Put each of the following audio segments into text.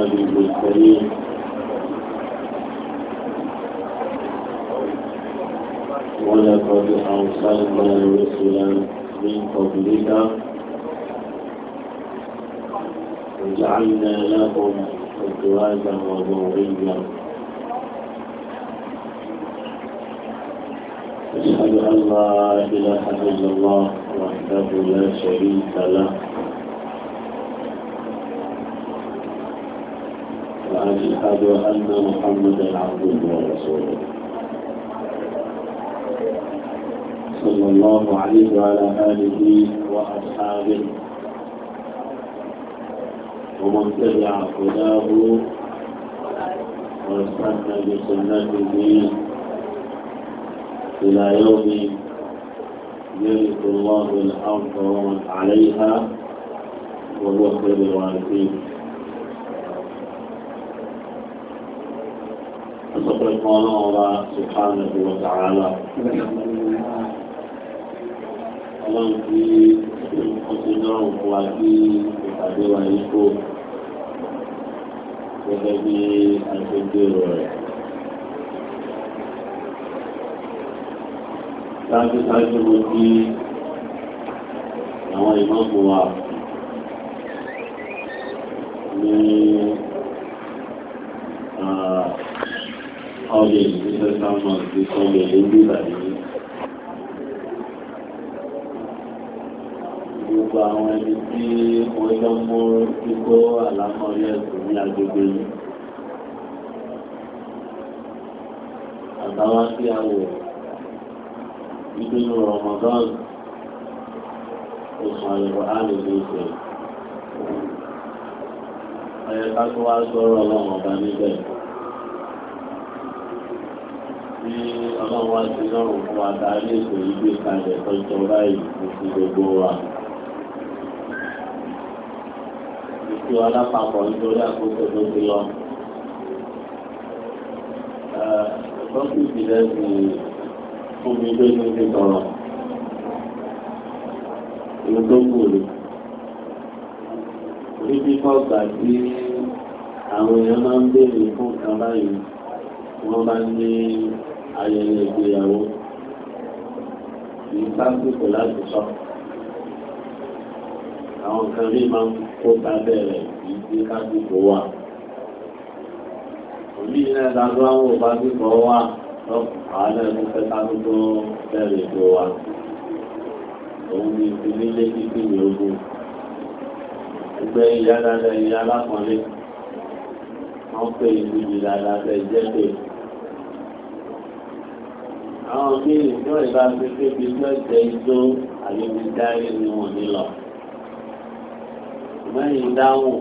كتابه الكريم ولقد أرسلنا رسلا من قبلك وجعلنا لهم أزواجا وذريا أشهد أن لا إله إلا الله وحده لا شريك له أشهد أن محمدا عبده ورسوله صلى الله عليه وعلى آله وأصحابه ومن تبع هداه واستنى بسنته إلى يوم يرث الله الأرض ومن عليها وهو خير الوارثين fún ọlọ́run ọba subhanahu wa ta'ala ọlọ́run tí ó ti náà fún wa sí ìpàdé wa yìí kó gẹ́gẹ́ bí agbègbè rẹ̀. Láti sáájú wa ní ọlẹ̀ ìgbésẹ̀ sáwọn ti sọlẹ̀ lórí ìbàdí. Gbogbo àwọn ẹni tí wọ́n jọ mú kíkó àlámọ́ ẹ̀sùn ní agbègbè yìí. Àtàwọn tí a wò nínú Ramadan oṣù àyẹ̀wò àlejò ìṣẹ̀lẹ̀. Ọ̀yẹ̀ká tó wá sọ̀rọ̀ ọlọ́run ọba níbẹ̀ ní ọlọ́wọ́ ti lọ́rùn fún wa ta ilé ìpè yìí gbé kalẹ̀ tọ́jọ́ báyìí fún gbogbo wa. Ìfi alápapọ̀ nítorí àkókò tó ti lọ. Tọ́kì ìpìlẹ̀ ti fún mi lójú ti tọ̀rọ̀. Ìlú tó kù rè. Orí kíkọ́ gbà tí àwọn èèyàn máa ń béèrè fún kan báyìí wọ́n bá ní ayẹyẹ ìgbéyàwó ní sáńtìkù láti sọ àwọn kan rí máa ń kó sábẹ́ rẹ̀ kì sí sáńtìkù wà òbí ilẹ̀ ìdájọ́ àwọn òbájúkọ wà lọ́pàá ní fẹ́ta tó bẹ̀rẹ̀ ìjọ wa òun ni ìpínlẹ̀ títí ní ogun ẹgbẹ́ ìyá dáadáa ìyá alákọ̀ọ́lé wọ́n pè ìlú ìdáadáa jẹ́ pé àwọn béèrè tí wọ́n bá fi pébi tí wọ́n jẹ ijó àyèmí dárí ni wọ́n ní lọ. mẹ́yìn dáhùn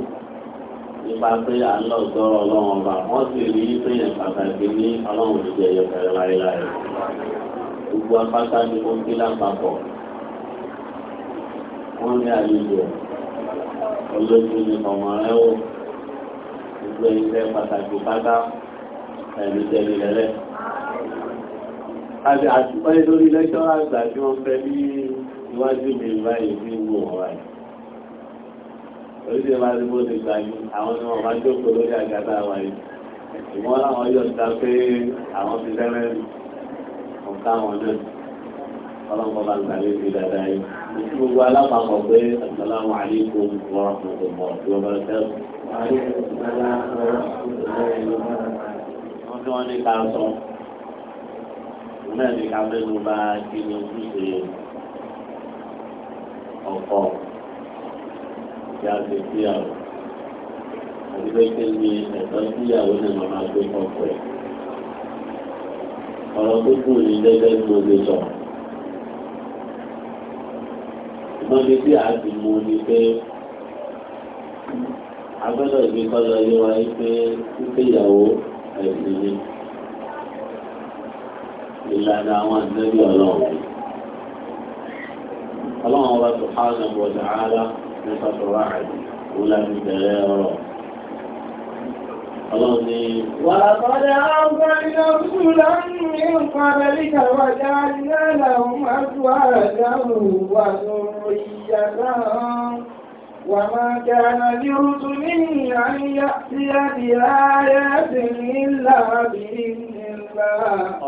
nípa pé à ń lọ gbọ́rọ̀ ọlọ́run ọba wọ́n sì rí pé yẹn pàtàkì ní ọlọ́run òjijì ẹ̀yọ kẹrẹ láéláé. gbogbo apáta ni mo gbé lápapọ̀ wọ́n ní àlejò olójú ni ọmọ wò gbogbo ẹgbẹ́ pàtàkì pátá ẹ̀mí tẹ̀lé àti àtúpẹ́ lórí lẹ́ṣọ́rọ̀ àgbà tí wọ́n fẹ́ ní iwájú mi báyìí ní ìwò ọ̀rọ̀ àyè oríṣi máa ń mú ní gbà ní àwọn ni wọ́n máa ń jókòó lórí àgàtà wa yìí ìwọ́n láwọn yọ̀ ń ta pé àwọn ti fẹ́rẹ́ ọ̀ká àwọn náà ọlọ́pàá bá ń gbàlẹ́ fi dáadáa yìí ní gbogbo alápapọ̀ pé asalaamu alaykum wa rahmatulah wa barakatuh. wọ́n ní wọ́n ní ká sọ náà ní ká mẹ́nu bá kí ni ojúṣe ọkọ tí a ti síyàwó àti pé kí ni ẹ̀tọ́ síyàwó náà máa máa gbé kọ́kọ́ ẹ̀. ọ̀rọ̀ tó kù ní gẹ́gẹ́ bí mo ti sọ. ṣùgbọ́n ní tí a ti mú ni pé agbọ́dọ̀ ìgbé lọ yé wa yí pé wípé ìyàwó ẹ̀sìn ni. ìlànà àwọn àtẹ́bí ọlọ́run ọlọ́run ọba tó há ọ̀nà bọ̀ ọlọ́run ni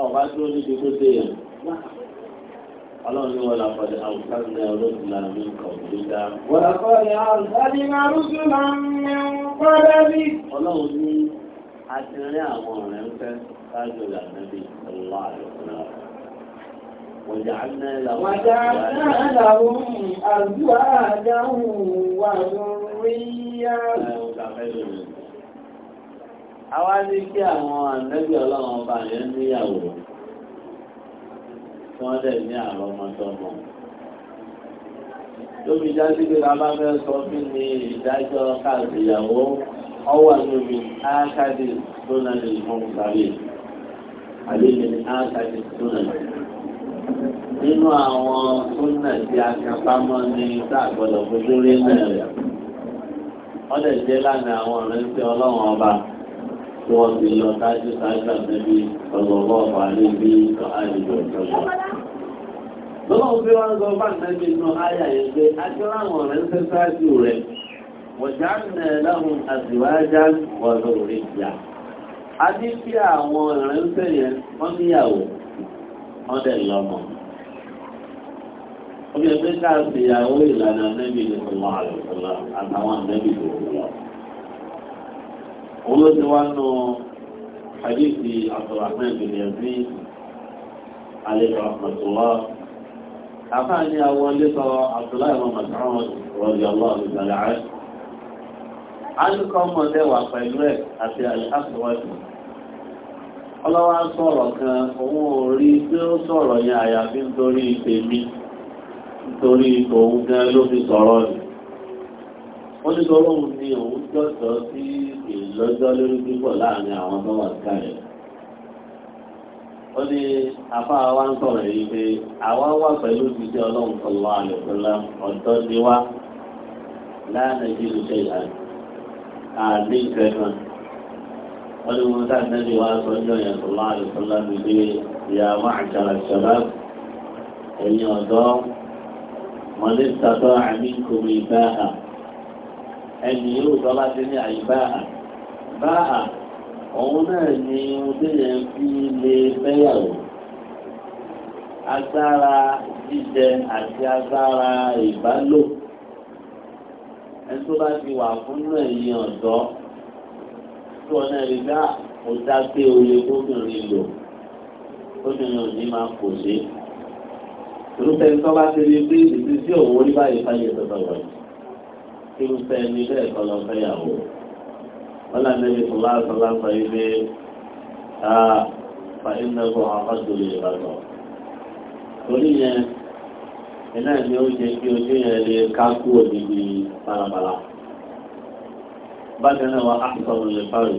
ọba tó níbi tó dé yẹn ọlọ́run ní wọlé àpọ̀dé àwùjọ ní ọlọ́run náà ní nǹkan tó dá. wọ́n àpọ̀dé àwùjọ ní arúgbó máa ń mú pọ́dá bí. ọlọ́run ní àtìrẹ́ àwọn ọ̀rẹ́ ń fẹ́ káàdùn ìlànà bíi ọlọ́ àlùkùnà. وجعلنا لهم أزواجا وذرية àwa ní kí àwọn ànẹ́bí ọlọ́run ọba yẹn níyàwó tí wọ́n dẹ̀ ní àrọ́ ọmọdọ́mọ lóbi dájú pé bàbá fẹ́ sọ kí ni ìdájọ́ káàdì ìyàwó ọwọ́ lóbi ákádì tónàlì ìfọ̀nkàlì àlejò ní ákádì tónàlì nínú àwọn tónà tí a kan pamọ́ ní sáàgbọ́dọ̀ fojú rí náà rẹ̀ wọ́n dẹ̀ jẹ́ lánàá àwọn ọ̀rẹ́ sí ọlọ́run ọba. tí wọ́n ti lọ tájú tájú àtẹ́bí ọgbọ̀gbọ́ àfààní bí àjùbọ̀ ìjọba. lọ́wọ́ bí wọ́n sọ bá nẹ́bí inú ayà yẹn pé rẹ̀ ń fẹ́ sáájú rẹ̀ wọ̀já nẹ̀ láhùn àtìwájá wọ̀lọ́ a ní kí àwọn rẹ̀ wọ́n níyàwó olóde wa nù hadithi abdulrahman bin yazid alayhi rahmatullah afaani àwọn abdullahi muhammad allah pẹ̀lú àti ọlọ́wà sọ̀rọ̀ kan òun ò rí tí àyàfi nítorí nítorí gan ló fi sọ̀rọ̀ onígbà ọlọ́run ni òun jọ́sọ̀ sí ìlọ́jọ́ lórí pípọ̀ láàrin àwọn tó wà káyẹ̀. ó ní afá wa ń sọ̀rọ̀ yìí pé àwa wà pẹ̀lú títí ọlọ́run sọ̀rọ̀ àlùfẹ́lá ọ̀dọ́ ni wá láàrin ìlú ṣẹ̀yà àdé ìkẹ́kàn. ó ní wọn táà nẹ́bí wa sọ ní ọ̀yàn sọ̀rọ̀ àlùfẹ́lá mi pé ìyá máa jàrà ẹ̀yìn ọ̀dọ́ mọ̀lẹ́sàtọ̀ àmì kòmí ẹni yóò tọ́lá sí ní àyíbá báà òun náà ni ohun tí yẹn fi lè fẹ́yàwó agbára jíjẹ àti agbára ìbálò ẹni tó bá ti wà fún náà ẹ̀yìn ọ̀dọ́ tó ọ̀nà rí bá ó ah, dá pé oye gómìnrin lò gómìnrin òní máa kò sí. Irúfẹ́ ní tọ́ bá ti rí bí ìdí òun orí báyìí fáyé tọ́tọ́ wọ̀nyí irúfẹ́ ẹni bẹ́ẹ̀ kọlọ fẹ́yàwó wọ́lá nẹ́bí sọlá sọlá sọ ilé fàínàkọ̀ àfàdùlé ìbàdàn torí yẹn iná ni ó jẹ kí ojú yẹn lè kákú òdìdí balabala bákan náà wà áfíkọ̀nù lè parí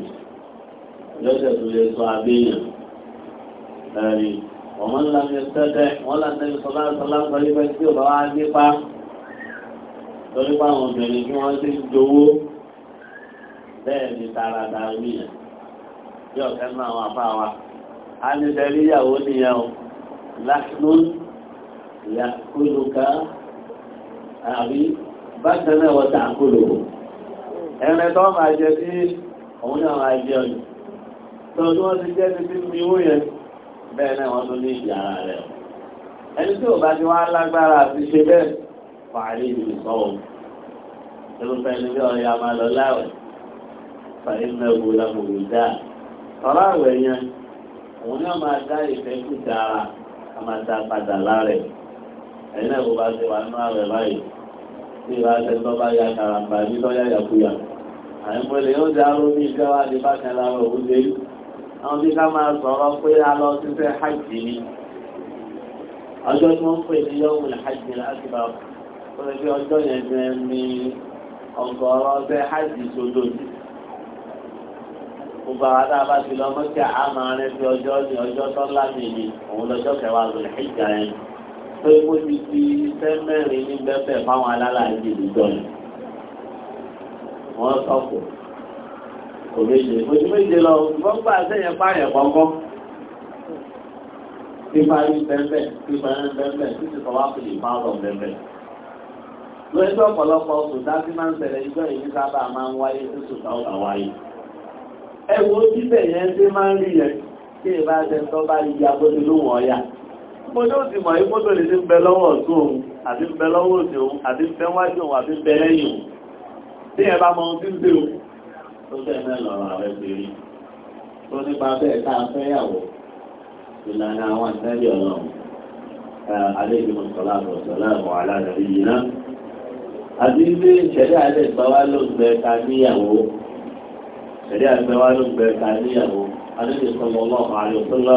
lọ́sẹ̀ tó lè sọ abéyàn ẹ̀rí ọmọ ńlá mi sẹ́tẹ̀ wọ́n lá nẹ́bí sọlá sọlá sọ ilé tí ò bá wá nípa torí báwọn obìnrin bí wọ́n ti ń jowó bẹ́ẹ̀ ni dáradára wí yẹn bí ọ̀kẹ́ náà wà bá wa a ní bẹ́ẹ̀ níyàwó nìyẹn o lákùn yàkúlùkà àbí bákan náà wọ́n ta àkúlùkù ẹ̀rẹ́ tó máa jẹ sí òun náà máa jẹ ọ̀yọ́ tó tí wọ́n ti jẹ́ ti fi mi wú yẹn bẹ́ẹ̀ náà wọ́n tún ní ìyàrá rẹ̀ ẹni tí ò bá ti wá lágbára àti ṣe bẹ́ẹ̀ fàálì ìlú sọ́wọ́ irúfẹ́ ní bí ọ̀rẹ́ a máa lọ láwẹ̀ fàálì mẹ́wò lábòwò dáa tọ́lá àwẹ̀ yẹn òun náà máa dá ìfẹ́ kù dára a máa dá padà lára ẹ̀yìn náà kó bá ti wà nínú àwẹ̀ báyìí tí ìwà àtẹ̀tọ́ bá ya kàràmbà ní tọ́yà yàkuyà àyẹ̀mọ́ ilẹ̀ yóò dá lórí ìfẹ́ wa ní bákan lára òun ọjọ́ tí wọ́n pè ní yọ́wùn hajj ni láti bá wọn ó lè fi ọjọ́ yẹn jẹ ní ọgọ́rọ́ ọbẹ̀ hajj sódò ní. gbogbo àwọn tá a bá ti lọ mọ́kẹ́ àmà rẹ fi ọjọ́ ní ọjọ́ tó lámì ni òun lọ́jọ́ kẹwàá lọ ìjà yẹn. pé mo ti fi iṣẹ́ mẹ́rin ní bẹ́ẹ̀ fáwọn alálàájì ìjọ ni. wọ́n sọ̀kò kò méje ojú méje lọ wọ́n gbà sẹ́yìn pààyàn kọ̀ọ̀kan pípa rí bẹ́ẹ̀ bẹ́ẹ̀ pípa rí bẹ́ẹ̀ bẹ́ẹ̀ lórí tó ọ̀pọ̀lọpọ̀ oṣù dájú máa ń bẹ̀rẹ̀ ìjọ ìlú sábà máa ń wáyé tó sùn táwọn àwáyé ẹwọ bíbẹ̀ yẹn tí máa ń rí yẹn tí ìbá ṣe tó bá yíya bóti lóhùn ọ̀yà mo ní òsì mọ̀ ipò tó lè ti ń bẹ lọ́wọ́ ọ̀tún òun àti ń bẹ lọ́wọ́ òsì òun àti ń bẹ wájú òun àti ń bẹ lẹ́yìn òun tí ẹ bá mọ ohun tí ń dé o tó bẹ́ẹ̀ náà lọ́rọ̀ ààrẹ péré tó nípa bẹ́ẹ̀ ká fẹ́yàwó ìlànà àwọn àtẹ́lẹ̀ ọlọ́run àlejò mọ̀sálàmù ọ̀sálàmù aláàdàbí yìí náà àti ilé ìṣẹ̀lẹ̀ alẹ́ ìgbàwá ló ń bẹ ká níyàwó ìṣẹ̀lẹ̀ àgbẹ̀wá ló ń bẹ ká níyàwó alẹ́lẹ́ sọmọ ọlọ́ọ̀pá àyọ̀tọ́lá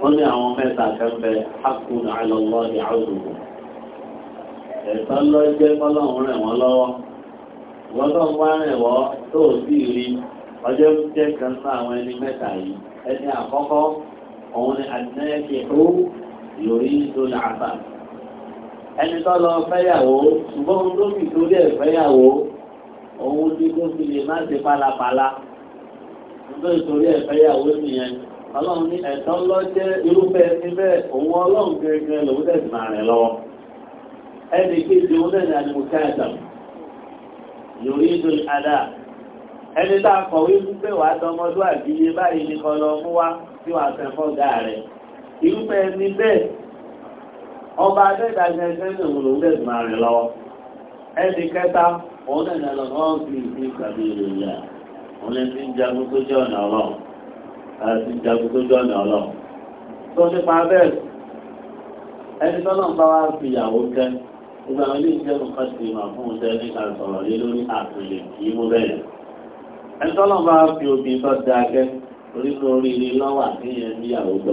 wọ́n ní àwọn mẹ́ta kan bẹ hakun alọ́lọ́ ní àwòrán ẹ̀tọ́ lọ jẹ́ kọ́lọ́run rẹ̀ wọ́n lọ́wọ́ wọ́n tó ń wá rẹ̀ wọ́ tó ò rí ọjọ́ jẹ́ kan náà ẹni mẹ́ta yìí ẹni àkọ́kọ́ òun ni àdínẹ́yẹ ó yòrí ìdó làásà ẹni tó lọ fẹ́yàwó ṣùgbọ́n tó fi torí ẹ̀ fẹ́yàwó òun ni kó fi lè má ṣe pálapàla tó torí ẹ̀ fẹ́yàwó nìyẹn ọlọ́run ní ẹ̀tọ́ lọ jẹ́ irúfẹ́ ẹni bẹ́ẹ̀ òun ọlọ́run gẹ́gẹ́ lòun tẹ̀sí máa rẹ̀ lọ́wọ́ ẹni kéde òun náà ni àdìmọ̀ká ẹ̀tọ́ yòrí ìdò àdá ẹni tá a kọ̀wé wípé wàá dọmọdún àbíyé báyìí ní kọlọ mú wá tí wàá fẹ́ fọ́ gàá rẹ̀ irúfẹ́ ẹni bẹ́ẹ̀ ọba adẹ́gbà ẹgbẹ́ ní òun lòun dẹ̀ máa rìn lọ́wọ́ ẹni kẹta òun náà nà lọ́wọ́ fi ìdí ìgbàgbé ìròyìn à òun lè ti ń jagun tó jẹ́ ọ̀nà ọlọ́run àti ìjagun tó jẹ́ ọ̀nà ọlọ́run tó nípa bẹ́ẹ̀ ẹni tọ́lọ́ ń bá wá fi ìyàwó kẹ́ ìgbà wọn lè jẹ́ nǹkan ti mà fún un tẹ́ nípa sọ̀rọ̀ lé lórí àpèlè kì í mú bẹ́ẹ̀ ẹni bá fi obì tó da kẹ́ orí lórí ilé lọ́wọ́ àti ìyẹn níyàwó tó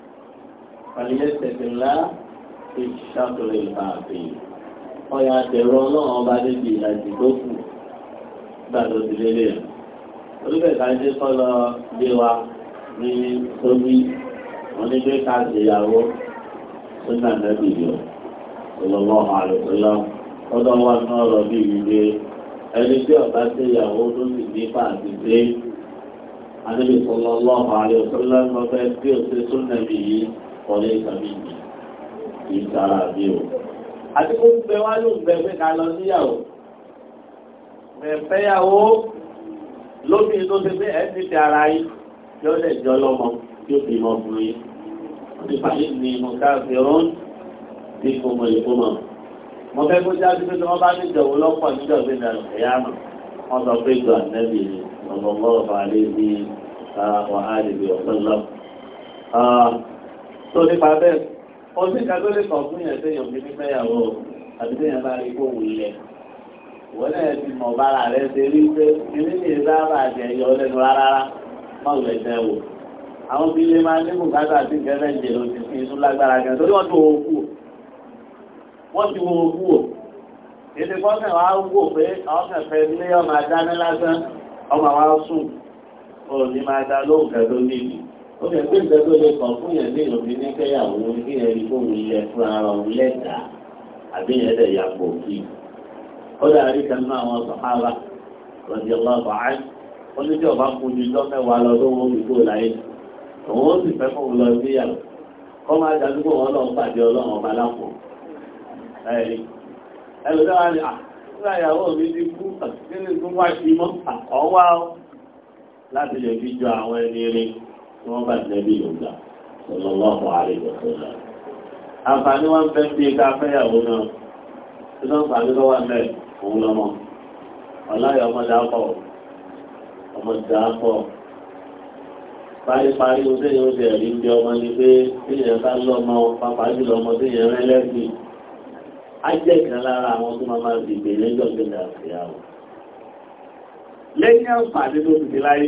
ọ̀lẹ́sẹ̀fìnlá ìṣàtúrẹ̀ ìbàbẹ̀ ọ̀yà àtẹ̀rọ náà ọba débi ìlàjì tó kù gbàdọ̀ sí lélẹ̀ oníbẹ̀ka jẹ́ kọ́lọ lé wa ní tóbi oníbẹ̀ka ṣèyàwó tó nà nẹ́bì yọ ọlọ́mọ àlùkọ́lá ọdọ́ wa náà lọ bí ìwé ẹni tí ọba ṣèyàwó tó sì ní pàǹtí pé adébísọ̀lọ́lọ́mọ àlùkọ́lá ń lọ fẹ́ bí ó ṣe tún nẹ́bì yìí kọ́lé ìkàmí ìdí ìsára àbí o. àti kó gbẹ wá ló gbẹ pé ká lọ síyàwó mẹ̀fẹ́yàwó lóbìnrin tó ṣe pé ẹni ti ara yìí yóò lẹ̀ jọ lọ́mọ tí ó fi mọ fún yìí nípa yìí ni mo ká fi rún bí kò mọ ìkó mọ. mo fẹ́ kó jáde pé wọ́n bá ní ìjọ̀wọ́ lọ́pọ̀ níjọ́ pé ní ẹ̀yà mọ̀ wọ́n sọ pé ìjọ ànẹ́bì ni ọ̀gbọ̀ngbọ̀n ọ̀fà lè ní ọ̀hánìbì ọ̀pẹ́ lọ́pọ̀. Ah, tó nípa bẹ́ẹ̀ ó sì ká tó lè kọ̀ fún yẹn téèyàn fi ní fẹ́yàwó àti téèyàn bá rí kó wù ilẹ̀ wọ́n náà ti mọ̀ bára rẹ̀ ṣe rí pé ilé ní ìsáàbà jẹ́ yọ lẹ́nu rárá má lè jẹ́ wò àwọn bí ilé máa ní bùkátà sí gẹ́gẹ́ jẹ́ ló ti fi inú lágbára gan torí wọ́n ti wo òkú wọ́n ti wo òkú o ètò ìfọ́sẹ̀ wa wò pé ọ̀sẹ̀ ilé ọmọ adá lásán ọmọ wa sùn òní máa dá lóhùn kẹ́ ó lè gbé ìgbẹ́jọ́ lè kàn fún yẹn ní ìlòmí ní kẹ́yàwó kí ẹ rí fóun yẹ fún ara òun lẹ́dà àbí yẹn lè yà pò kí. ó lè rí kan náà àwọn sàhábà lọ́dí ọlọ́ọ̀bà á ó ní tí ọba kú ju ìjọ mẹ́wàá lọ lówó láyé òun ó sì fẹ́ fún un lọ sí yàrá kọ́ máa dàdúgbò wọn lọ pàdé ọlọ́run ọba lápò ẹ̀rí ẹlòmíràn ni àtúnyàwó mi ti kú kí ni tó wá sí mọ́ àkọ́wá láti lè fi jọ àwọn ẹni rin tí wọ́n bá nẹ́bí ló gbà sallallahu alaihi wa sallam. àǹfààní wọn fẹ́ bí ká fẹ́yàwó náà tí wọ́n fà ní lọ́wọ́ mẹ́ òun lọ́mọ ọláyọ̀ ọmọdé akọ̀ ọmọdé akọ̀ paríparí oṣù yóò ṣe ẹ̀rí ń bí ọmọ ní pé èèyàn bá lọ́mọ pápá jùlọ ọmọ tó yẹn rẹ́ lẹ́sìn á jẹ́ ìkan lára àwọn tó máa máa dìgbè lẹ́jọ́ gbẹ̀dẹ̀ àṣìyàwó lẹ́yìn àǹfààní tó ti di láyé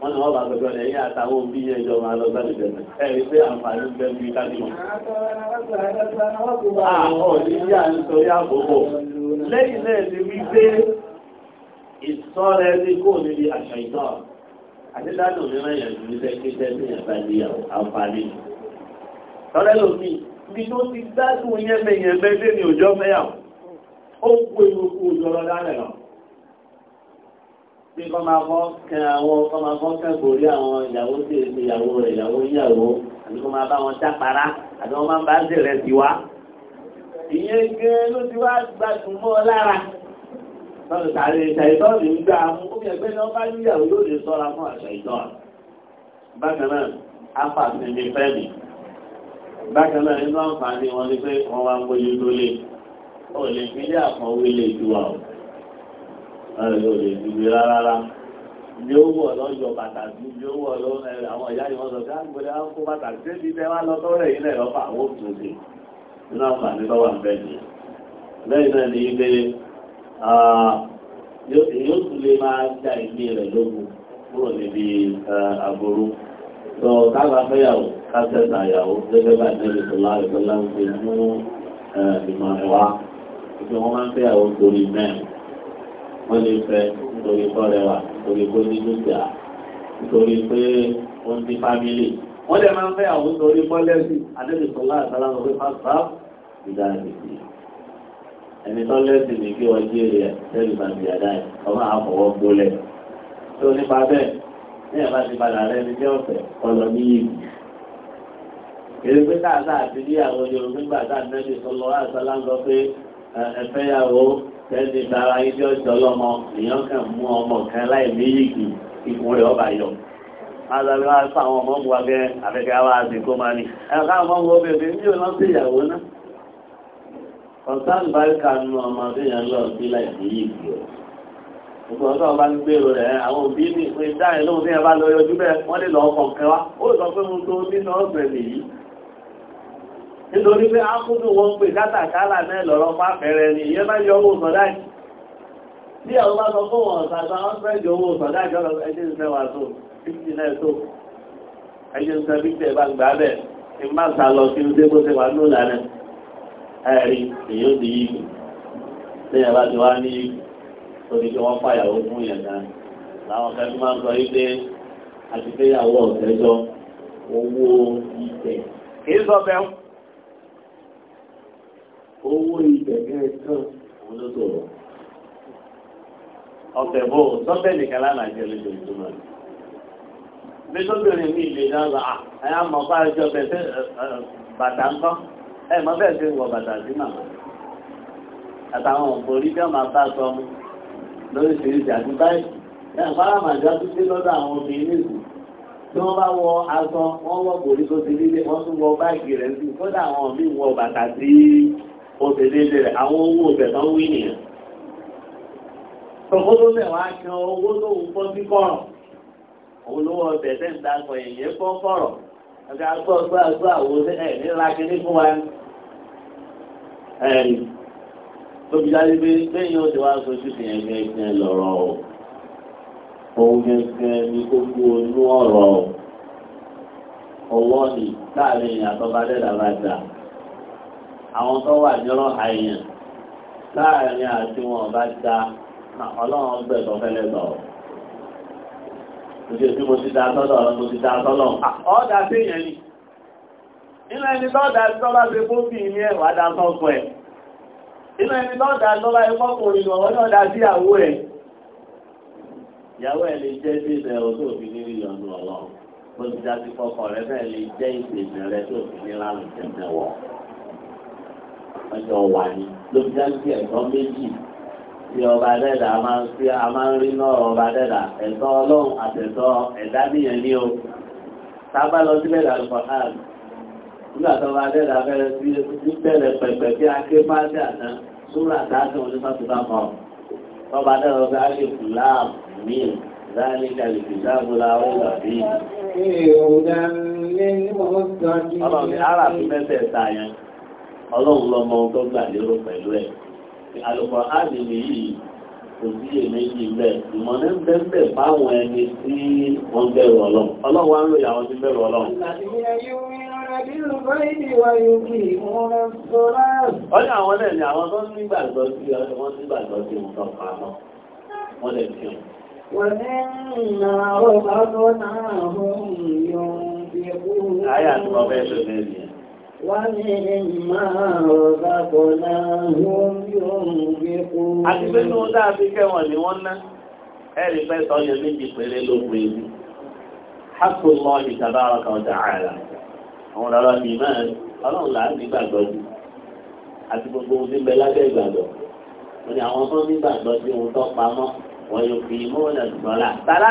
wọ́n ní wọ́n bá gbogbo ẹ̀ yín àtàwọn òbí yẹn jọ máa lọ sáré jẹ̀mẹ̀ ẹ̀ rí pé àǹfààní ń bẹ́ bí kájúmọ̀. àwọn òní yà nítorí àbòbò lẹ́yìn náà ti wí pé ìsọ́rẹ́ ní kò níbi àṣà ìtọ́ àdídádùn mìíràn yẹn ju iṣẹ́ kéṣẹ́ ní ẹ̀bá ìyàwó àǹfààní. tọ́lẹ́ lòmí ibi tó tí kọ́ máa bọ́ kẹ àwọn kọ́ máa bọ́ kẹ gòrí àwọn ìyàwó tí èsì ìyàwó rẹ̀ ìyàwó ìyàwó àti kọ́ máa bá wọn jápara àti wọ́n máa bá zèrè sí wa. ìyẹn gan ló ti wá gbàdùn mọ́ ọ lára. lọ́dọ̀ tààrí ṣàìtọ́ọ̀nù ń gbà mú kó yẹ pé lọ́ọ́ bá níyàwó yóò lè sọ́ra fún àṣàìtọ́ọ̀nù. bákan náà afa ti ní fẹ́mi. bákan náà nínú àǹfààní wọn ni pé wọ́n wá ń gbóyún lólè. ó lè fi ilé àkànwé lè ju àwọn ọ̀rọ̀ lè dúdú rárá ní owó ọlọ́yọ̀ pàtàkì ní owó ọlọ́rẹ̀ àwọn ìyá ìwọ̀n sọ káàkiri ah, àwọn kó pàtàkì tí ti tẹ́wà lọ tọ́rẹ̀ ilẹ̀ ọ̀pá àwọn òtúnṣe nínú àǹfààní lọ́wọ́ àbẹ́ni lẹ́yìn náà ní ilé yóò tún lè máa gba ìgbé rẹ̀ lógun kúrò níbi àbúrú lọ káàkiri fẹ́yàwó kásẹ̀tà àyàwó gẹ́gẹ́ bá ìdílé sọlá ìsọlá ń pè fún ìmọ̀ ẹ̀wá wọ́n máa ń fẹ́yàwó torí mẹ́rin wọ́n lè fẹ́ torí kọ́ rẹwà torí kó ní dúkìá nítorí pé ó ń di fámílì wọ́n lè máa ń fẹ́ àwọn torí kọ́ lẹ́sì adébìsọ̀lá àtàlà lọ pé pàṣẹ ìdá àgbègbè ẹni tó lẹ́sì ní kí wọ́n jí èrè lẹ́rù bàbí àdá ẹ̀ ọmọ àfọwọ́ gbólẹ̀ tó nípa bẹ́ẹ̀ ní ẹ̀bá ti padà rẹ̀ ní jẹ́ ọ̀fẹ́ ọlọ ní yìí èrè pé káàtà àti ní àwọn Yorùbá gbàgbà nẹ́bí sọlọ àtàlà ń lọ pé ẹ̀fẹ́yàwó tẹ́lẹ̀ tara ilé ọjọ́ lọ́mọ èèyàn kàn mú ọmọ kan láì méjìkì ikùn rẹ̀ ọba yọ. Adàlẹ́ wa fún àwọn ọmọ mu wa gẹ́ afẹ́kẹ́ wa àti kó máa ní. Ẹ̀ka ọmọ mu obìnrin mi ò lọ sí ìyàwó náà. Kọ̀ǹtán báríkà nu ọmọ tó yẹn lọ sí láì méjìkì o. Ìgbọ̀n tó ọba ń gbèrò rẹ̀ àwọn òbí mi pé dáhìn lóhun tí yẹn bá lọ yọjú bẹ́ẹ̀ wọ́n lè lọ ọkọ̀ kẹwa. Ó sọ pé mo tó nínú ọ̀gbẹ̀ nìyí. nítorí pé ákúndùn wọn pè kátàkárà náà lọ́rọ́ fáfẹ́rẹ́ ni ìyẹn bá yọ owó sọ̀dá bí àwọn bá sọ fún wọn ṣàtà wọn fẹ́ owó sọ̀dá ọ̀rọ̀ ẹjẹ́ wà tó ẹjẹ́ di àti pé owó ìbẹ̀gẹ́ kan òun ló tó rọ̀. ọ̀sẹ̀ bò sọ́bẹ̀ nìkan lánàá jẹ́ lójoojúmọ́ ni. nítorí mi lè dá lọ ẹ á mọ̀ bá ẹjọ́ bẹ̀ tẹ́ bàtà ń kọ́ ẹ mọ̀ bẹ́ẹ̀ ṣe wọ bàtà sí màmá. àtàwọn òbórí bí wọ́n máa bá sọ mu lóríṣiríṣi àti báyìí ẹ̀ ń fara màjá tó dé lọ́dọ̀ àwọn obìnrin nìyí tí wọ́n bá wọ aṣọ wọ́n wọ bòrí tó ti lílé wọ́n tún wọ báàgì rẹ̀ sí kódà àwọn míì wọ bàtà sí i oṣù lédè rẹ̀ àwọn owó ọ̀bẹ̀ náà wí nìyàn tọ́kọ́ tó mẹ́wàá kan owó tó ń fọ́ sí kọ́rọ̀ òun lówó ọ̀bẹ̀ tẹ́ ń dakọ̀ èyí fọ́ kọ́rọ̀ àti agbọ́ agbọ́ agbọ́ àwọn ẹ̀ nílá kínní fún wa ẹ̀rí tóbi dájú pé lẹ́yìn oṣù wa sojú ti yẹn gẹ́gẹ́ lọ́rọ̀ o òun gẹ́gẹ́ ní gbogbo inú ọ̀rọ̀ ọwọ́ ni láàrin àtọ́bádẹ́dàbàdà àwọn tó wà nírọ̀ àyàn láàrin àti wọn bá da ọlọ́run gbẹ̀tọ̀ fẹ́lẹ́ lọ. Mo ṣe tí mo ti da sọ́dọ̀ mo ti da sọ́dọ̀. Ọ̀dà sí yẹn ni. Inú ẹni lọ́dà tí tọ́lá ṣe fún bí ní ẹ̀ wà dá sọ́kọ̀ ẹ̀. Inú ẹni lọ́dà tọ́lá ẹ mọ́kùnrin lọ wọ́n lọ́dà sí àwọ̀ ẹ̀. Ìyàwó ẹ̀ lè jẹ́ sí ìbẹ̀ ọdún òfin ní ìyọnu ọlọ́run. Mo ti dá sí fọkàn rẹ̀ fẹ́ lè jẹ́ ìpèsè rẹ̀ tó fi ní lánàá jẹ́ mẹ́wọ̀ọ́ àjọ wà ní lóbi dáńtì ẹ̀tọ́ méjì tí ọba dẹ́dà máa ń sí a máa ń rí náà ọba dẹ́dà ẹ̀tọ́ ọlọ́run àtẹ̀tọ́ ẹ̀dá nìyẹn ní o tábà lọ sílẹ̀ lálùkọ̀ náà nígbà tó ọba dẹ́dà bẹ̀rẹ̀ sí ní bẹ̀rẹ̀ pẹ̀pẹ̀ tí a ké máa dà náà súnra dáadọ́ ní fásitì kan ọba dẹ́dà ọba á lè kù láàmù mí ذلك الكتاب لا ريب فيه. Ọlọ́run ni Arab mẹ́tẹ̀ẹ̀ta yẹn ọlọ́run lọ́mọ tó gbà lérò pẹ̀lú ẹ̀ àlùkò ádìmí yìí kò sí èméjì bẹ́ẹ̀ ìmọ̀ ní bẹ́ẹ̀ báwọn ẹni tí wọ́n bẹ̀rù ọlọ́run ọlọ́run wá ń lòyà wọn ti bẹ̀rù ọlọ́run. wọ́n ní àwọn àwọn tó ń nígbàgbọ́ sí wọ́n nígbàgbọ́ sí wọn tó pa mọ́ wọ́n Àti pé ní ọdá àti kẹwọ̀n ni wọ́n ná, ẹ̀rì pẹ́ sọ yẹ méjì pẹ̀lẹ́ lókun ibi. Hapun mọ́ ìtàbá ọkà ọjà ààrà. Àwọn ọ̀rọ̀ mi máa ọlọ́run là ní gbàgbọ́ jù. Àti gbogbo ohun tí ń bẹ lábẹ́ ìgbàgbọ́. Wọ́n ni àwọn tó ní gbàgbọ́ sí ohun tó pamọ́. Wọ́n yóò fi mọ́ ọ̀nà ìgbọ́lá. Tàlá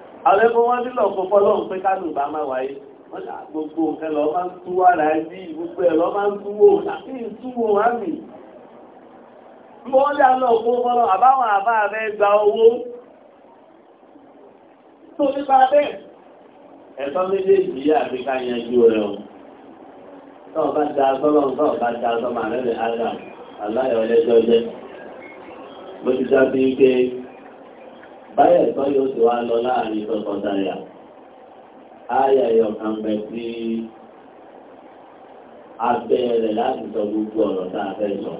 àwọn ẹgbẹ́ wọn nílò ọ̀pọ̀pọ̀ lọ́hùn pé kánú bá máa wáyé wọ́n dà gbogbo nǹkan lọ máa ń tú wà láì bí gbogbo ẹ̀ lọ máa ń túwò àti ìtúwò àmì wọ́n dà lọ ọ̀pọ̀pọ̀ lọ àbáwọn àbá rẹ̀ gba owó tó nípa bẹ́ẹ̀ ẹ̀tọ́ méjèèjì àti ká yanjú rẹ̀ o tọ́ bá da sọ́lọ́ tọ́ bá da sọ́mọ rẹ̀ rẹ̀ báyẹ̀ tán yóò ti wá lọ láàrin tọkọtaya ayà ẹ̀yọ̀kan bẹ sí abẹ́rẹ̀ láti sọ gbogbo ọ̀rọ̀ tá a fẹ́ sọ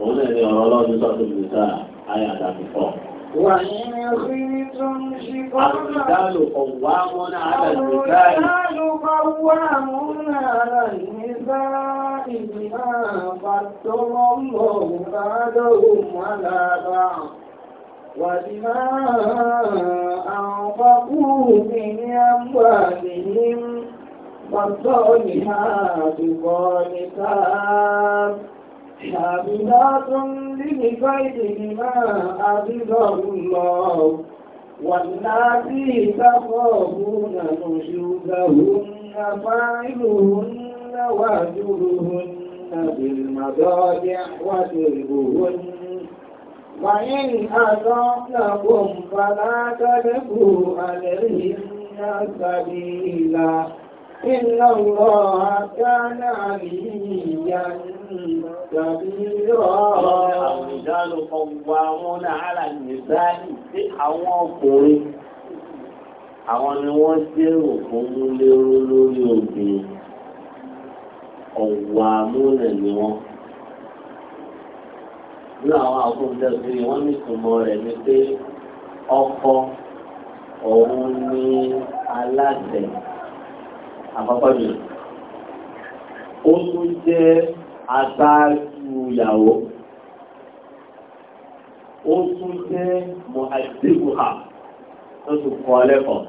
òun náà ni ọ̀rọ̀ ọlọ́run sọ tó lù sáà ayà àtàkì fọ́ Wà ní tó ń ṣe kọ́ náà. Àwọn ìdálò ọ̀wá mọ́nà àdàlù ìdáyì. Àwọn ìdálò ọ̀wá mọ́nà àdàlù ìdáyì. بما قدر وبما أنفقوا من أموالهم والصالحات قانتات حاملات لبيتهما أبد الله واللاتي تخافون نشوزهن فاعلهن واجرهن بالمضاجع وتربهن وإن أطعنكم فلا تبغوا عليهن سبيلا إن الله كان عليا كبيرا الرجال قوامون على النساء àwọn ọkùnrin àwọn ni wọ́n dérò fún lérò lórí obìnrin ọ̀wọ̀ àmúnà ni wọ́n nínú àwọn àkóńtẹ́ sí ni wọ́n ní ìtumọ̀ rẹ̀ ni pé ọkọ òun ní aláṣẹ àkọ́kọ́ jù ó tún jẹ́ aṣáájú ìyàwó ó tún jẹ́ mọ̀àdébùhà tó tún kọ́ lẹ́kọ̀ọ́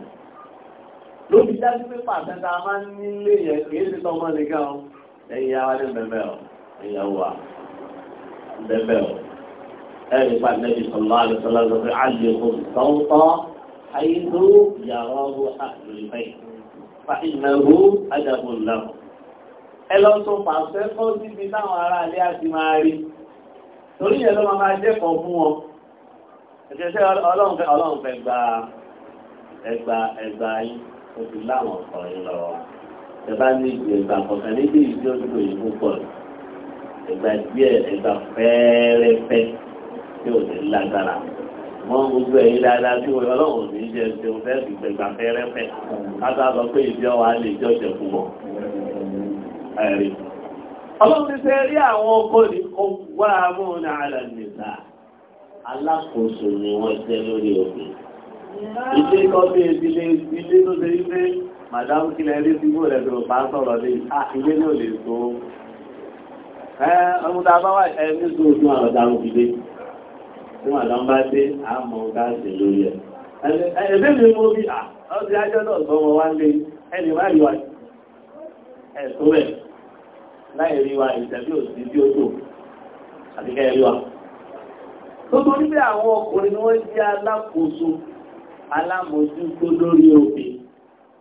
lóbi dájú pé pàṣẹ tá a máa ń nílé yẹn kì í ṣe tọmọ nìkan ẹ̀yìn ara ní ẹ̀yàwó bẹ́ẹ̀ o ẹ̀rí pa nẹ́bí sọ̀lá àlùsọ̀lá lọ pé àlékún sọ́ńtọ́ àyíkú yàrá ọ̀hún àlùfẹ́ fa ìnáwó àdàbò náà. ẹ lọ sọ pàṣẹ kọ́ síbi táwọn aráalé àti máa rí torí yẹn ló máa jẹ́kọ̀ọ́ fún wọn ẹ̀sẹ̀ ọlọ́run ọlọ́run fẹ́ gba ẹgba ẹgba yín oṣù láwọn ọ̀sán yín lọ́wọ́ ẹ bá ní ìgbà kọ̀ọ̀kan níbi ìdí òṣùwọ̀n yìí púpọ̀ rẹ̀ ìgbà díẹ̀ ìgbà fẹ́ẹ́rẹ́fẹ́ tí ò ní lágbára wọn gbogbo ẹ̀yin dáadáa tí wọn Ọlọ́run ní jẹ ṣe ń fẹ́ fi gbẹgbà fẹ́ẹ́rẹ́fẹ́ káta sọ pé ìdí ọwọ́ á lè jọ jẹ fún wọn. Ọlọ́run ti fẹ́ rí àwọn ọkọ ní ọgbà amóhùnà àlà nìta alákòóso ni wọ́n jẹ́ lórí òbí. Ilé kan bí ìdílé ilé tó ṣe wípé màdámù kílẹ̀ rí sígbó rẹ̀ tó bá ní ìwé ah, náà lè ọmọdé abáwá ẹni tó o tún àwọn ọ̀daràn fi dé tí wọn àwọn bá dé àmọ́ gáàsì lórí ẹ ẹbí mi mú bí ọdún ajọ́ náà sọ wọn wá lé ẹni má rí wa ẹ̀sùn rẹ̀ láì rí wa ìtẹ̀bí òsì tí ó tò àti kẹ́ rí wa. tó torí pé àwọn ọkùnrin ni wọ́n jẹ́ alákòóso alámòjútó lórí òfin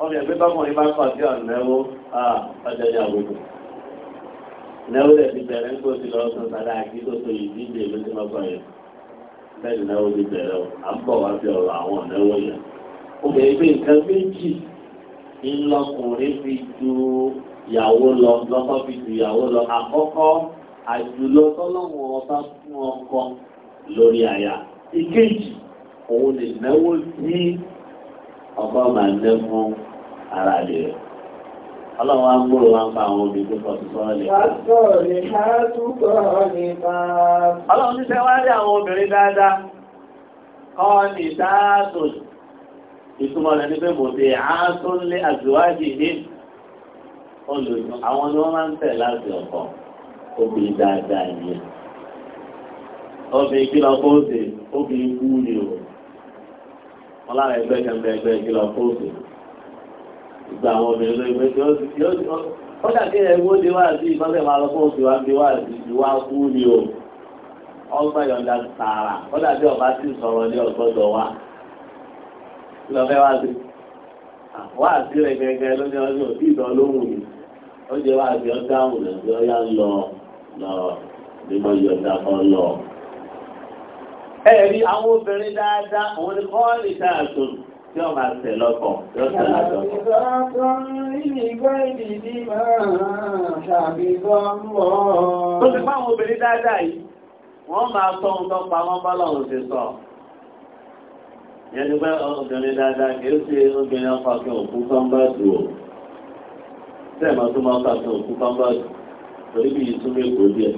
ọmọ ẹgbẹ́ bákan ìbá pàdé ọ̀nẹ́wó ọjọ́jà gbogbo náwó rẹ̀ ti bẹ̀rẹ̀ ń kó sí lọ sọ sáré àkí tó so yìí díje ló ti lọ́kọ̀ yẹn bẹ́ẹ̀ náwó ti bẹ̀rẹ̀ o à ń bọ̀ wá sí ọ̀rọ̀ àwọn ọ̀nẹ́wó yẹn obìnrin pé nǹkan méjì ńlọkùnrin fi ju ìyàwó lọ lọ́kọ fi ju ìyàwó lọ àkọ́kọ́ àjùlọ tọ́lọ́wọ́n ọba fún ọkọ lórí àyà ìkejì òun lè náwó sí ọgbọ́n máa ń dé fún ara rẹ̀ rẹ̀. Ọlọ́run wá ń gbòrò wá ń pa àwọn obì tó kọ̀tù sọ́rọ̀ lè Ọlọ́run ní tẹ́wà rí àwọn obìnrin dáadáa, kọ́ ní dáàtò ìtumọ̀ rẹ̀ ní pé mò ti àátún lé àjòwájì ní olùdùn àwọn ni wọ́n máa ń tẹ̀ láti ọ̀pọ̀ obìnrin dáadáa yìí. Obìnrin kí lọ kó ó ṣe, wọn lára ẹgbẹ́ kẹfẹ́ ẹgbẹ́ ìkìlọ̀ fóòsì ìgbà àwọn obìnrin lórí pé yóò ó dàbí ẹgbẹ́ ó di wáàzí ìfọ́sẹ̀ máa lọ fóòsì wá di wáàzí ìwá kú ni o ọgbà yọ̀ǹda tààrà ó dàbí ọba sì sọ̀rọ̀ ní ọgbọ́dọ̀ wa lọ fẹ́ wáàzí wáàzí rẹ̀ gẹ́gẹ́ lóní ọdún òbí ìdán lóhùn mi ó jẹ́ wáàzí ọdáhùn lẹ́gbẹ́ ọyá ń lọ lọ bí mo yọ̀ǹda kan lọ ẹ̀rí àwọn obìnrin dáadáa òun ni kọ́ọ̀lì dáàtò tí ọmọ àṣẹ lọ́kọ̀ lọ́sẹ̀ àjọ. Ó ti fáwọn obìnrin dáadáa yìí, wọ́n máa sọ ohun tó pa wọ́n bọ́lọ̀ òun ti sọ. Yẹn ti pẹ́ obìnrin dáadáa kìí ṣe obìnrin ọkọ̀ kí òkú kọ́ńbọ́ọ̀dù o. Sẹ́ẹ̀mọ́ tó máa ń kọ́ kí òkú kọ́ńbọ́ọ̀dù torí bí ìtúmẹ̀ kò díẹ̀.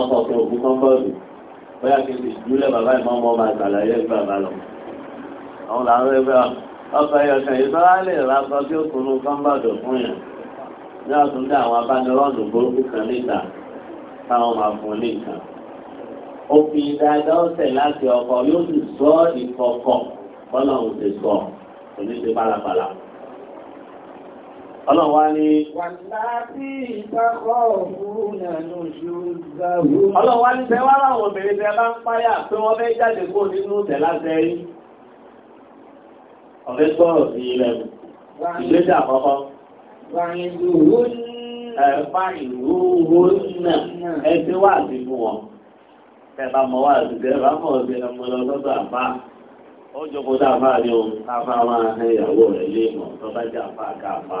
Ọkọ̀ kí òkú kọ́ńbọ́ọ̀dù bóyá kí n sì júlẹ̀ bàbá ìmọ̀mọ́ máa ṣàlàyé ẹgbẹ́ àbá lọ. àwọn làwọn ẹgbẹ́ ọkọ̀ ẹ̀yọ̀kan yìí sọ́ra lè ra sọ tí ó kọ́ńbàdọ̀ fún yàn ní ọ̀tún ní àwọn abánirọ́ọ̀nù burúkú kan níta táwọn máa fún ní nǹkan. òfin ìdájọ́ ọ̀sẹ̀ láti ọkọ̀ yóò sì sọ ìkọ̀kọ̀ bọ́lá òun ti sọ òní ti pálapàla. Ọlọ́run wá ní Ọlọ́run wá ní tẹwà láwọn obìnrin tẹ bá ń páyà pé wọ́n fẹ́ jáde kó nínú tẹ̀lá tẹ́rí. Ọ̀fẹ́ gbọ́rọ̀ sí ilẹ̀ ìgbésẹ̀ àkọ́kọ́. Ẹ̀fà ìlú Hónà ẹgbẹ́ wà sí fún wọn. Ẹ̀bá mọ̀ wà sí ẹ̀bá mọ̀ sí ọmọ lọ́sọ́tọ̀ àbá. Ó jókòó dáfà ní ohun káfà máa ń ìyàwó rẹ̀ lé mọ̀ tó bá jà fà káfà.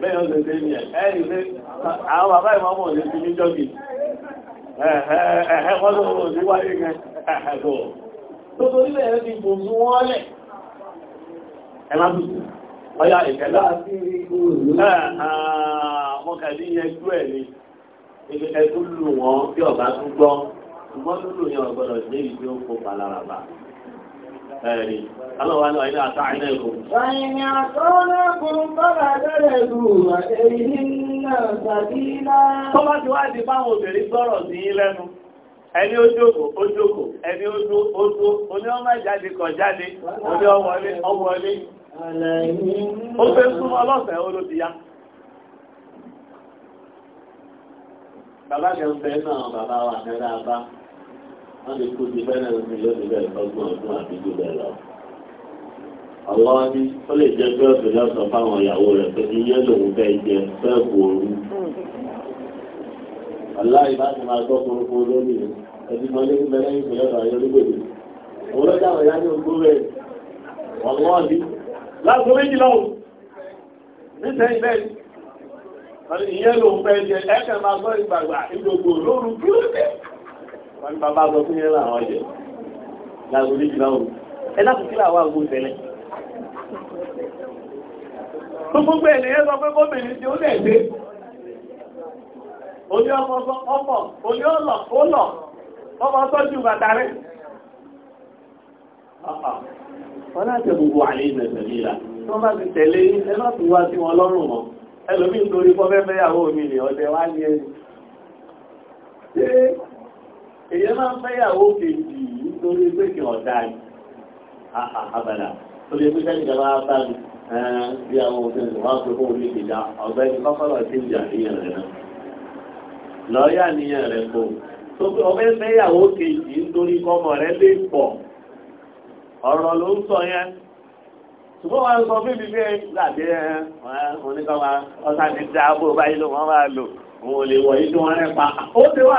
bẹ́ẹ̀ àwọn bàbá ìmọ̀mọ̀ ní sí wáyé gan ẹ̀ẹ́dọ̀ tó torí bẹ̀rẹ̀ ti ẹ̀ ni ibi lù wọ́n bí ọ̀bá tún gbọ́ ṣùgbọ́n lúlù yẹn ọ̀gbọ́dọ̀ jẹ́ ìgbé ó kó palaraba ẹ̀rí aláwọ̀ aláwọ̀ ilé àtà àìlẹ́ ìkò. Tó bá ti wá ti báwọn obìnrin gbọ́rọ̀ sí yín lẹ́nu, ẹni ó jókòó, ó jókòó, ẹni ó dó, ó dó, oní ọmọ ìjáde kọ̀ jáde, oní ọwọlé, ọwọlé. Ó fẹ́ súnmọ́ ọlọ́fẹ̀ẹ́ olóbìyá. Bàbá kẹ́ ń bẹ náà bàbá wà ní ọ̀dá wọ́n lè kó ti fẹ́ràn omi lónìí bẹ́ẹ̀ lọ́gbọ̀n ọdún àbíjú bẹ́ẹ̀ lọ. àwọn ni ó lè jẹ́ pé ọ̀sẹ̀ lọ́sọ̀ fáwọn ìyàwó rẹ̀ pé iyán lòun fẹ́ jẹ fẹ́ bu ooru. aláì bá ti máa gbọ́ kórópó lónìí ẹbí kan lé nígbà lẹ́yìn ìpínlẹ̀ ọ̀dọ̀ ayé olúgbòdì. òun lọ́jà àwọn ìyá ní ogún rẹ̀ ọ̀gbọ́n ni. láti méjì lọ́wọ́ nítorí bẹ́ẹ̀ ìyẹn wọ́n ní bàbá sọ fún yẹn láwọn ọjọ́ láàgbo méjì láwọn ẹ láti kí làwọn àgbo tẹ́lẹ̀ tó gbogbo ẹ̀ lẹ́yẹ sọ pé gómìnà tí ó lẹ̀ dé oní ọmọ ọmọ oní ọlọ ọlọ ọmọ sọ́jú bàtà rẹ̀ wọ́n láti gbogbo àlè ìmẹ̀sẹ̀lélà wọ́n bá ti tẹ̀lé ẹlọ́ ti wá sí wọn lọ́rùn mọ́ ẹlòmí nítorí fọ́fẹ́fẹ́ yàwó mi ni ọdẹ wá ní ẹni èyí máa ń fẹ́yàwó kejì nítorí pé kí ọ̀dá yìí àbàdà tó lè pín ìjọba bá bí àwọn òfin ìwà sí ìjà níyàn rẹ̀ náà níyàn rẹ̀ kò fẹ́yàwó kejì nítorí rẹ̀ lè pọ̀ ọ̀rọ̀ ló ń sọ yẹn ṣùgbọ́n wa ń sọ bíbí pé láti ẹ wọn ọ̀sán ti báyìí ló wọ́n máa lò òun ò lè wọ̀ yìí tí wọ́n rẹ̀ pa ó ti wà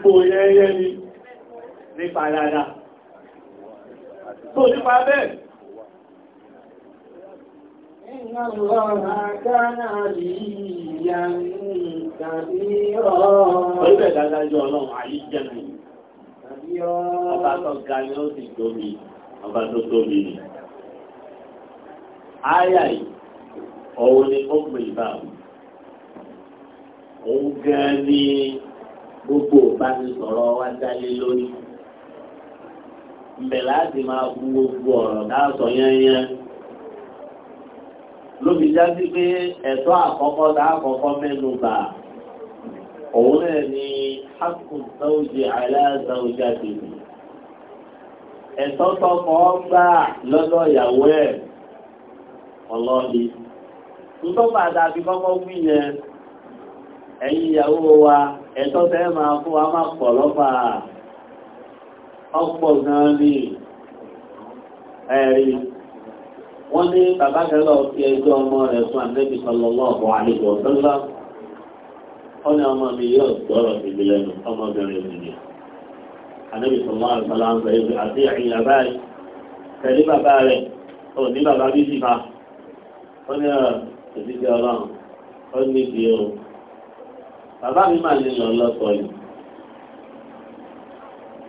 gbogbo yẹ́yẹ́ ni nípa dáadáa tó nípa bẹ́ẹ̀ Iná lọ́rọ̀ àkánà rí ìyá ní ìtàbí ọ̀rọ̀. Orílẹ̀ dájájú ọlọ́run àyíjẹ́ mi. Ọba tó ga ni ó sì tóbi, ọba tó tóbi ni. Áyà yìí, ni ó pè ìbáwò. Òun gan ni gbogbo ìbánisọ̀rọ̀ wa dálé lórí. Mbẹ̀ láti máa bu gbogbo ọ̀rọ̀ dáàsọ yẹ́nyẹ́. Lóbi jáde pé ẹ̀tọ́ àkọ́kọ́ dáàkọ́kọ́ mẹ́nu bà. Òun náà ni Hakun Sáwùjì Aláàzáwùjá tèmi. Ẹ̀tọ́ tọkọ gbà lọ́dọ̀ ìyàwó ẹ̀ ọlọ́ọ̀lì. Tutọ́ bàdà fi kọ́kọ́ wí yẹn. Ẹ̀yin ìyàwó wa ẹ̀tọ́ tẹ́ máa fún wa máa pọ̀ lọ́pà ọ̀pọ̀ gan ni ẹ̀rí wọ́n ní bàbá kẹlọ́ fi ẹjọ́ ọmọ rẹ̀ fún àtẹ́bí sallallahu alaihi wa sallam ó ní ọmọ mi yóò gbọ́rọ̀ síbi lẹ́nu ọmọbìnrin mi ni àtẹ́bí sallallahu alaihi wa sallam ń sọ ibi àti ìyá bàbá mi máa lè lọ lọ́kọ yìí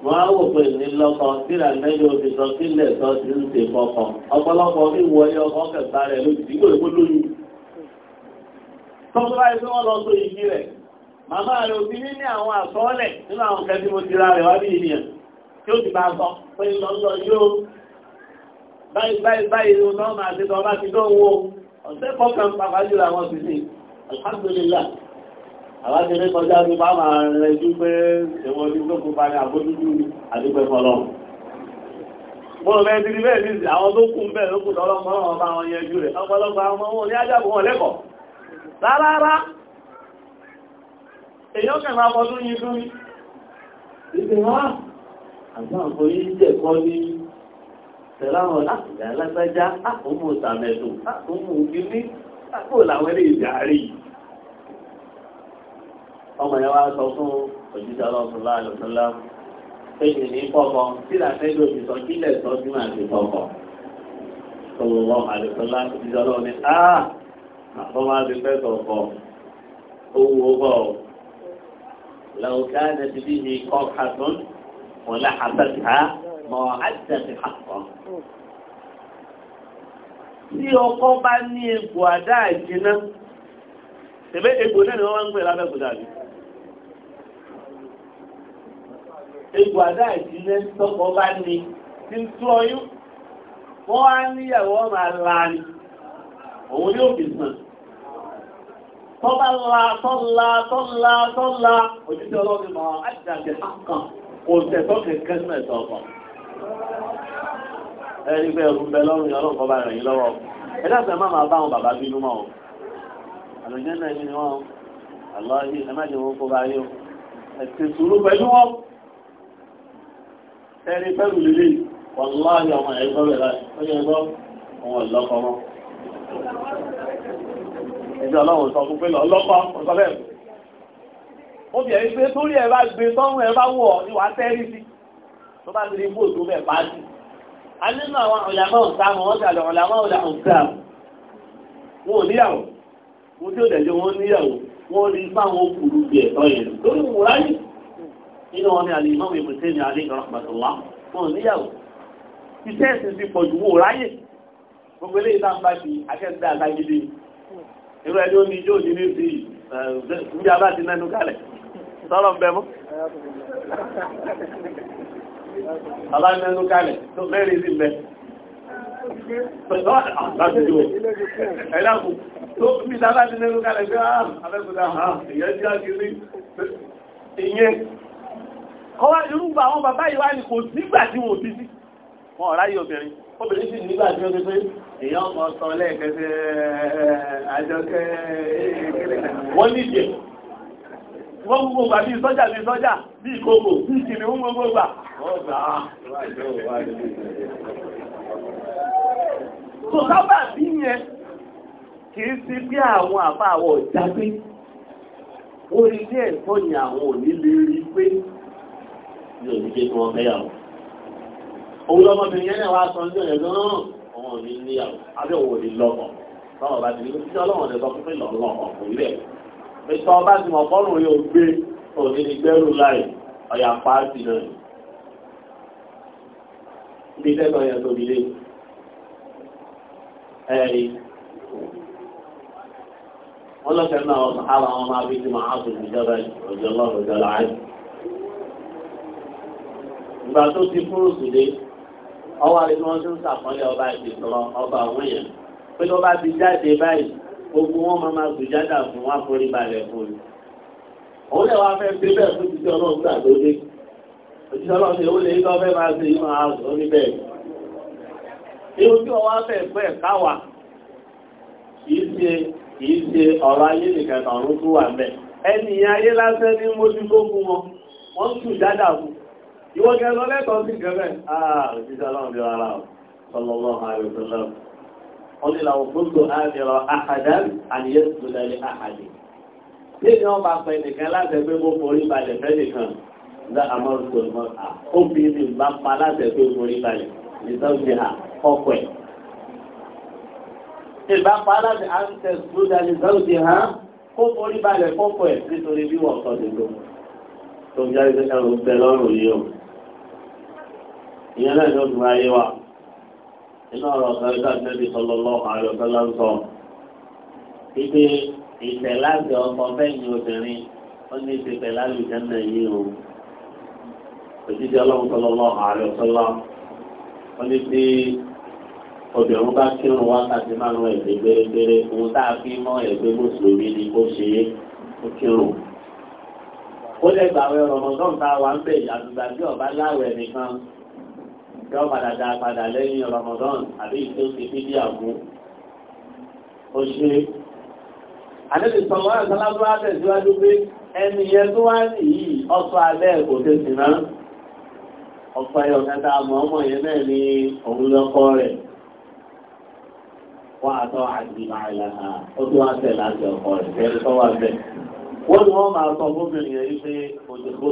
wọ́n á wò pé ní lọ́kọ síra mẹ́rin o ti sọ sílẹ̀ sọ ti ń ṣe fọkàn ọ̀pọ̀lọpọ̀ mi wọlé ọkọ kẹta rẹ̀ lójú dígbò èkó lóyún tọ́kọ́ láyé tí wọ́n lọ sọ ìdí rẹ̀ màmá rẹ̀ òbí ní ní àwọn àsọ́ọ́lẹ̀ nínú àwọn kẹtí mo ti ra rẹ̀ wá bí ènìyàn tí ó ti bá sọ pé lọ́lọ́ yóò báyìí báyìí báyìí ló náà máa ṣe tọ́ bá ti dánwó ọ̀sẹ̀ àwájẹ́rẹ́ kọjá ní bá máa rẹ̀ jú pé ẹwọ́n ní tó kópa ní àbójútó àdúgbẹ́ fọlọ́ mo rẹ̀ ti rí bẹ́ẹ̀ ní àwọn tó kún bẹ́ẹ̀ ló kù lọ́lọ́pọ̀ náà bá wọn yẹjú rẹ̀ ọ̀pọ̀lọpọ̀ àwọn ọmọ ní ajábò wọn lẹ́kọ̀ọ́ rárá èyàn kẹ̀ máa fọdún yìí tún ní ìpè wá àti àǹfọ̀ yìí jẹ́ kọ́ ní tẹ̀láwọn láti ọmọ yẹn wá sọ fún òjíṣẹ́ ọlọ́run láàrín ọ̀sánlá pé ìní fọ́kọ tí làtẹ́jọ́ ti sọ kílẹ̀ sọ sí máa ti fọ́kọ sọlọ́wọ́ àdìsọ́lá òjíṣẹ́ ọlọ́run ní á àfọ́ máa ti fẹ́ sọ̀kọ̀ owó ọgbọ̀ lọ́ọ̀ká ẹni bí ní kọ́ kàtún wọn láhàtàkà tí ọkọ bá ní egbò àdá ìjìnà tẹ̀lé egbò náà ni wọ́n máa ń pè lábẹ́kùdà bíi egbò àdá ìdílé tọ́kọ bá ní tí ń tú ọyún wọ́n á níyàwó máa la ni òun yóò fi sàn tọ́ba la tọ́la tọ́la tọ́la òjijì ọlọ́run mọ́ àjàjẹ̀ kankan kò tẹ̀tọ́ kẹ̀kẹ́ sínú ẹ̀tọ́ ọkọ̀ ẹni pé ẹ̀rù bẹ lọ́rùn yọ lọ́rùn kọ́ba rẹ̀ yín lọ́wọ́ ẹ dáàbẹ̀ má máa bá àwọn bàbá bínú mọ́ o àlùjẹ́ náà ni wọ́n àlọ́ yìí ẹ má jẹ́ wọn kó bá yé ẹ̀sìn sùúrù pẹ̀lú wọn ẹni fẹ́rù lílé wàláyé ọmọ ẹ̀gbọ́n rẹ̀ láti ọjọ́ ẹgbọ́n ọmọ ìlọ́kọ mọ́ ẹjọ́ ọlọ́run sọ fún pé lọ́lọ́kọ ọ̀sọ́ bẹ́ẹ̀ ó bìí ẹni pé torí ẹ bá gbé tọ́run ẹ bá wọ̀ ni wàá tẹ́rí sí tó bá ti di bó tó bẹ̀ bá sí a nínú àwọn ọ̀làmọ́ nínú wọn ni alimọ́mù ìbùsẹ́ ni alẹ́ ìrọ̀pàtàlá wọn níyàwó iṣẹ́ ẹ̀sìn ti pọ̀jù wò ráyè gbogbo ilé ìta ń bá ti akẹ́sẹ̀ àtàgídí irú ẹni ó ní ijó òní ní ti ìbí abá ti mẹ́nu kalẹ̀ sọ́rọ̀ ń bẹ mọ́ bàbá mẹ́nu kalẹ̀ tó mẹ́rin sí mẹ́ ẹ̀dàkùn tó bí ìta bá ti mẹ́nu kalẹ̀ pé àbẹ́kùn ah, ọwá irúgbà àwọn bàbá ìwá ni kò sígbà tí wọ́n bísí wọn ọ̀rá yìí obìnrin obìnrin sì nígbà tí ó ti pé èèyàn ọmọ sọ lẹ́ẹ̀kẹsẹ̀ àjọkẹ́ wọ́n nídìí wọ́n gbogbo gbà bí sọ́jà bí sọ́jà bí ìkókò bí ìkìlì ń gbogbo gbà kò sábà bí yẹn kìí sí bí àwọn àbáwọ̀ jáde orí ilé ẹ̀kọ́ ni àwọn ò ní lè rí pé ní òṣìṣẹ́ tí wọ́n fẹ́yàwó òun lọ́mọbìnrin yẹn náà wá sọ ní ọ̀rẹ́ gan-an ọmọ mi níyàwó abẹ́ òwò ní lọ́kọ̀ báwọn bá ti ní títí ọlọ́wọ̀n lè sọ fún pé lọ́ọ́ lọ́kọ̀ kò rí bẹ́ẹ̀ ìtọ́ ọba ti mọ̀ fọ́rùn yóò gbé òní ní gbẹ́rù láì ọ̀yà pàásì náà ibi tẹ́tọ̀ yẹn tóbi lé ẹ̀rí wọ́n lọ́kẹ́ náà àwọn ọmọ abíjí máa ń sùn ìjọba ìjọba ìjọba àìsàn ìgbà tó ti kúrò sílé ọwọ́ àdéhùn wọn tó ń sàpọ́nlé ọba ìṣètọ́lọ́ ọba àwọn èèyàn pé tó bá ti jáde báyìí gbogbo wọn máa máa gbé jáde fún wọn forí balẹ̀ fún mi. òun lè wá fẹ́ gbé bẹ́ẹ̀ fún títí ọlọ́run gbà tó dé òtítọ́ ọlọ́run ṣe ó lè ní ọbẹ̀ máa ṣe ìmọ̀ àwọn òní bẹ́ẹ̀. irú tí wọ́n wá fẹ́ fẹ́ káwa kì í ṣe kì í ṣe ọ̀rọ̀ ayé nìkan tọ̀run tó wà mẹ́ ẹnìyàn ayé lásán ní mójú tó fún wọn wọ́n ń jáde fún ìwọ́n kẹ́ lọ lẹ́tọ̀ọ́ sí gẹ́gẹ́ àà òṣìṣẹ́ ọlọ́run bí ara sallallahu alaihi wasallam wọ́n ní làwọn fúnlò àmìrọ̀ àhàdán àníyẹ́ ìtúlẹ̀ ní àhàdì ní ìní wọn bá pẹ nìkan láti ẹgbẹ́ mọ́ forí balẹ̀ fẹ́ nìkan ní amọ́rùkọ mọ́ à ó fi ní bá pa láti ẹgbẹ́ forí balẹ̀ ní sọ́ọ̀dì à ọ̀pẹ̀ ìbá pa láti àǹtẹ̀ sọ́ọ̀dà ní sọ́ọ̀dì à kó forí balẹ̀ fọ́pẹ̀ nítorí bí wọ́n sọ ìyẹn náà yóò tún ayé wa inú ọ̀rọ̀ sọ́jà nẹ́bí sallallahu alaihi wasallam sọ pípé ìtẹ̀láṣẹ ọkọ fẹ́yìn obìnrin ó ní ti tẹ̀láṣẹ ìjẹ́nà yìí o òjijì ọlọ́run sallallahu alaihi wasallam ó ní ti obìnrin bá kírun wákàtí márùn ẹ̀gbẹ́ gbérégbéré ohun tá a fi mọ́ ẹ̀gbẹ́ mùsùlùmí ni ó ṣe é ó kírun ó lẹ́gbàá wẹ́ rọmọdọ́n tá a wà ń bẹ̀ àdùgbà bí ọ̀bá láwẹ̀ nìkan yọ padà dá padà lẹ́yìn Ramadan àbí ìtò ti fi dí àgbo ó ṣe. àdébì sọ̀rọ̀ àtàlágbó àtẹ̀síwájú pé ẹni yẹn tó wá ní yìí ọ̀sọ̀ alẹ́ kò tẹ̀ sí náà ọ̀pọ̀ ẹ̀yọ̀ kẹta àmọ́ ọmọ yẹn náà ní òun lọ́kọ́ rẹ̀ wọ́n àtọ́ àgbìmọ̀ àìlànà ó tún wá láti ọkọ̀ rẹ̀ fẹ́ẹ́ tọ́ wá bẹ́ẹ̀. wọ́n ní wọ́n máa sọ gómìnà yìí pé òjòkó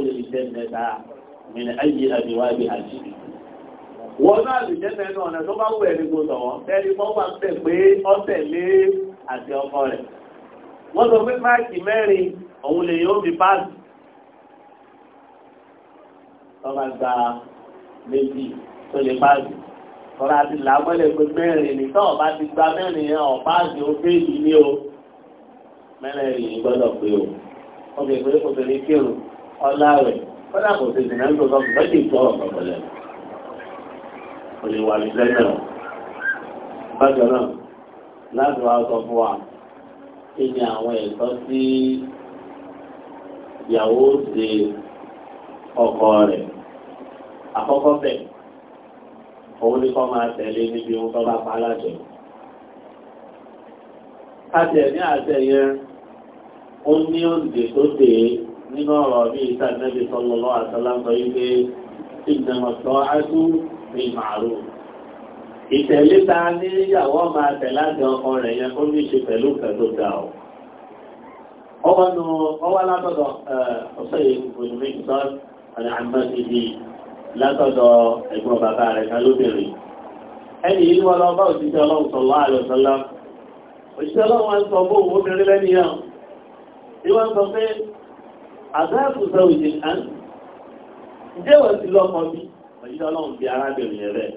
wọ́n náà lè jẹ́ tẹ́lẹ̀ ọ̀nà tó bá wù ẹni kò tọ̀wọ́ ẹni mọ́ wà tẹ̀ pé ọ̀tẹ̀ lé àti ọkọ rẹ̀ wọ́n sọ pé máàkì mẹ́rin òun lè yóò fi páàsì tọ́ba gba méjì tó lè páàsì tọ́ra ti làmọ́lẹ̀ pé mẹ́rin ní tọ́ ọba ti gba mẹ́rin yẹn ọ̀páàsì ó béèlì ní o mẹ́rin yìí gbọ́dọ̀ pé o obìnrin pé obìnrin kírun ọlá rẹ̀ kọ́dà kò sí ìdìnnà ń tó sọ́kùn lọ́jì tó ọ̀pọ̀ pẹ̀lẹ́ kò wa kí ni àwọn ẹ̀tọ́ tí ìyàwó ṣe ọkọ rẹ̀ àkọ́kọ́ bẹ̀ òun ní kọ́ máa tẹ̀lé níbi ohun tó bá pa aláṣẹ. káṣí ẹ̀ ní àṣẹ yẹn ó ní òǹdè tó dé nínú ọ̀rọ̀ bí ìta nẹ́bí sọ́lọ́lọ́ àtàlámọ́ ní màálù ìtẹ̀lé ta ní ìyàwó máa tẹ̀ láti ọkọ rẹ̀ yẹn ó ní ṣe pẹ̀lú pẹ̀lú ga ọ ọwọ́ nu ọwọ́ látọ̀dọ̀ ọ̀sẹ̀ ìgbòmí sọ ọ̀nà àmọ́ ibi látọ̀dọ̀ ẹ̀gbọ́n bàbá rẹ̀ kan lóbìnrin ẹni yìí wọ́n lọ bá òṣìṣẹ́ ọlọ́run sọ̀lọ́ àlọ́sọ́lá òṣìṣẹ́ ọlọ́run wọn sọ bó òun obìnrin jẹ́wọ̀ sí lọ́kọ bí òyí ọlọ́run bí arábìnrin yẹn bẹ́ẹ̀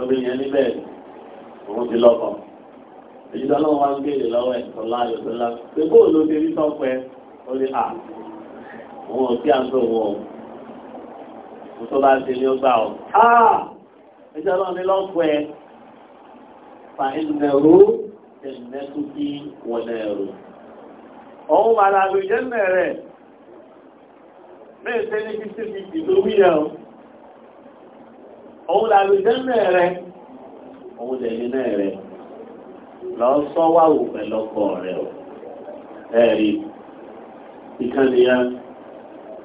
obìnrin yẹn níbẹ̀ òun ti lọ́kọ èyí tó ọlọ́run wá ń béèrè lọ́wọ́ ẹ̀ sọlá ayọ̀sọlá pé bóò ló ti rí tọ́pẹ́ ó ní à òun ò sí àǹtó òun òun mo tó bá ń ṣe ní ó gbà ọ́ á èyí tó ọlọ́run ní lọ́pọ̀ ẹ̀ fa ìnẹ̀rú ìnẹ́tùkí wọ̀nà ẹ̀rù òun màlàbí jẹ́ mẹ́rẹ̀ mẹ́ẹ̀ẹ́sẹ́ ní fífífífì lórí ẹ̀ òun làbí dẹ́nà rẹ òun lẹ́ni náà rẹ lọ sọ wáwò pẹ̀lú ọkọ rẹ o ẹ̀rí ìkànnì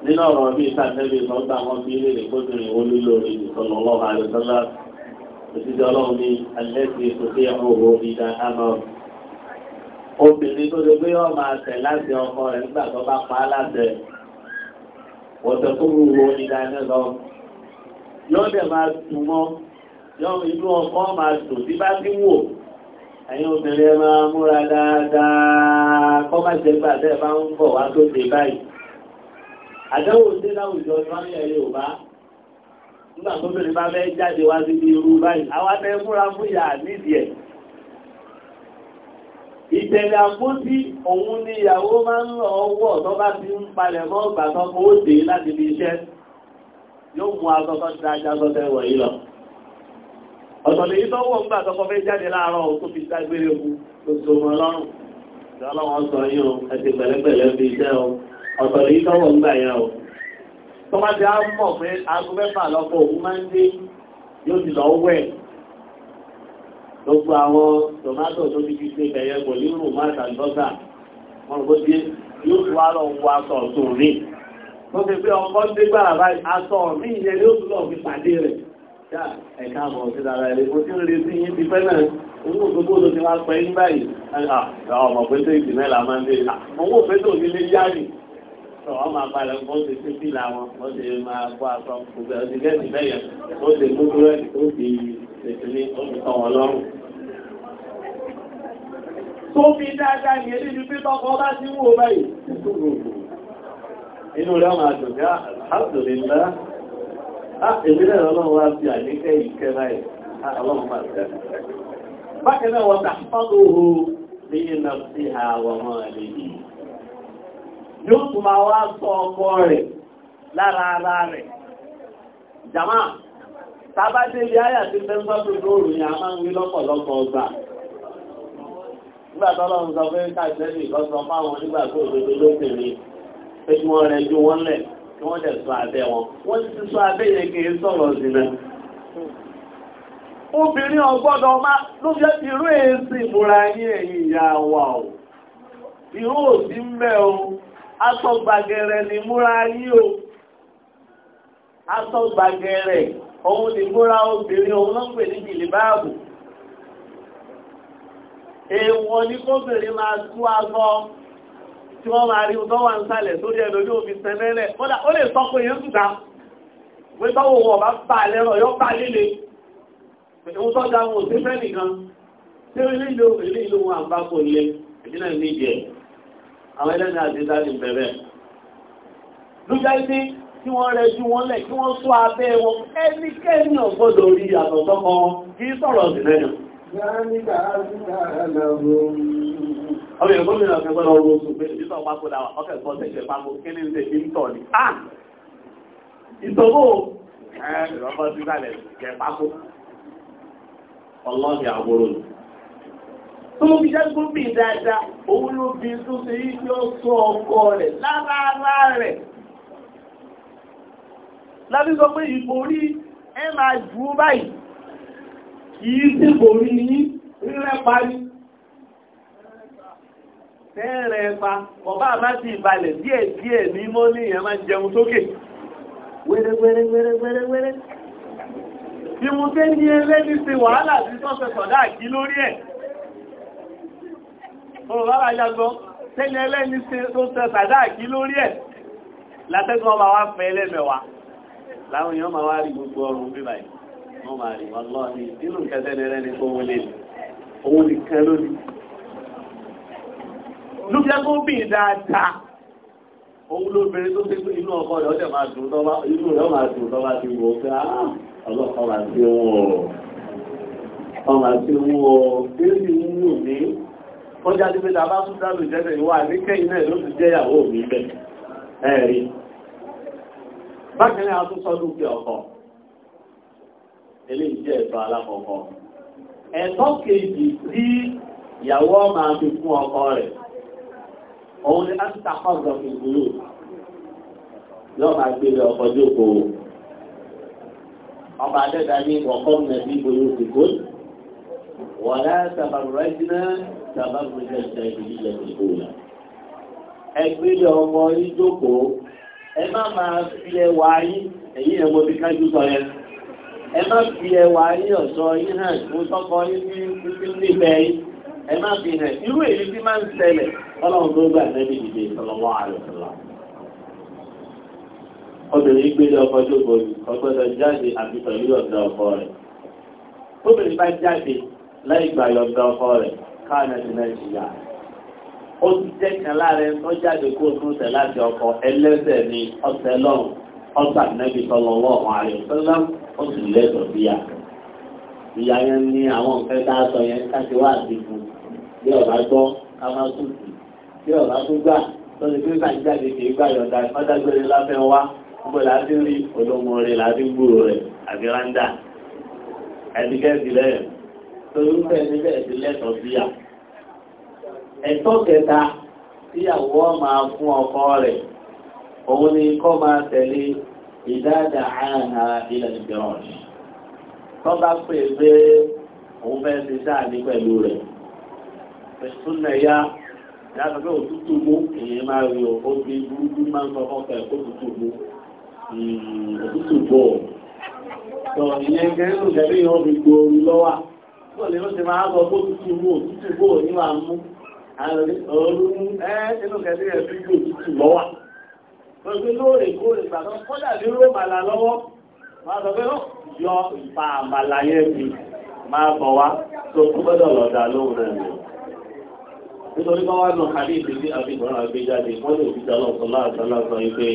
nínú ọ̀rọ̀ bí ìtàkẹ́bí sọ́gbà wọn bí ilé ìgbóbìnrin wọn lílo ìsọ̀lọ̀ ọlọ́run àdìsọ́lá òṣìṣẹ́ ọlọ́run ní alẹ́sì kò sí ọ̀rọ̀ ìdá àmọ́ obìnrin tó ọmọ láti ọkọ rẹ̀ nígbà tó bá pa á láti wọ́n lọ́wọ́. yóò dẹ̀ máa dùn mọ́ inú ọkọ̀ máa dùn tí bá ti wò ẹ̀yin obìnrin ẹ máa múra dáadáa kọ́ má jẹ́ gbà tẹ́ bá ń bọ̀ wá tó dé báyìí àdánwò sí láwùjọ ìfáníyà Yorùbá nígbà tó bẹ̀rẹ̀ bá fẹ́ jáde wá sí bí irú báyìí àwọn abẹ́ múra fún ìyà nídìí ẹ̀ ìtẹ̀lẹ̀ àpótí òun ni ìyàwó máa ń lọ ọwọ́ tó bá ti ń palẹ̀ mọ́ ọgbà tó kó dé láti fi iṣẹ́ yóò mú agbọ́tọ́ dájá lọ́dẹ́ wọ̀nyí lọ. ọ̀tọ̀lẹ̀ yìí tọ́wọ́ ńgbà tọ́kọ́ fẹ́ jáde láàárọ̀ tó fi dágbére ogun tó so mọ́ lọ́rùn ìdálọ́wọ́n sọ yìí o ẹ̀sìn pẹ̀lẹ́pẹ̀lẹ́ fi iṣẹ́ o ọ̀tọ̀lẹ̀ yìí tọ́wọ́ ńgbà yẹn o. tó bá ti á mọ̀ pé aago mẹ́fà lọ́kọ̀ òun máa ń dé yóò ti lọ wẹ̀ gbogbo àwọn tòmátò tó ti fi ṣe bẹ̀yẹ pẹ̀lú rùmọ́ àtàlùbọ́sà wọn kò dé yóò tún wá lọ wọ aṣọ ọ̀tún rìn tó ti pé ọkọ̀ ń dégbà báyìí aṣọ mí ìyẹn ló tún lọ fi pàdé rẹ̀ ẹ̀ka àbọ̀ sí dára ẹ̀rẹ́ mo ti ń rí sí yín ti pẹ́ náà owó gbogbo ló ti wá pẹ́ yín báyìí ọmọ pé tó ìdí mẹ́la máa ń dé ìlà owó pé tó ní lé yáàrì sọ wọn máa balẹ̀ wọ́n ti fi fìlà wọn wọ́n ti máa kó aṣọ gbogbo ẹ̀ ti gẹ́sì bẹ́yẹ wọ́n ti mú búrẹ́dì tó fi ètò ní olùkọ́ fi dáadáa yẹn níbi inú rẹ̀ máa dùn ní alhamdulillah ìbílẹ̀ ah, ọlọ́run wá sí àníkẹ́ ìkẹ́ báyìí ah, ọlọ́run máa tẹ́ bákan náà wọ́n tàfọ́dúhù ní iná sí àwọn ọmọ sọ ọkọ a ń wí fáwọn lókèrè ẹjú wọn rẹ̀ ju wọn lẹ̀ kí wọ́n dẹ̀ sọ abẹ́ wọn wọ́n ti sọ abẹ́ yẹn kì í sọ̀rọ̀ sí náà obìnrin ọgbọ́dọ̀ má ló jẹ́ irú èsì ìmúra ní ẹ̀yìn ìyá wa ò irú òsì ń bẹ́ o asọ́gbàgẹ̀rẹ̀ ni múra yí o asọ́gbàgẹ̀rẹ̀ òun ni múra obìnrin òun ló ń pè ní jìlìbáàbù èèwọ̀ ní kóbìnrin máa tú aṣọ tí wọ́n máa rí ọdọ́ wà ń sálẹ̀ sórí ẹ̀lò yóò fi sẹ mẹ́rẹ̀ kọ́lá ó lè sọ pé yẹn tuta wọ́n bá wọ́n bá bá lẹ́rọ yọ́ bá líle ìwọ́n tó dá wọn ò sí fẹ́ nìkan tí ó lílo ilé ìlú wọn àbá kò lè ìdínà nídìí ẹ̀ àwọn ẹlẹ́ni àti ìdájì bẹ̀rẹ̀ lójá sí kí wọ́n rẹ ju wọn lẹ̀ kí wọ́n sọ abẹ́ wọn ẹnikẹ́ni ọ̀gbọ́dọ̀ orí àtọ̀tọ́ kan kí sọ̀rọ̀ sí lẹ́nu ọmọ ìyẹn gómìnà ọ̀sẹ̀ gbọ́dọ̀ ọrọ̀ oṣù pé ìdí náà pápó dáwà ọkẹ̀ gbọ́ sẹ́gbẹ̀ pápó kí ní ṣe fi ń tọ̀ ní. a ah! ìṣòro ẹ ìrọ̀bọ sí sàlẹ̀ jẹ pápó ọlọ́ọ̀dì àbúrò nù. tó mú fi jẹ́ gómìn dáadáa òun ló fi tó ṣe yí kí ó sọ ọkọ rẹ̀ lára rẹ̀. lábí sọ pé ìborí ẹ máa jù báyìí kì í sí ìborí yín rírẹ́ parí tẹ́ẹ̀rẹ̀ ẹpa ọba àbá ti ìbalẹ̀ díẹ̀ díẹ̀ ní mọ́ ní ìyẹn máa jẹun sókè wẹ́rẹ́wẹ́rẹ́wẹ́rẹ́wẹ́rẹ́ tí mo tẹ́ ní ẹlẹ́ni ṣe wàhálà sí tọ́sẹ̀ sọ̀dá àkí lórí ẹ̀ ọ̀rọ̀ bá yàgbọ́ tẹ́ni ẹlẹ́ni ṣe tọ́sẹ̀ sọ̀dá àkí lórí ẹ̀ látẹ́gbọ́n máa wá fẹ́ ẹlẹ́mẹ̀wàá láwọn èèyàn máa wá rí gbogbo ọrùn bíbà yìí wọ́n máa rí wọn lọ́ọ̀ ní inú kẹtẹ́ni ẹlẹ́ni tó wọlé òun nìkan lónìí ló fi ẹkún bì dáadáa òun lóbìnrin tó ṣe pé inú ọkọ rẹ̀ ọdẹ máa dùn tọ́ bá inú rẹ̀ máa dùn tọ́ bá ti wọ̀ pé ah, ọlọ́kọ̀ máa ti wọ̀ ọmọ àti wọ̀ èyí ń wù mí kọjá tí pé tàbá tún dábì jẹ́sẹ̀ ìwà àríkẹ́yìn náà ló ti jẹ́ ìyàwó mi bẹ́ ẹ̀rí bákẹ́rẹ́ àtúnṣọ́ dúkìá ọkọ̀ eléyìí jẹ́ ẹ̀tọ́ alákọ̀ọ́kọ́ ẹ̀tọ́ kejì tí ìyàwó máa fi fún ọkọ rẹ̀ òun ni áńtà pàṣẹ ìgbòho yóò máa gbé lọ ọkọjú kò ọba adẹ́ta ní ọkọ nàbí gbòho ìgbò wọ́n á sàbàbùrọ̀ ẹ̀jìnà sàbàbùrọ̀ ẹ̀jìnà ìgbìyànjú ìgbò yà ẹgbẹ́ lọ ọmọ ìjókòó ẹ má máa fi ẹwà yín èyí ẹ̀ mo fi kájú sọ yẹn ẹ má fi ẹwà yín ọ̀ṣọ́ yín hàn mo tọkọ yín ní nífẹ̀ẹ́ yín ẹ má fi hàn irú èyí tí máa ń ṣẹlẹ̀ ọlọ́run tó gbà nẹ́bì dìde sọlọ́wọ́ àrẹ̀sọ̀lá obìnrin gbélé ọkọ̀ tó borí ọgbọ́dọ̀ jáde àti pẹ̀lú ọ̀dọ̀ ọkọ rẹ̀ obìnrin bá jáde láì gbà yọ̀dọ̀ ọkọ rẹ̀ káàná ti náà ti yá ó ti jẹ́ kan láàrin tó jáde kó tún tẹ̀ láti ọkọ ẹlẹ́sẹ̀ ni ọ̀sẹ̀ lọ́run ọgbà nẹ́bì sọlọ́wọ́ àrẹ̀sọ̀lá ó sì lẹ́sọ̀ síyà ìyá yẹn ní àwọn nǹkan tá sọ yẹn ká àdìgún bí ọ̀gá gbọ́ ká má sùn sí tí ọ̀rá tó gbà lọ́dún pé kàn jáde kì í gbà yọ̀dá pátágbére láfẹ́ wá gbogbo láti rí olómo rẹ̀ láti gbúrò rẹ̀ àbí ráńdà ẹ̀dígẹ́sì lẹ́yìn torí ń bẹ́ẹ̀ níbẹ̀ sí lẹ́tọ̀ọ́ síyà ẹ̀tọ́ kẹta tíyàwó máa fún ọkọ rẹ̀ òun ni kọ́ máa tẹ̀lé ìdáàdà àáhà ilẹ̀ ìgbẹ̀rọ̀ṣì tó bá pè pé òun fẹ́ ti sáà ní pẹ̀lú rẹ̀ pẹ̀sùn náà yá yàtọ̀ pé òtútù mú èèyàn máa rí o ó gbé burúkú máa ń sọ ọkọ̀ ẹ̀ kó tutù mú hmm, òtútù bọ̀ tọ̀ ìyẹn kẹrin ló jẹ́ bí wọ́n fi gbòòrò lọ́wà tó lè ló ti máa sọ kó tutù mú òtútù bọ̀ ní máa mú ọ̀rún ẹ́ inú kẹrin ẹ̀ fi gbé òtútù lọ́wà pẹ̀lú lóòrèkóòrè gbàgbọ́ kọ́dà ní ró màlà lọ́wọ́ máa sọ pé ó yọ ìpa àmàlà yẹn mi máa bọ̀ wá tó gbọ́dọ̀ lọ́dà lóhùn rẹ̀ nítorí bá wà nù àdéhùn sí àbíkùnrin àgbéjáde wọ́n lè fi jọlọ sọlá àtàlà sọ pé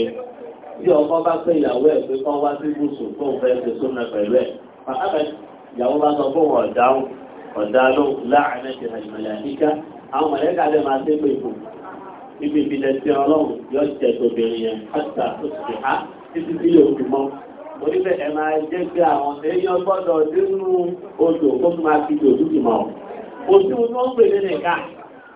bí ọkọ bá pé ìyàwó ẹ̀ pé kán wá sí gúúsù tó ń fẹ́ ṣe súnmọ pẹ̀lú ẹ̀ pàápàá ìyàwó bá sọ fún ọ̀dáhùn ọ̀dáhùn láàrin ẹ̀ṣẹ̀ àjùmọ̀lẹ̀ àyíká àwọn mọ̀lẹ́kà lè máa ṣépè fún ibi ìbílẹ̀ tí ọlọ́run yóò jẹ tóbìnrin yẹn pátá tó ti fi há títí sí òkú mọ́ oníbẹ̀ ẹ̀ máa jẹ́ pé àwọn èèyàn gbọ́dọ̀ dínú odò kó máa fi dòdú ìmọ̀ òsì wọn ń pè ní nìkan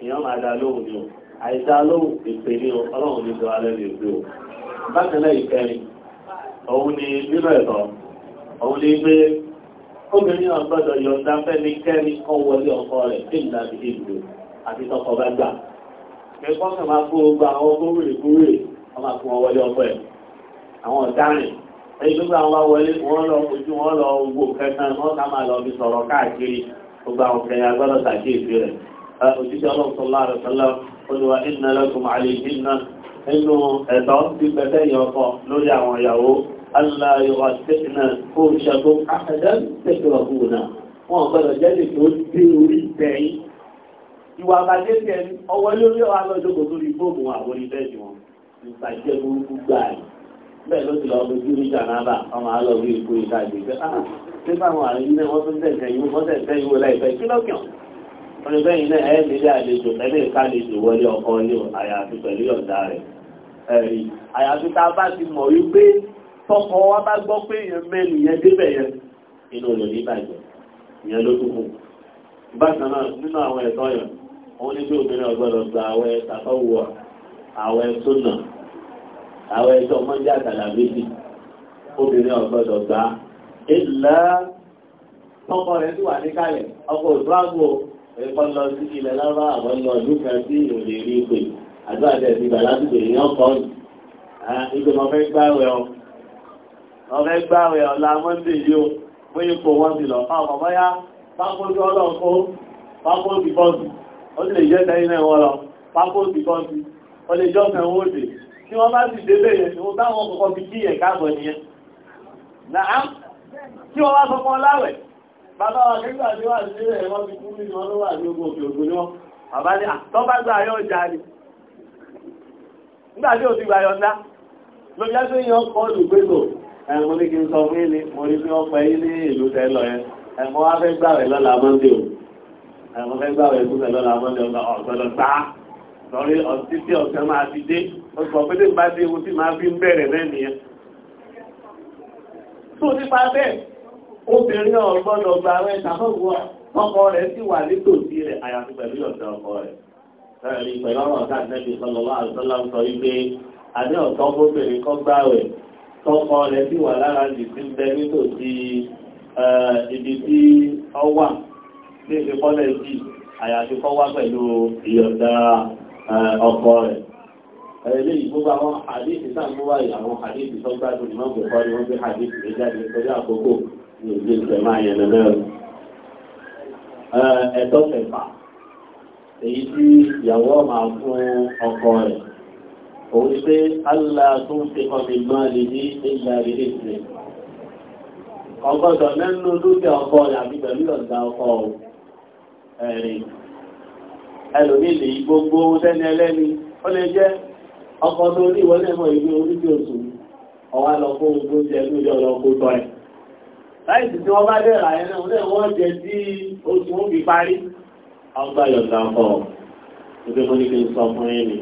èèyàn máa dá lóhùn ni o àìdá lóhùn ìpè ní o ọlọ́run ní gbọ́ alẹ́ ní ìpè o bákan náà ìkẹrin òun ni nínú ẹ̀tọ́ òun ni pé obìnrin náà gbọ́dọ̀ yọ̀ǹda fẹ́ni kẹ́ni kọ́ wọlé ọkọ rẹ̀ tí ìlà ti di ìlú àti tọkọ bá gbà pé kọ́kàn máa kó gbogbo àwọn kúrè kúrè wọ́n máa fún wọn wọlé ọkọ ẹ̀ àwọn ọ̀daràn èyí tó gbà wọn wọlé wọn lọ ojú wọn lọ gbò kẹta wọn ká máa lọ fi sọ̀rọ̀ káàkiri gbogbo àwọn kẹyà gbọ́dọ̀ ṣàkíyèsí rẹ̀ òjíṣẹ́ ọlọ́run tó láàrẹ̀ tẹ́lẹ̀ olùwà ìnà lẹ́kùn àlè ìnà nínú ẹ̀tọ́ ti pẹ̀tẹ́ ìyọkọ lórí àwọn ìyàwó aláyọ̀wà tẹ́sínà kó ṣàgbó àkàdá tẹ́síwà kú náà wọn gbọ́dọ̀ jẹ́lẹ̀ tó dé orí tẹ̀yìn ìwà àbájẹ́ tẹ̀ ọwọ́ lórí ọlọ́dọ́gbò tó rí fóònù àwọn oníbẹ̀ẹ́sì wọn ìbàjẹ́ burúkú gbáà bẹ́ẹ̀ ló ti lọ bó jú ah, ní jànáàbà ọmọ àlọ́ wọ́n ní bẹ́yìn náà ẹ̀ nílé àlejò ẹ̀lẹ́ ìkálejò wọlé ọkọ ní àyàfi pẹ̀lú ọ̀dà rẹ̀ ẹ̀rí àyàfi tá a bá ti mọ̀ wípé tọkọ wa bá gbọ́ pé èèyàn mẹ́nu yẹn débẹ̀ yẹn inú rẹ̀ ní ìbàjẹ́ ìyẹn ló dùn fún bákan náà nínú àwọn ẹ̀tọ́ yẹn wọ́n ní pé obìnrin ọ̀gbọ́dọ̀ gba àwẹ̀ tàbọ̀wọ̀ àwẹ̀ sónà àwẹ̀ ẹ̀tọ́ mọ́jà tàlàbíjì obìnrin ọ̀gbọ́dọ̀ gba ìlà tọkọ rẹ̀ sì wà níkàlẹ̀ ọkọ̀ òṣùwàgbọ̀ ẹ̀kọ́ lọ sí ilẹ̀ lábá àwọn ọmọ ọdún kan tí ìrò lè rí pè àdúrà tẹ̀ sí bàlá sí pè yàn kọ́ ni. ìgbè mo fẹ́ gbáwẹ̀ ọ mo fẹ́ gbáwẹ̀ ọ la mọ́ndé yìí o mo yí po wọ́n ti lọ fún ọmọ bọ́yá pápótí ọlọ́kọ́ pápótí bọ́ọ̀sì ó sì lè jẹ́ tẹ́yìn náà wọ́n lọ pápótí bọ́ọ̀sì ó lè jọ́ fẹ́ wọ́n dè tí wọ́n bá sì délé yẹn tí wọ́n táwọn kọ̀ọ̀kan fi kí ẹ̀ káàbọ̀ nìyẹn. nàá tí wọ́n bá sọ fún ọ láwẹ̀ bàbá wa nígbà tí wà sí rẹ̀ wọ́n ti kú nínú ọdún wà ní ogun òkè ògùn ni wọ́n bàbá ní àtọ́bá gbà yọ ọjà ni nígbà tí ò ti gbà yọ ńlá ló jẹ́ pé yọ kọ́ olùgbégbò ẹ̀mọ́ ní kí n sọ fún ilé mo rí bí wọ́n pẹ́ ilé ìlú tẹ́ lọ yẹn ẹ̀mọ́ wá fẹ́ gbà rẹ̀ lọ́la mọ́ndé o ẹ̀mọ́ fẹ́ gbà rẹ̀ lọ́la mọ́ndé ọ̀gbọ́dọ̀ gbà sọ obìnrin náà gba àwọn ẹ̀ta fọ́gbọ́ rẹ̀ sì wà nítòsí rẹ̀ àyàfi pẹ̀lú ọ̀dà ọkọ rẹ̀ ẹ̀rí pẹ̀lú ọ̀rọ̀ ọ̀tá nẹ́bí sọlọ́lá àlùsọ́lá ń sọ wípé àní ọ̀tọ́ obìnrin kọ́ gbá rẹ̀ tọkọ rẹ̀ sì wà lára jù sí ń bẹ nítòsí ibi tí ọ wà ní ìfipọ́lẹ̀ sí àyàfi kọ́ wá pẹ̀lú ìyọ̀dà ọkọ rẹ̀ ẹ̀rẹ́ yìí gbogbo àwọn àdéhìí sáàmú wáyé àwọn àdéhìí tó gbádùn ní mọ́gbò kọ́ ni wọ́n gbé àdéhìí lé jáde lọ́jọ́ àkókò ní ìdí ìfẹ́ máa yẹn lẹ́lẹ́ ẹ̀tọ́ kẹfà èyí tí ìyàwó máa fún ọkọ rẹ̀ òun pé Allah tó ń fi ọmọ ìmọ̀ lè ní ìlà ilé ìsìn ọgọ́dọ̀ mẹ́nu dúkìá ọkọ rẹ̀ àbí pẹ̀lú ọ̀dà ọkọ ẹ̀rìn ẹlòmí lè gbogbo tẹ́ni ẹlẹ́ni ó lè jẹ́ ọkọ̀ tó ní ìwọ́n mọ̀ ìwé oríṣi oṣù ọwá lọ fún ogun oúnjẹ ní ìjọ lọ kó tọ́ ẹ̀. láìsí tí wọ́n bá dẹ̀ rà ẹ̀ náà náà wọ́n jẹ tí oṣù ó fi parí. ọgbà yọ̀ǹda kọ̀ ẹgbẹ́ ní kí n sọ fún yín ni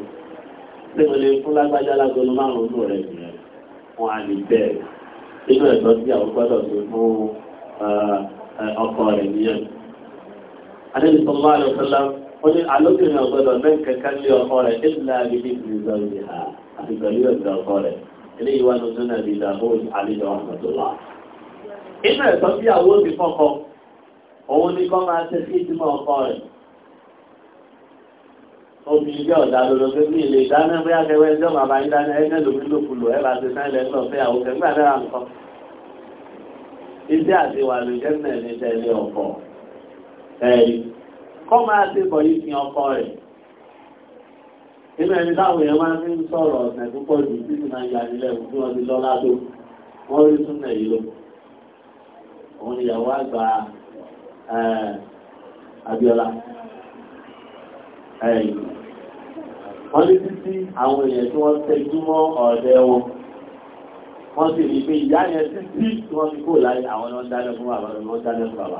pé mo lè fún lágbájá lágolo márùn-ún rẹ̀ nìyẹn wọn á lè bẹ̀rẹ̀ ẹ̀tọ́ tí àwọn gbọ́dọ̀ fún ọkọ rẹ̀ nìyẹn. adébísọ̀ máa ó ní alóbìnrin ọ̀gbọ́dọ̀ mẹ́rin kankan lé ọkọ rẹ̀ nígbà gidi ìgbìyànjọ yìí ha àti pẹ̀lú ẹ̀gbẹ́ ọkọ rẹ̀ ilé ìwà ní ojú náà bíi dàbó àlejò ọ̀hánàtòlá. inú ẹ̀tọ́ bí àwọn òbí fọ́kọ òun ni kọ́ máa ṣe sí ìdímọ̀ ọkọ rẹ̀. obìnrin bí ọ̀dà lọ́dọ̀ pé bí ilé ìdáná bí akẹwẹ́ ẹjọ́ màmá yín kọ́ máa ṣe bọ̀ yìí fi ọkọ rẹ̀ nínú ẹni táwọn èèyàn máa fi ń sọ̀rọ̀ ọ̀sẹ̀ púpọ̀ jù títí máa yà nílẹ̀ fún bí wọ́n ti lọ́lá tó wọ́n rí súnmọ̀ yìí lọ òun ni ìyàwó àgbà Abíọ́lá wọ́n ní títí àwọn èèyàn tí wọ́n tẹjú mọ́ ọ̀dẹ wọn wọ́n sì rí pé ìyá yẹn títí tí wọ́n fi kó láyé àwọn ọ̀dánẹ́ fún bàbá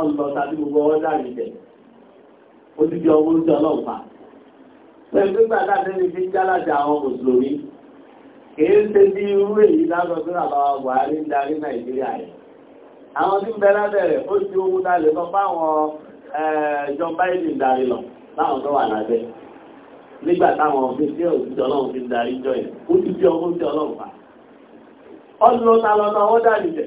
ọlọ́ tàbí gbogbo ọwọ́ dàrí jẹ ó ti di ọwọ́ oúnjẹ ọlọ́pàá pẹ̀lú nígbà láti ní fi jálàjà àwọn mùsùlùmí kìí ṣe bí irú èyí tó Buhari ń darí Nàìjíríà rẹ̀ àwọn tí ń bẹ ó ti dalẹ̀ lọ John Biden darí lọ láwọn tó wà lábẹ́ nígbà táwọn ọ̀gbìn òṣìṣẹ́ ọlọ́run fi ń darí jọ yẹn ó ti oúnjẹ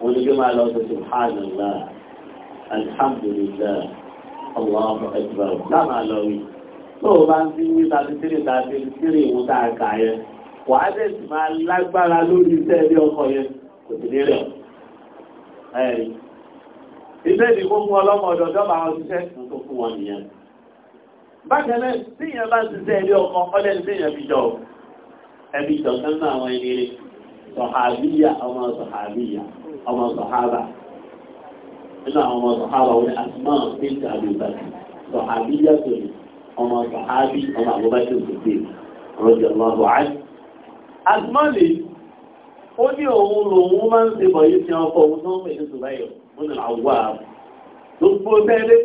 olùdíjọba lọ sí subhanallah alhamdulillah allahu akbar láàmà lọ rí tó o bá ń fi ní tàbí tírì tàbí tírì ìwọ̀n tá a kà yẹn wàá dẹ̀ sì máa lágbára lórí iṣẹ́ ilé ọkọ̀ yẹn kò sì fún tó fún wọn nìyẹn bákan náà tíyẹn bá ṣiṣẹ́ ilé ọkọ̀ ọlẹ́ ní tíyẹn fi jọ ẹbí jọ sẹ́nu àwọn ẹni sọ̀hàbíyà ọmọ sọ̀hàbíyà ọmọ sọ̀hárà nínú àwọn ọmọ sọ̀hárà wọn asmá bíntì àbíbákì sọ̀hábí yàtọ̀ ni ọmọ sọ̀hábí ọmọ àbúbákì òkùnkùn rọ̀jọ̀ lọ́wọ́ àti. asmá lè ó ní òun lòun máa ń ṣe bọ̀ yìí fi ọkọ̀ òun tó ń pè ní sùbáyọ̀ ó ní àwọ̀ àbò gbogbo tẹ́lẹ̀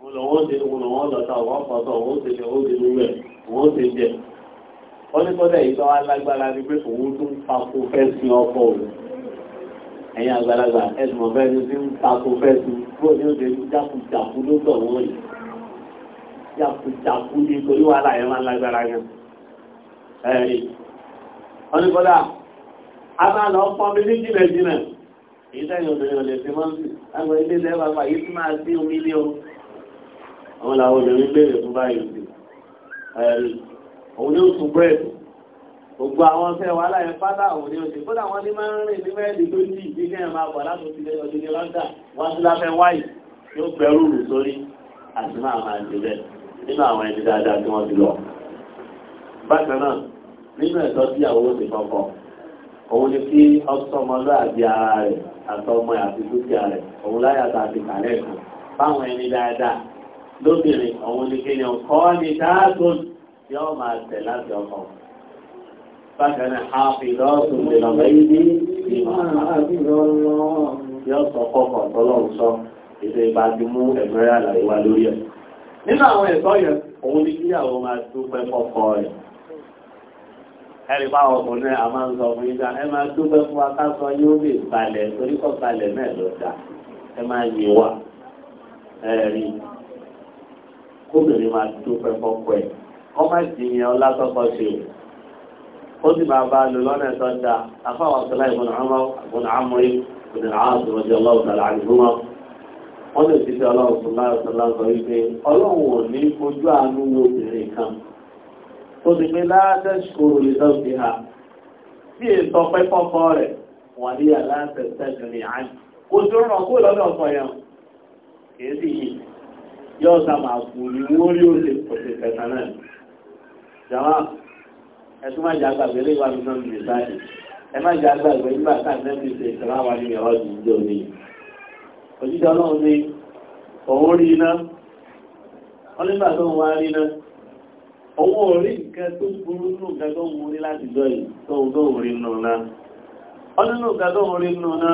òun lòun ṣe òun lòun lọ́ta òun ọ̀pọ̀tọ̀ òun ṣe ṣe òun ṣe ọkọ̀ òun ẹ̀yìn àgbàlagbà ẹ̀sùn ọ̀fẹ́ ni ń tako fẹ́sù bó ní oṣù tí jákujàku ló tọ̀ wọ́n yìí jákujàku ní torí wàhálà yẹn máa lágbára gan ẹ̀rí ọ̀nìkọ́dà a máa lọ pọ́n mi ní jìnà èyí sẹ́yìn obìnrin ọ̀lẹ̀ fi máa ń sì lágbà ilé ilẹ̀ bàbá yìí tún máa sí omi ilé o àwọn làwọn obìnrin béèrè fún báyìí ẹ̀rí òun ní oṣù búrẹ́dì gbogbo àwọn fẹ́ wà láyé pátá òun ni oṣù kódà wọ́n ní máa ń rìn ní mẹ́rin tó jì bí kẹ́ máa bọ̀ látò sí ọdún ní lọ́dà wọ́n tún láfẹ́ wáyì yóò pẹ̀rù rù sórí àti máa máa jẹ bẹ́ẹ̀ nínú àwọn ẹni dáadáa tí wọ́n ti lọ. bákan náà nínú ẹ̀tọ́ tí àwọn oṣù kọ̀ọ̀kọ̀ òun ni kí ọsọmọlúàbí ara rẹ̀ àtọmọ àti dúkìá rẹ̀ òun láyàtọ̀ àti kàlẹ́ kan báwọn ẹni dáadáa lóbìnrin òun ni kí ni ọkọ ni dáàtò yóò máa bákan náà hafidọ́tù ìlànà ìdí yóò sọ fọ́fọ́ tọ́lọ́run sọ ètò ìbájúmú ẹ̀gbẹ́rẹ́ àlàyé wa lórí ẹ̀ nínú àwọn ẹ̀tọ́ yẹn òun ní kíyàwó máa dúpẹ́ fọ́fọ́ rẹ̀ ẹ̀rí bá ọkùnrin a máa ń sọ fún ìjà ẹ máa dúpẹ́ fún wa ká sọ yóò lè balẹ̀ torí kọ́ balẹ̀ náà ló dà ẹ máa yé wa ẹ̀rí ẹ̀ kọ́ má jìyàn ṣe ó sì máa bá lò lọ́nà ẹ̀tọ́ da afáwọn ọ̀sọ̀lá ìbùn àmọ́ ìbùn àmọ́ ìbùn àmọ́ ìbùn àmọ́ ìbùn àmọ́ ìbùn àmọ́ wọ́n lè ṣiṣẹ́ ọlọ́run fún láàrúsọ̀lá sọ wípé ọlọ́run ò ní fojú àánú wo obìnrin kan tó ti pé látẹ́ṣkòrò lè lọ sí ha bí èso pẹ́ fọ́kọ́ rẹ̀ wà ní aláṣẹ̀ṣẹ́jù ní àánú kò tó ràn kó lọ́dọ̀ ọkọ̀ yẹn kìí sì yìí yóò sá máa kú ní wọ́n rí òṣèlú òṣèlú kẹta náà ẹtú má jẹ àgbàgbé lè wà nínú ìlú báyìí ẹ má jẹ àgbàgbé nígbà tá àtẹ́bí ṣe ìṣẹ̀lá wa ní ẹ̀rọ ìdíje òní òjíjọ náà ní òun rí iná wọ́n nígbà tó ń wá rí iná owó orí nǹkan tó burú nù nǹkan tó ń wú ní láti jọ yìí tó ń tó ń rí nù náà wọ́n nínú nǹkan tó ń rí nù náà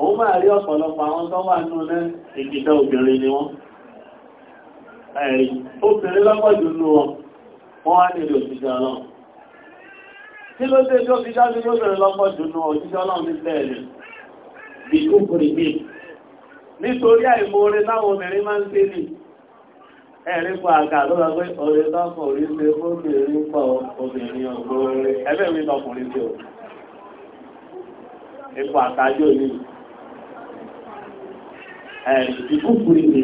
òun máa rí ọ̀pọ̀lọpọ̀ àwọn tó wà nù náà ìgbìta obìnrin ni wọ́n ẹ̀rí obìnrin lọ́pọ̀ jù nù wọn wọ́n wá nílò òṣìṣẹ́ ọlọ́run kí ló dé tó fi dájú ló bẹ̀rẹ̀ lọ́pọ̀ dùnú òjíṣẹ́ ọlọ́run ní bẹ́ẹ̀lẹ̀ bí kúkúrì bí nítorí àìmoore láwọn obìnrin máa ń ṣe ní ẹ̀rí pa àgà ló rọ pé ọ̀rẹ́ lọ́kùnrin ṣe fóbìnrin pọ̀ obìnrin ọ̀gbọ́n ẹgbẹ́ mi lọkùnrin ṣe o ipò àtàjò ní ẹ̀rí bí kúkúrì bí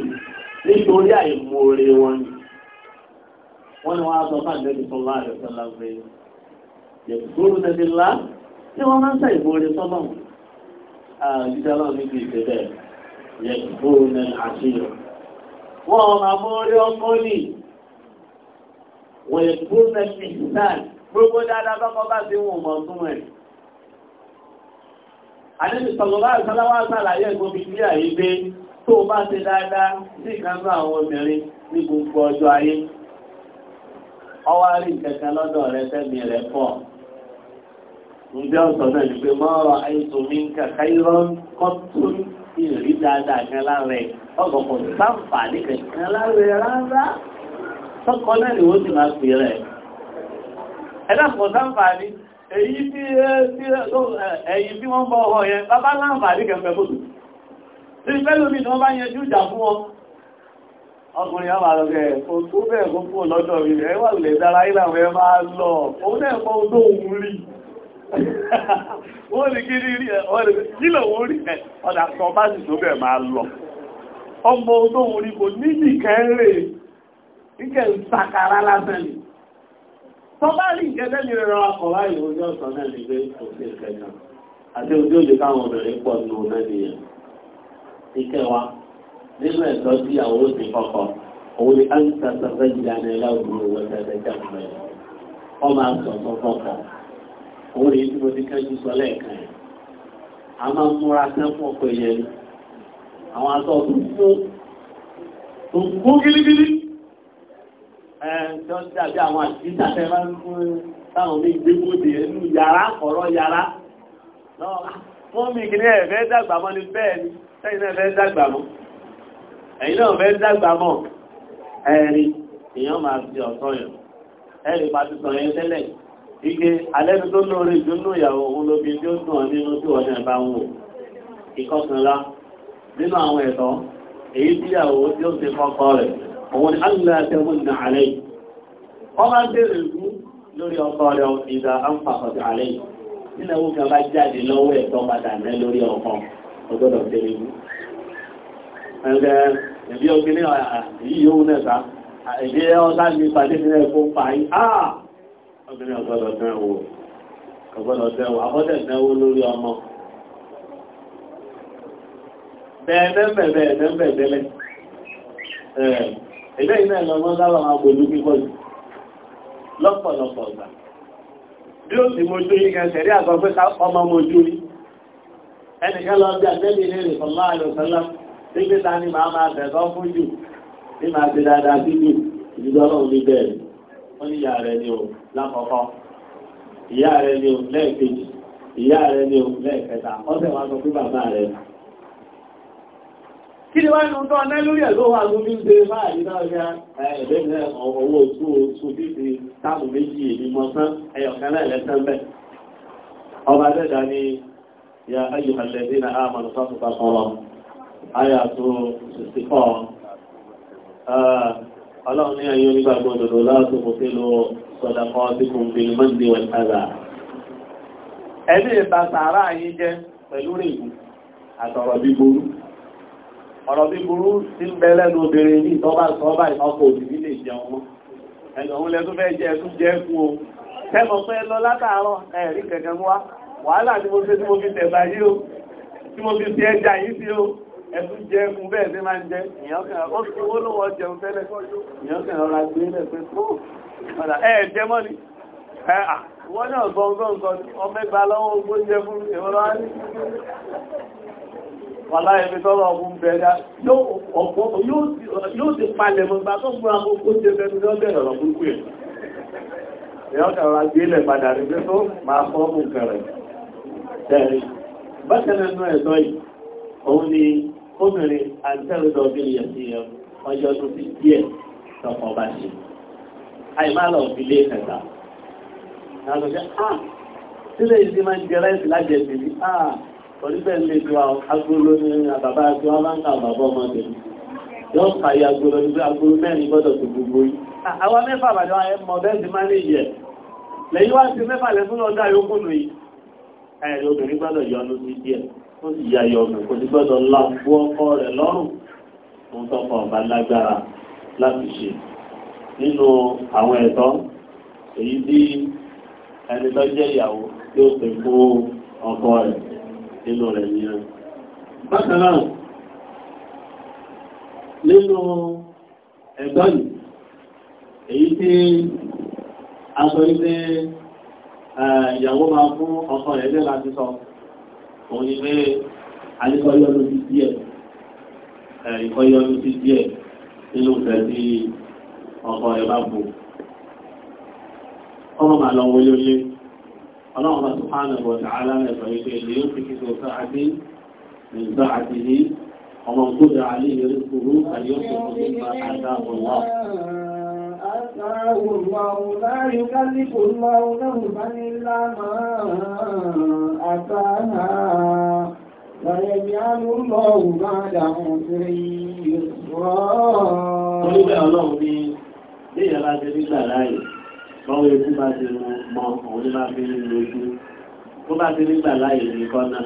nítorí àìmoore wọn ni wọ́n ni wọ́n á sọ fáńdẹ́bì tó láàrẹ̀ yẹ̀kúrú tẹ̀lé ńlá tí wọ́n máa ń sàì borí sọ́lọ́m àjíjá náà níbi ìtẹ̀lẹ̀ yẹ̀kúrú ní àṣíyọ̀ wọ́n máa borí ọkọ́ ní wọ́n yẹ̀kúrú tẹ̀lé ìsáì gbogbo dáadáa bákan bá ti wọ̀n mọ̀ tún ẹ̀ àdébì sọ̀rọ̀ bá ìsáláwá sàlàyé ìgbòmí sí àyè pé tó bá ti dáadáa sí ìkánú àwọn obìnrin ní gbogbo ọjọ́ ayé ọwá rí ìkẹ̀kẹ́ lọ́dọ̀ rẹ tẹ́mi rẹ̀ pọ̀ ń bí ọ̀sán náà ní pé mọ́rọ̀ àìsùnmí kàkà ìrọ̀n kọ́tún ìrírí dáadáa kan lára ẹ̀ ọgọ̀pọ̀ sáǹfààní kankan lára ẹ̀ rárá tọ́kọ náà ni wọ́n ti máa pè rẹ̀ ẹ̀dàpọ̀ sáǹfààní èyí tí wọ́n bọ́ ọ̀họ̀ yẹn bàbá láǹfààní kẹfẹ́ fòtò tí fẹ́lómi ni wọ́n bá yẹn jú ìjà fún wọn ọkùnrin àwọn àrọ̀gẹ̀ ẹ̀kọ́ tó bẹ́ẹ̀ wọ́n lè kí rí rí ẹ̀ kílò wọ́n rí ẹ̀ ọ̀dà sọ bá sì tó bẹ̀ máa lọ ọmọ tó wù ní kò níbi kẹrẹ ìkẹ́ ìsàkàrà lásán ni tọ́bá rí ìkẹ́lẹ́ ní rẹ̀ ọkọ̀ láyé ojú ọ̀sán náà ní pé kò sí ìkẹ́ náà àti ojú òjò káwọn obìnrin pọ̀ nù náà nìyẹn ìkẹwàá nínú ẹ̀tọ́ tí àwọn òsì kọ̀kọ̀ òun ni áńtà sàfẹ́ ìyànà ẹ̀yà òbúrò wọ́n tẹ̀lé jẹ́ ọmọ òun èyí tí mo ti kẹ́jú sọ lẹ́ẹ̀kan yẹn a máa ń múra sẹ́fún ọkọ̀ ìyẹn ni àwọn aṣọ tó fún tó fún gírígírí ẹ̀ tó ń dàbí àwọn àtìsà tẹ́ bá ń fún táwọn bí gbégbóde ẹnu yàrá ọ̀rọ̀ yàrá wọ́n ah, mi kì ní ẹ̀fẹ́ dàgbà mọ́ ni bẹ́ẹ̀ ni sẹ́yìn náà fẹ́ dàgbà mọ́ ẹ̀yìn náà fẹ́ dàgbà mọ́ ẹ̀rin èèyàn máa fi Ige alẹ́nu tó lóore ìdúnnú ìyàwó òun lóbi tí ó ń tàn nínú tí wọ́n jẹ́ bá ń wò. Ìkọkànlá nínú àwọn ẹ̀tọ́, èyí tí ìyàwó tí ó ti kọ́kọ́ rẹ̀, òun ni Allah tẹ́wọ́n ní àlẹ́ yìí. Wọ́n máa ń bèèrè ìlú lórí ọkọ rẹ̀ ìdá àǹfààkọ̀tì àlẹ́ yìí. Nínú ẹ̀wọ́ kan bá jáde lọ́wọ́ ẹ̀tọ́ padà mẹ́ lórí ọkọ, ọgbọ́dọ̀ tẹ́lẹ̀ ìlú. Ẹgbẹ́ ẹ̀bí ọgbẹ́ ní obìnrin ọ̀gbọ́dọ̀ dán wò ọ̀gbọ́dọ̀ dán wò àbọ́dẹ̀ dán wò lórí ọmọ bẹ́ẹ̀dẹ́bẹ̀ẹ́dẹ́bẹ̀ẹ́dẹ́lẹ̀ ẹ̀lẹ́ iná ìlọ́gbọ́n lára àwọn agbòlú pípọ̀ jù lọ́pọ̀lọpọ̀ ọ̀gbà bí ó sì mojú yí kan tẹ̀rí àgbà pé ká ọmọ mojú rí ẹnìkan lọ bí àtẹ́lẹ̀ ilé rẹ̀ fọ́lá àlọ́sọ́lá nígbẹ́ta ni màá máa bẹ̀ẹ̀kọ́ fún jù ní màá ti dáadáa sí jù ìdíjọ́ ọlọ́run ní bẹ́ẹ̀ wọ́n ní ìyá rẹ̀ ni o lákọ̀ọ́kọ́ ìyá rẹ̀ ni o lẹ́ẹ̀kejì ìyá rẹ̀ ni o lẹ́ẹ̀kẹta ọ̀sẹ̀ wa sọ pé bàbá rẹ̀ kí ni wá nínú tó ọ̀nà lórí ẹ̀ ló wà ló bí ń ṣe máa yìí náà ya ẹ̀ẹ́dẹ́ ní owó oṣù oṣù títí táàmù méjì èmi mọ́ sán ẹ̀yọ̀kan náà lẹ́sẹ̀ ń bẹ̀ ọba dẹ́dà ni ya ayyuhallazi na amanu sọ́tùpá kọ́rọ̀ ayà tó 64 ọlọ́run ní ayé onígbà gbọ́dọ̀ láti mú sí lọ sọ́dọ̀kọ́ sí kún bí i mọ́ndé wọ̀n tààrà ẹni ìta sàárà yìí jẹ́ pẹ̀lú rìnbù àtọ̀rọ̀ bíburú ọ̀rọ̀ bíburú sí ń bẹ lẹ́nu obìnrin ní ìtọ́bà sọ́bà ìtọ́kọ̀ òbí lè jẹun mọ́ ẹ̀nà òun lẹ́tún fẹ́ jẹ́ ẹ̀tún ẹ̀tún jẹ́ fún bẹ́ẹ̀ tí máa ń jẹ́ ìyàn kìí ó fi owó lówó jẹun kan ọmẹ́gbà lọ́wọ́ ẹ̀mí tọ́lọ̀ ọ̀gbùn bẹ̀rẹ̀ yóò ti palẹ̀ mọ́ gbà tó gbọ́n àkókò jẹ fẹ́ lọ́bẹ̀ ọ̀rọ̀ burúkú ẹ̀ ìyàn kìí ọ̀rọ̀ ilẹ̀ padà rí tó máa fọ́ mú kẹrẹ̀ bákan obìnrin àtẹ́rùdọ̀ obìnrin sí ẹ ọjọ́ tó ti díẹ̀ tọkọ̀ bá ṣe àìmálọ̀ ìlé ẹ̀ta ah, sílẹ̀ ìdí máa ń jẹ láìsí lájẹ̀ tèmi àà ah, oníbẹ̀ ń lè ju agolo ní àbàbá àti wọn bá ń ka àbàbọ̀ ọmọ tèmi yóò fàyè agolo ní pé agolo mẹ́rin gbọ́dọ̀ tó gbogbo yìí ah, àwọn mẹ́fà àbàdàn ẹ̀ mọ̀ bẹ́ẹ̀ ti máa ń yẹ lẹ́yìn wá sí mẹ́fà lẹ́fún lọ́dá yókùnrin ẹ̀ obìnrin gbọ́dọ̀ yọ sí díẹ̀ ó sì ya yọ̀gùn kò sí gbọ́dọ̀ lágbó ọkọ rẹ̀ lọ́rùn fún tọkọ ọba lágbára láti ṣe nínú àwọn ẹ̀tọ́ èyí tí ẹni tó jẹ́ ìyàwó tí ó pè fún ọkọ rẹ̀ nínú rẹ̀ nìyẹn. bákan náà nínú ẹ̀tọ́ yìí èyí tí a sọ wípé ìyàwó máa fún ọkọ rẹ̀ lé láti sọ òun ni pé alikọ́yọ́nu ti díẹ̀ ìkọ́yọ́nu ti díẹ̀ nínú ìfẹ́ tí ọkọ rẹ̀ bá bò ọmọ màá lọ wọlé olé ọlọ́run bá sùpáànà bọ̀ tààlà ẹ̀fọ́ ìfẹ́ ilé ó fi kíkọ́ sáàtì ní sáàtì ní ọmọ tó dà á lé ìrírí آتاه الله لا يكلف الله نفسا إلا ما آتاها ويجعل الله بعد عسر يسرا. Olúbẹ̀ ọlọ́run ní ilé ìyàrá jẹ nígbà láàyè, bọ́wọ́ ikú bá ti mọ òun ní bá fi ní lójú, tó bá ti nígbà láàyè ní kọ́nà.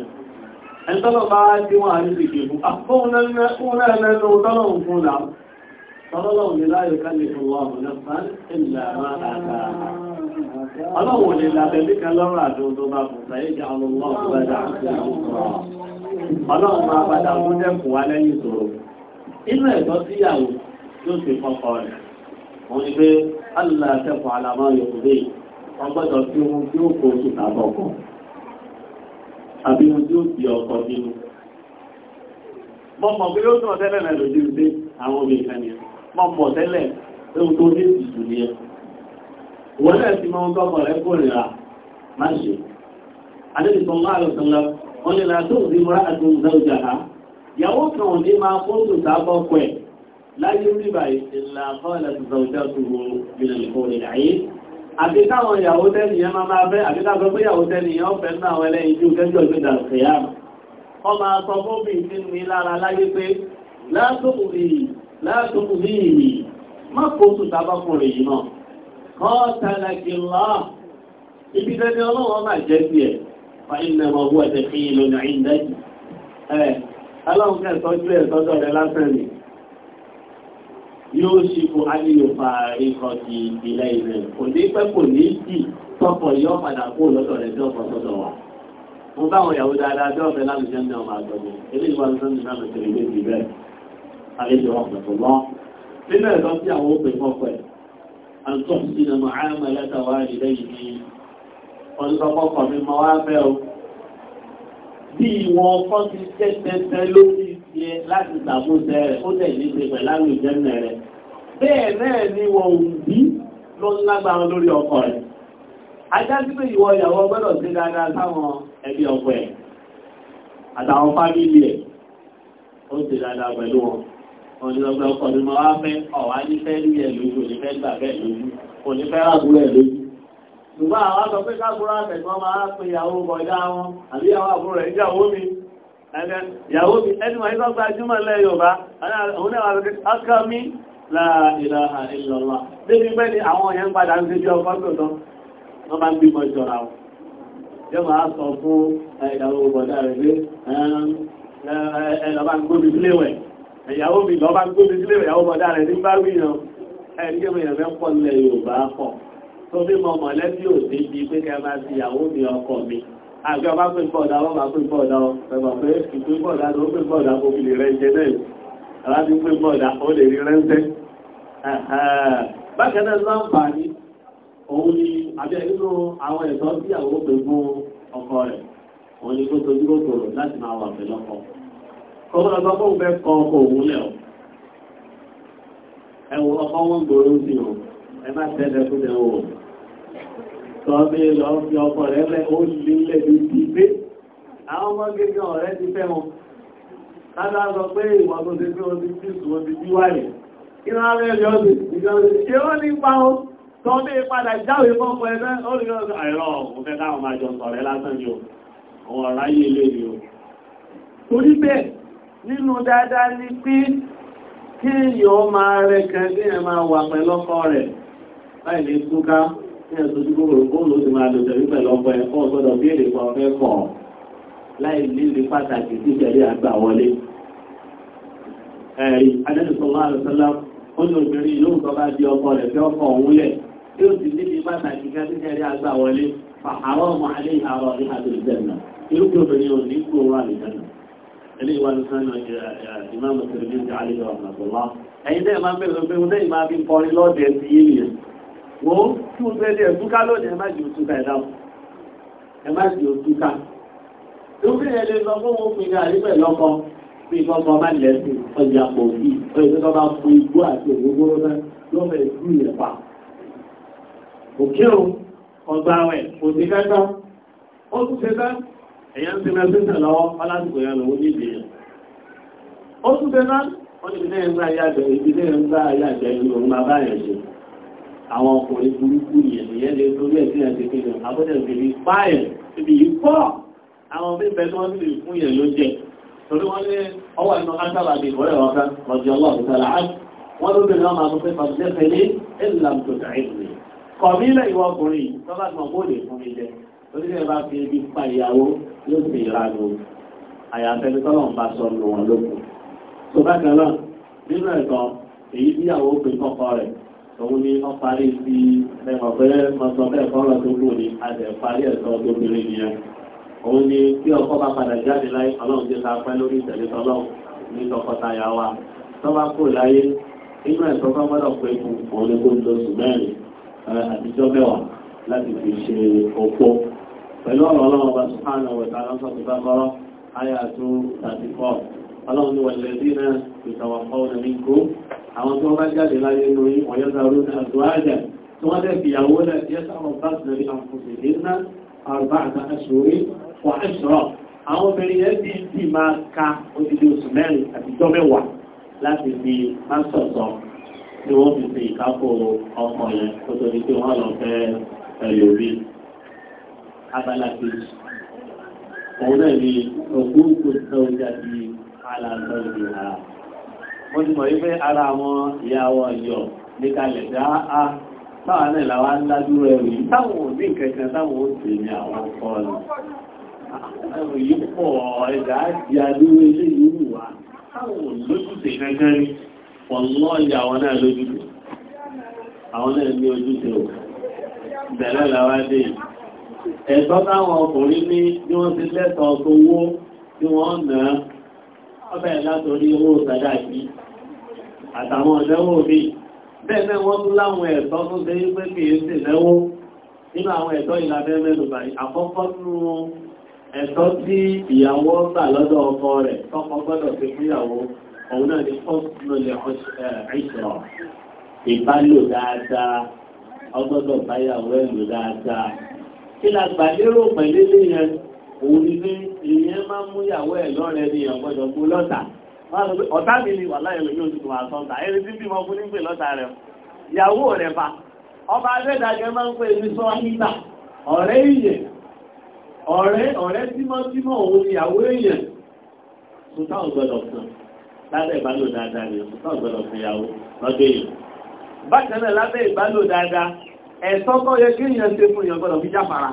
Ẹni tọ́lọ̀ bá wá tí wọ́n á ní ìdìbò, àkóhun ah, náà lẹ́nu tọ́lọ̀ òun fún làwọn. Ọlọ́run lè láyé ká lè fún wọn ọ̀nà fún ìlà máa àgbà. Ọlọ́run lè lábẹ́ bí kan lọ́rọ̀ àdó tó bá fún sáyé jẹ́ ọlọ́run ọ̀gbẹ́dà àti àwọn ọ̀rọ̀. Ọlọ́run máa padà mú dẹ́kun wá lẹ́yìn ìṣòro. Inú ẹ̀tọ́ síyàwó yóò ṣe fọ́kọ rẹ̀. Wọ́n ní pé Allah tẹ́kọ̀ọ́ alamọ́ tí ó mọ́ mọ̀ tẹ́lẹ̀ lóhun tó ní ìsìnkú ni ẹ wọ́n lẹ́ẹ̀ sí máa ń tọ́kọ̀ rẹ̀ kórìíra má ṣe adébìtàn máa lọ sọ́lá wọ́n lè látó òbí mọ́ra àti òun dáújà ha ìyàwó kan ò ní máa fóònù sábọ́ pẹ̀ láyé rí báyìí ìlànà láti dáújà tó wọ ìrìnlẹ̀ kórìí láyé àti táwọn ìyàwó tẹ́lì yẹn máa máa fẹ́ àti táwọn pé ìyàwó tẹ́lì yẹn ọ̀fẹ́ náà wọ́n lẹ́yìn tí látòkù bí ìmì má kó tù tábákùnrin yìí náà kọ́ tàlàkì lọ ibi tẹ́tẹ́ ọlọ́wọ́ máa jẹ́ sí ẹ̀ fa iná ma wú ẹ̀tẹ́ fi ìlú ní ìdájì ẹ̀ aláwọn kẹ́ tọ́jú ẹ̀ tọ́jọ́ rẹ̀ lásán ni yóò ṣíkú aliyu fàárí kọjú ìpìlẹ̀ ilẹ̀ kò ní pẹ́ kò ní jì tọkọ̀ yọ padà kó lọ́dọ̀ rẹ̀ dọ́kọ̀ sọ́dọ̀ wa mo báwọn ìyàwó dáadáa dọ́ọ̀fẹ́ láti jẹ́ ní ọmọ àgbọ̀gbọ̀ àlejò ọ̀pọ̀lọ́. Nínú ẹ̀tọ́ tí àwọn ó pè fọ́pọ̀ ẹ̀, àtọ́ sí na mọ̀ àmà lẹ́ta wá nílẹ̀ yìí ni wọ́n sọ pọ́pọ̀ mi mọ́ wá fẹ́ o. Bí wọn kọ́ ti tẹ́tẹ́tẹ́ lórí ti ẹ láti ṣàmúṣẹ rẹ̀ ó tẹ̀ ní ṣe pẹ̀lú àwọn ìjẹ́nà ìwọ ìyàwó gbọ́dọ̀ sí dáadáa sáwọn ẹbí ọkọ ẹ̀ àtàwọn fámìlì ẹ̀ ó ti dáadáa pẹ̀lú wọn onígbàgbà ọkọ̀ ni máa fẹ́ ọ̀wá ní fẹ́ ní ẹ̀ lójú òní fẹ́ gbà bẹ́ẹ̀ lójú òní fẹ́ àbúrò ẹ̀ lójú ṣùgbọ́n àwọn sọ pé káàkúrò àtẹ̀gbọ́n máa pe ìyàwó bọ̀dá wọn àbí ìyàwó àbúrò ẹ̀ ìyàwó mi ìyàwó mi ẹni wọ̀nyí tó gba júmọ̀ mi la ilaha illallah débi pé ni àwọn yẹn padà ń ṣe bí ọkọ tó tán wọ́n bá ń bímọ jọra wọn yóò máa sọ fún ìyàwó bọ̀dá rẹ̀ ẹ̀yàwó mi lọ́ba gbóbi sílé ìyàwó mọ̀dá rẹ̀ ní báwí yàn ẹ̀ẹ́dí mi yàn fẹ́ pọ̀ nílẹ̀ Yorùbá pọ̀ tó bí mo mọ̀lẹ́bí ò dé bí pé kẹ́ máa ti ìyàwó mi ọkọ mi àgbẹ̀ ọba pé bọ́ọ̀dà wọn máa pé bọ́ọ̀dà wọn ẹ̀mọ̀ pé ìpín bọ́ọ̀dà ló pé bọ́ọ̀dà kò fi lè rẹ jẹ náà àwa ti pé bọ́ọ̀dà ó lè rí rẹ́ńsẹ́ bákan náà láǹfààní òun ni òun ni kó Ọgbọ́n ọgbọ́n fún fẹ́ kọ ọkọ̀ òun lẹ̀ ọ̀. Ẹwọ ọkọ̀ wọn gbòrò sí ọ̀. Ẹ má tẹ́lẹ̀ fún ẹ̀ ọ̀. Tọ́bí lọ fi ọkọ̀ rẹ̀ lẹ́ ó lílẹ̀ ní ti pé. Àwọn ọmọ gẹ́gẹ́ ọ̀rẹ́ ti fẹ́ wọn. Tádá sọ pé ìwọ̀n tó ti fi wọn ti fi sùn ti fi wáyẹ̀. Kí wọ́n rẹ̀ lọ sí ìjọba ṣe ó nípa ó. Tọ́bí padà jáwé fọ́pọ̀ ẹgbẹ́ ó rí lọ́sọ̀ àìrọ̀ òun fẹ́ káwọn nínú dáadáa ní pé kí èèyàn máa rẹ kan kí èèyàn máa wà pẹ̀lú ọkọ rẹ̀ láì lè túká ní ẹ̀sùn tí kò rò bóòlù ti máa lò tẹ̀lé pẹ̀lú ọkọ ẹ̀ fún ọgbọ́dọ̀ bí èrè kan fẹ́ kọ̀ láì líle pàtàkì sí ìtẹ̀lé àgbà wọlé. Ẹ̀rí Adẹ́nìsọ́lá Àlùsọ́lá ó ní obìnrin yóò sọ bá di ọkọ rẹ̀ fẹ́ ọkọ òun lẹ̀ tí ó sì líle pàtàkì kan sí ìtẹ̀lé àgbà wọlé. Fàhárọ̀ ọmọ alẹ́ ìhàrọ̀ ní àdùn ìjẹ̀nà. Irúgbìn obìnrin ò ní kúrò wà nìjẹ̀nà eléyìí wá ní sánà ìmáàmù tìrìmìtì àlejò àmàtọ́lá ẹ̀yin náà máa ń bẹ̀rẹ̀ pé wọ́n lẹ́yìn máa fi kọrin lọ́ọ̀dẹ̀ sí yìnyín wo tí ó fẹ́ díẹ̀ túká lónìí ẹ má jù túká ẹ̀dá ẹ má jù túká tó fi ẹ lè sọ fún wọn pin gàrí pẹ̀lú ọkọ bí kọ́kọ́ má lẹ̀ sí ọjà pò bí ọgbà rẹ̀ kò sí kẹta ó tún ṣe tán èyàn ti mẹ́sẹ̀sẹ̀ lọ́wọ́ alásìkò yẹn lọ́wọ́ nílé yẹn ó tún bẹ náà wọ́n ti bẹ́ẹ̀ ń gbá ayájẹ́ ibi bẹ́ẹ̀ ń gbá ayájẹ́ ìlú òun bàbá yẹn ṣe àwọn ọkùnrin burúkú yẹn ìyẹn lè torí ẹ̀ sí ẹ̀ ti kéde àbọ̀dẹ̀ bèbí fáyẹ̀ ibi yìí pọ̀ àwọn bíbẹ̀ tí wọ́n ti lè fún yẹn ló jẹ torí wọ́n ní ọwọ́ inú kására àti ìkọ́rẹ́ wọn kan lọ́jọ́ ọlọ́ọ̀dún tààlà á wọ́n ló bẹ̀rẹ̀ wọn máa sọ pé pàṣẹ fẹ́ ní kọ̀mílẹ̀ ìwọ tọ́lá tí wọn kó fún mi jẹ oníṣẹ́ bá fi ibi pa ìyàwó yóò sì ìlànà àyàfẹ́ni tọ́lọ̀ ń bá sọ lù wọn lókun. tó bá kan náà nínú ẹ̀kọ́ èyí tí ìyàwó pè kọ́kọ́ rẹ̀ òun ni wọ́n parí sí ẹ̀mọ̀ pé mọ̀sọ bẹ́ẹ̀ kọ́rọ̀ tó kù ni a sì parí ẹ̀sọ́ tó kéré nìyẹn. òun ni kí ọkọ bá padà jáde láyé ọlọ́run jẹ́ ká pẹ́ lórí ìtẹ̀lé tọ́lọ́run ní tọkọtaya wa tó bá kù láyé nínú ẹ̀sọ́ kan gbọ́dọ̀ pé òun ni kó ń lọ sùn mẹ́rin àtijọ́ mẹ́wàá láti fi ṣe òpó pẹ̀lú ọ̀rọ̀ ọlọ́run ọba sùhánà wẹ̀ta aláṣọ ti bá kọ́rọ́ àyà tó tàbí kọ́ ọlọ́run ní wọ̀lẹ̀ bí náà ìtàwà fọ́ọ̀nà ní kó àwọn tó bá jáde láyé ní orí ọ̀yọ́sàrú náà tó tó wọ́n dẹ̀ fìyàwó bá sì lórí àwọn obìnrin yẹn abala kejì òun náà ni ọ̀gbọ́n kò tẹ́ ọjà di alàtọ̀ ìhà wọ́n ti mọ̀ wípé ara àwọn ìyàwó ọ̀yọ́ ní kalẹ̀ dá a táwọn náà làwọn ńlájú rẹ̀ rí táwọn ò ní táwọn ó àwọn ọkọ̀ lọ náà lójúṣe àwọn náà ní ojúṣe ò làwádé ẹ̀tọ́ táwọn ọkùnrin ní bí wọ́n ti lẹ́tọ̀ owó tí wọ́n nà ọbẹ̀ látorí owó sàdáàkì àtàwọn ọ̀dẹ́wò bí bẹ́ẹ̀ náà wọ́n tún láwọn ẹ̀tọ́ tó ṣe wípé kìí sì lẹ́wó nínú àwọn ẹ̀tọ́ ìlàbẹ́ mẹ́lùbà àkọ́kọ́ nínú ẹ̀tọ́ tí ìyàwó gbà lọ́dọ̀ ọkọ rẹ̀ tọ́kọ gbọ́dọ̀ fi fúyàwó òun náà ni fọ́sùnlẹ̀ ìṣọ̀ eh, ìbálò dáadáa ọgbọ́dọ̀ báyàwó ẹ̀lò dáadáa kí la gbà lérò pẹ̀lú ilé yẹn òun ni pé ìyẹn máa ń mú ìyàwó ẹ̀ lọ́rẹ̀ ní ọ̀gbọ́dọ̀ gbó mi ni wàhálà yóò tuntun àtọ́ta ẹni tí bímọ fún ní pè lọ́ta rẹ̀ ìyàwó rẹ̀ fa ọba adẹ́dàgẹ́ máa ń sọ ìgbà ọ̀rẹ́ ìyẹ̀ ọ̀rẹ́ ọ̀rẹ́ tímọ́tímọ́ òun ni ìyàwó èèyàn tuntun ọ̀gbọ́dọ̀ kan ẹ̀tọ́ tó yẹ kí èèyàn ṣe fún èèyàn gbọ́dọ̀ fi jáfara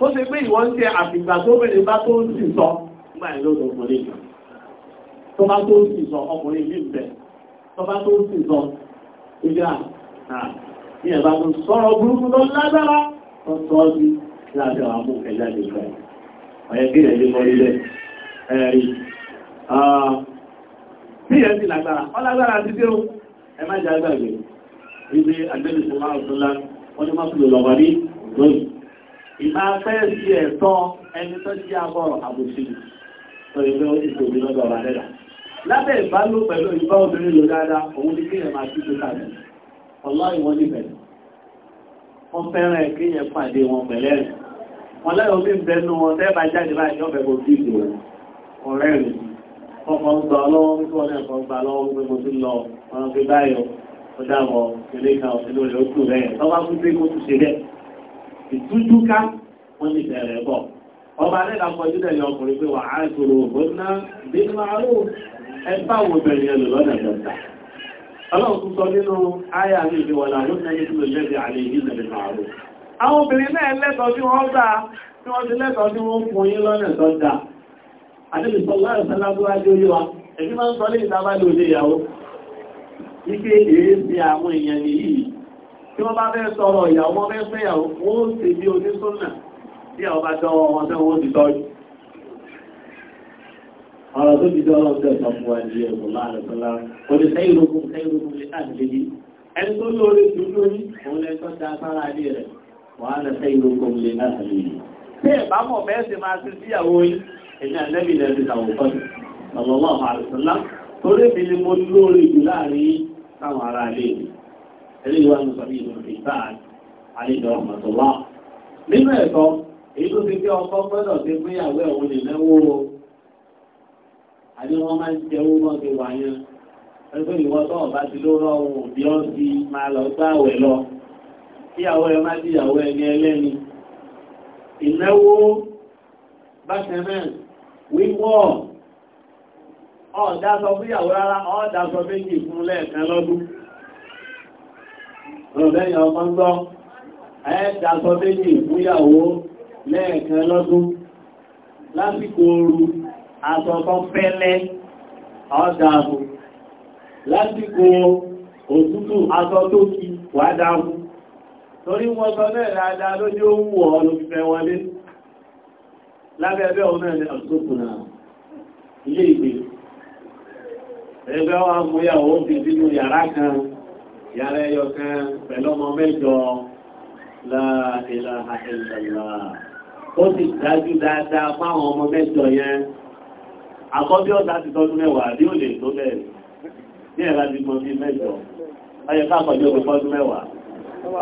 ó ṣe pé ìwọ́n ń ṣe àfìgbà tó bẹ̀rẹ̀ bá tó ń sì sọ nígbà yẹn lọ́dọ̀ ọkùnrin kan tó bá tó ń sì sọ ọkùnrin mi bẹ̀ tó bá tó ń sì sọ ìgbà ní ẹ̀bá tó sọ̀rọ̀ burúkú tó lágbára tó sọ ọ́ sí láti àwọn amúkẹ́jáde rẹ̀ ọ̀yẹ́ kí ẹ̀ lè mọ ilé ẹ̀rí bí ẹ̀ sì lágbára ọ ti dé o ẹ má ilé àgbẹ̀lẹ̀sọ̀lá ọ̀tọ́lá wọ́n ni máa fìlò lọ́wọ́ ní lóyìn ìmá fẹ́ sí ẹ̀tọ́ ẹni tó jẹ́ abọ́ àbòsí lórí pé ó ti tòbí lọ́dọ̀ ọ̀rọ̀ àdẹ́dà lábẹ́ ìbálò pẹ̀lú ìbá obìnrin lò dáadáa òun ni kéèyàn máa kí tó káàdì ọlọ́ ìwọ́n ní bẹ̀rẹ̀ wọ́n fẹ́ràn kéèyàn pàdé wọn pẹ̀lẹ́rìn wọn lẹ́yìn omi ń bẹnu wọn tẹ́ bá jáde báyìí ọ̀fẹ́ kò sí ìdò ọ̀rẹ́ rẹ̀ ọkọ̀ ń gbà lọ́wọ́ wípé gbà lọ́wọ́ wípé mo lọ ọ̀rọ̀ fi báyìí ó dáwọ̀ ilé kan òṣèlú rẹ̀ ó kù rẹ̀ tọ́wá kú pé kó tún ṣe bẹ́ẹ̀. ìtújúká wọ́n ti bẹ̀rẹ̀ bọ̀. ọba alẹ́dàá kọjú tẹ̀lé ọkùnrin pé wà á ṣòro òbóná bínú àárò ẹ bá wo bẹ̀rẹ̀ yẹn lò lọ́nà ìjọba. ọlọ́run tún sọ nínú àyà mi ìdí wọ̀lá ló ní ẹni lẹ́bi àlẹ́ yìí lẹ́bi àárò. àwọn obìnrin náà lẹ́tọ̀ọ́ tí wọ́n gbà tí wọ́n ti lẹ́tọ̀ọ́ tí wọ́n fún yín lọ́nà ìjọba. àdébìsọ̀ láì wípé èé bí àwọn èèyàn nìyí tí wọ́n bá fẹ́ sọ̀rọ̀ ìyàwó fẹ́ fẹ́yàwó ó sì bí onísọ́nà tí àwọn bá jọ wọn tẹ́ wọ́n ti tọ́jú ọ̀rọ̀ tó ti dọ́rọ̀ ọ̀dọ̀ ìsọ̀fún wa ní bí ni mo lóore jù láàrín táwọn ará ilé mi eléyìí wá ní sọ bí ìlú ìta àlejò ọmọdúnwá nínú ẹ̀kọ́ èyí tó ti gbé ọkọ gbọ́dọ̀ ti pín ìyàwó ẹ̀wọ̀n lè náwó o àní wọ́n máa ń jẹ owó mọ́ wà yẹn ẹgbẹ́ ìwọ tó ọ̀bá ti ló rọrùn òbí ọ́ ti máa lọ gbá àwẹ̀ lọ kíyàwó ẹ má sí ìyàwó ẹni ẹlẹ́ni ìnáwó bákan náà wíwọ́ ọ̀dá sọ fún ìyàwó rárá ọ̀dá sọ méjì fún lẹ́ẹ̀kan lọ́dún ọ̀rọ̀lẹ́yìn ọmọ ń gbọ́ ẹ̀ẹ́dá sọ méjì fún ìyàwó lẹ́ẹ̀kan lọ́dún lásìkò ooru àtọ̀kan fẹ́lẹ́ ọ̀dá fún lásìkò òtútù aṣọ tó kí wà dáhùn torí wọn sọ náà dáadáa lójú ohun wọ̀ ọ́ ló fi fẹ́ wọlé lábẹ́ ẹgbẹ́ òun náà ní ọ̀tọ́kùnrin ilé ìgbèrè ẹgbẹ́ wa mú yàwó ti sínú yàrá kan yàrá ẹyọ kan pẹ̀lú ọmọ mẹ́jọ láàrínlá àìlàlá ó sì dájú dáadáa fáwọn ọmọ mẹ́jọ yẹn àkọ́bí ọ̀dá ti tọ́dún mẹ́wàá ní òlè tó bẹ̀rẹ̀ ní ẹ̀rá ti mọ bí mẹ́jọ ọyẹ káàkọ́jú ọgbẹ̀ tọ́dún mẹ́wàá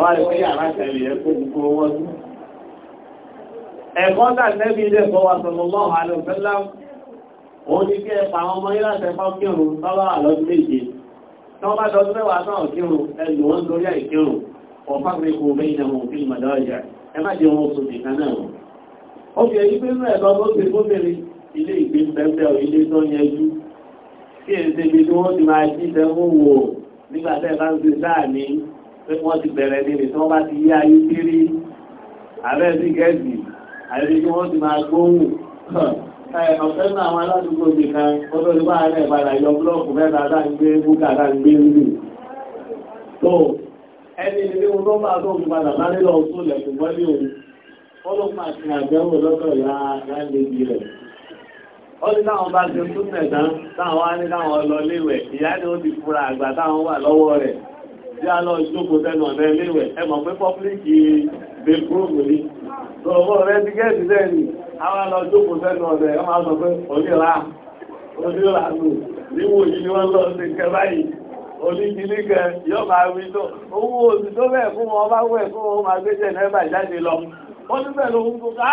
wá ẹgbẹ́ yàrá kẹrì ẹkọ́ gbogbo wọn ẹ̀kọ́ tà nẹ́bí ilé ẹ̀kọ́ wa sọ̀rọ̀ lọ́hàn àlọ́ òun ní kí ẹpa àwọn ọmọ ilá ẹ̀fẹ́ kírun tọ́lá àlọ́dún méje tí wọ́n bá dọ́dún mẹ́wàá náà kírun ẹlù wọn lórí àìkírun ọ̀fáfẹ́kù bẹ́yìn àwọn òfin mọ̀dọ́ọ̀jà ẹ má jẹun oṣù nìkan náà ó fi èyí pé mẹ́ẹ̀ lọ tó ti gómìnir ilé ìgbé pẹ́pẹ́ ilé tó yẹjú kí èyí ti fi tí wọ́n ti máa jí sẹ́wọ́n wò nígbà tẹ́ ní pé wọ́n wọ́n bá ti yí ayé kiri ààrẹ sí gẹ̀ẹ́sì àti tí wọ́n ti máa gbóhùn ọ̀fẹ́ náà àwọn aládùúgbò ti kan ọdọ́ ní bá ìbára yọ búlọ́ọ̀kù mẹ́ta dáńgbé búkà dáńgbé rí tó ẹni ilé wọn tó bá padà bá nílọ tó lẹ̀kùn bọ́lé òun ọlọ́pàá ti àgbẹ̀wò lọ́tọ̀ ìyá láńdéjì rẹ̀ ó ní táwọn bá ti tún mẹ̀tán àwọn alọ́jókòó sẹ́nu ọ̀dẹ̀ ẹ máa sọ pé oníra oníra nù níwò yìí ni wọ́n lọ sí kẹ báyìí oníkìlí kẹ yóò máa wí tó owó òsì tó bẹ́ẹ̀ fún wọn bá wẹ̀ fún wọn máa gbé jẹ̀ nẹ́bà jáde lọ wọ́n ti bẹ̀rẹ̀ ohun tó ká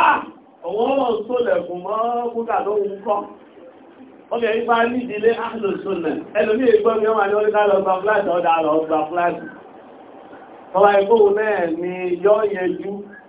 òun ó tó lẹ̀kùn mọ́ kúkà tó ń kọ́ ọmọ ẹ̀yìn bá ní ìdílé áàlùsùnà ẹlòmí ìgbọ́n ká ni yọ́ yẹjú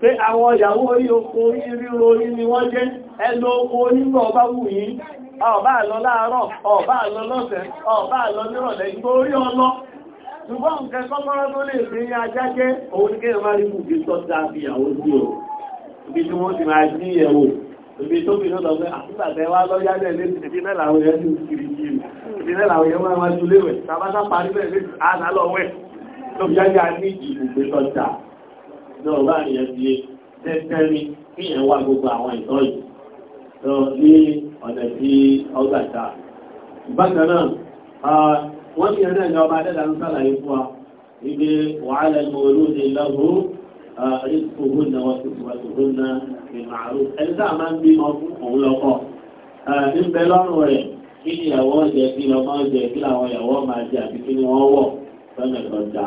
pé àwọn ìyàwó orí oko ríro orí ni wọ́n jẹ́ ẹlò oko onígbà ọba wù yìí ọba àlọ láàárọ̀ ọba àlọ lọ́sẹ̀ ọba àlọ nírọ̀lẹ́ ìgbó orí ọlọ ṣùgbọ́n nǹkan kọ́kọ́rọ́ tó lè fi ní ajá jẹ́ òun kí ẹ má rí kù kí sọ́ta fi ìyàwó sí o ibi tí wọ́n ti máa jí ẹ̀wò ibi tó fi lọ́dọ̀ pé àtúntàtẹ́ wá lọ́yá lẹ̀ lé ibi náà làwọn èèyàn ti kiri kiri ibi náà làwọn èèyàn máa wá ju léwẹ̀ tàbátà parí bẹ́ẹ̀ lé àná lọ́wẹ́ tó fi jáde a ní ìbùgbé sọ́ta tó o bá yẹn ti tẹ́tẹ́ ní kí yẹn wá gbogbo àwọn ìtọ́ yìí tó ní ọ̀nà tí ọgbà ta. Bákan náà, wọ́n ti ẹ̀rẹ́ ìjọba Adẹ́dà ń sàlàyé fún wa ibi wàhálà ìmọ̀lú ní lọ́wọ́ ríkùhùn náà wọ́n ti tùwàtùhùn náà ní màálù. Ẹni tá a máa ń bí wọn fún òun lọ́kọ̀. Ní bẹ lọ́rùn rẹ̀, kí ni ìyàwó ọ̀jẹ̀ kí lọ́mọ ọ̀jẹ̀ kí làwọn ìyàwó máa jẹ àti kí ni wọ́n wọ̀ lọ́nà ìtọ́jà.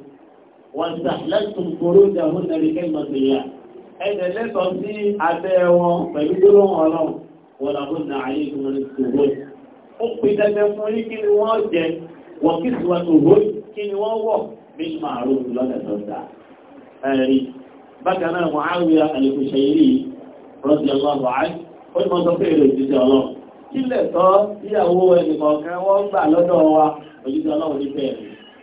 wọ́n ṣàlẹ́tùn kúrò jẹun ẹ̀ríkẹ́ ìmọ̀síyà ẹ̀dẹ̀ lẹ́tọ̀ sí abẹ́ wọn pẹ̀lú gbólóhùn ọlọ́run wọ́n làbọ̀ nà ayé ìgbìmọ̀lẹ̀ tòwó ó pè dandan fún yí kí ni wọ́n jẹ wọ́n kí sì wọ́n tòwó kí ni wọ́n wọ̀ bí màrú lọ́dẹ̀ tó dà ẹ̀rí bákan wọ́n á wíra àlèkùnṣe yìí rọ́sì ọlọ́run àáyí ó ní wọ́n sọ pé èrè òjíṣẹ́ ọlọ́run kí lẹ̀tọ́ ìyàwó ẹnìkọ̀ọ̀kan wọ́n gbà lọ́dọ̀ wa òjíṣẹ́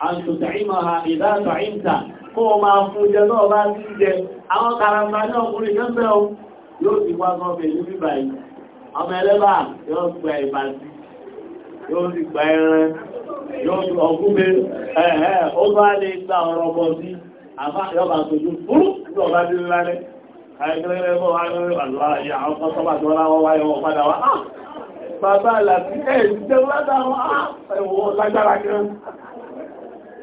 àtùtàìmọ̀ha ìdáàtọ̀ ìta kó o máa fún jẹ náà bá ti jẹ àwọn ọkùnrin bẹ́ o yóò ti wá kan ní bíbà ọmọ ẹlẹ́bà yóò gba ìbàdí yóò ti gba ẹran yóò ti ẹ̀ẹ́ lè gba ọ̀rọ̀ bọ̀ sí àbá yọba tòjú fúrú ní ọba bí lálẹ́ àìkẹ́rẹ́rẹ́ bọ́ wá lórí àwọn kan sọ́bà tó ráwọ́ wáyé wọn padà wá ah,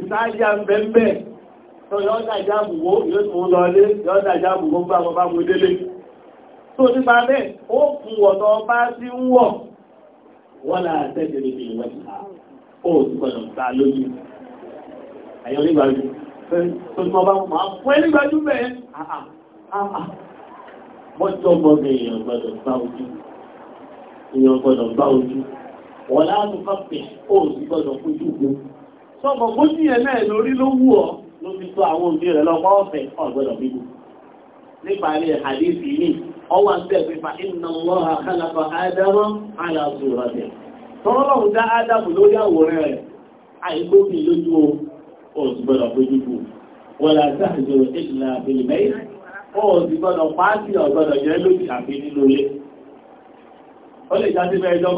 ìtajà bẹ́ẹ̀ tó yọ́dà ìjábùwó yóò tún lọlé yọ́dà ìjábùwó gbà wọn bá mú délé tó nípa bẹ́ẹ̀ ó fún wọ̀tọ̀ bá sí ń wọ̀ wọ́n là tẹ́jẹrẹ bí ìwọ̀n ìta ó ti gbọ́dọ̀ ta lójú àyọ́ nígbàjú tó ní ọba máa fún ẹ nígbàjú bẹ́ẹ̀ mọ́jọ́ mọ́gbẹ̀ èèyàn gbọ́dọ̀ bá ojú èèyàn gbọ́dọ̀ bá ojú wọ́n láàrùn fọ́pẹ̀ ó ti gbọ́dọ̀ fojú gbogbo sọ́bọ̀ bó ní ẹ̀mẹ́ lórí ló wù ọ́ ló fi tó àwọn òbí rẹ̀ lọ́pọ̀ ọ̀fẹ́ ọ̀gbọ́dọ̀ bíbù nípa rí àdéfì ní ọwà ń bẹ̀rẹ̀ pípa iná wọ́n àkálàfà ádámọ́ aláàzùrọ̀ rẹ̀ tọ́lọ́lọ́run dá ádámù lórí àwòrán rẹ̀ àìgbóbi lójú òsùgbọ́dọ̀ bójúbù wọ́n là sáàjọrọ̀ ìlà àbẹ̀lẹ̀mẹ́yìn òsùgbọ́dọ̀ pàásì jọ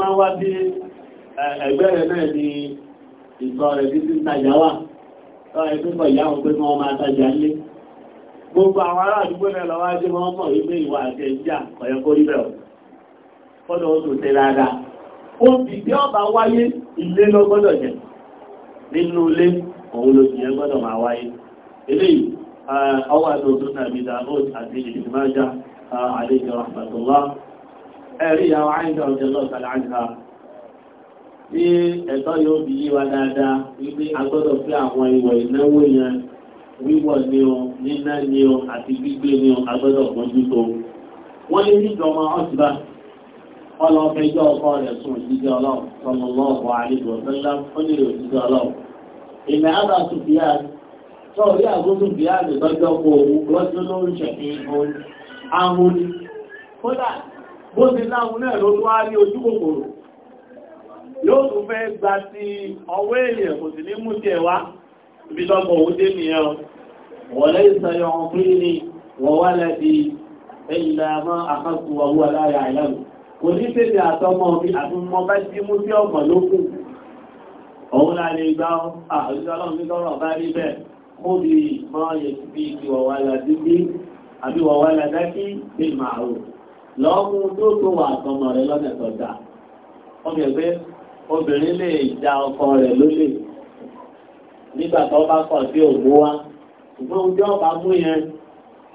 máa wá bí ẹgbẹ́ rẹ̀ náà ni ìtọ́ rẹ̀ tí ti ń tajà wà tọ́ ẹ̀ pípọ̀ ìyá wọn pé wọ́n máa tajà lé gbogbo àwọn ará àdúgbò rẹ̀ lọ́wọ́ ajé wọ́n mọ̀ wípé ìwà àti ẹ̀jà ọ̀yọ́ kó rí bẹ̀rù fọ́dọ̀ ó tún ṣe dáadáa ó bì bí ọba wáyé ilé lọ gbọ́dọ̀ jẹ nínú ilé òun ló jìyẹn gbọ́dọ̀ máa wáyé eléyìí ọwọ́ àti òtún tàbí dáhùn àti ìdìmájá àlejò rahmatullah ẹ̀rí àwọn àìsàn ọjọ́ lọ́sàlẹ̀ tí ẹ̀tọ́ yóò fi yí wa dáadáa wípé a gbọ́dọ̀ pé àwọn ìwọ̀ ìnáwó yẹn wíwọ̀ ni o níná ni o àti gbígbé ni o a gbọ́dọ̀ mójú tó wọ́n lé níjọ ọmọ ọ̀sìbá ọlọ́fẹjọ́ ọkọ rẹ̀ sùn òṣìṣẹ́ ọlọ́run sallallahu alaihi wa sallam ó lè òṣìṣẹ́ ọlọ́run ìmẹ̀ àbá sùfìyà tó rí àgógún fìyà rẹ̀ lọ́jọ́ kó owó lọ́jọ́ ló ń ṣẹ̀fín ahun kódà bó ti láhun náà ló tó wá rí ojú kòkòrò yóò tún fẹ́ gba ti ọwọ́ èèyàn kò sì ní mú tiẹ̀ wá ibi lọ́gbọ̀n òun dé nìyẹn wọ̀lé ìsàyọ̀ ọ̀pìn ni wọ́n wá lẹ́bi ẹ̀yìnlá mọ́ àkàkù ọwọ́ aláya ìlànà kò ní tètè àtọmọ mi àti mọ bá ti mú sí ọ̀gbọ̀n lókùn òun la lè gbá àrísọ́lọ́run ní lọ́rọ̀ bá rí bẹ́ẹ̀ kó bí mọ́ yẹ ti bí ọmọ ẹgbẹ́ obìnrin lè ja ọkọ rẹ̀ lólè nígbà tó bá kọ̀ sí ògbó wa ṣùgbọ́n ojú ọba mú yẹn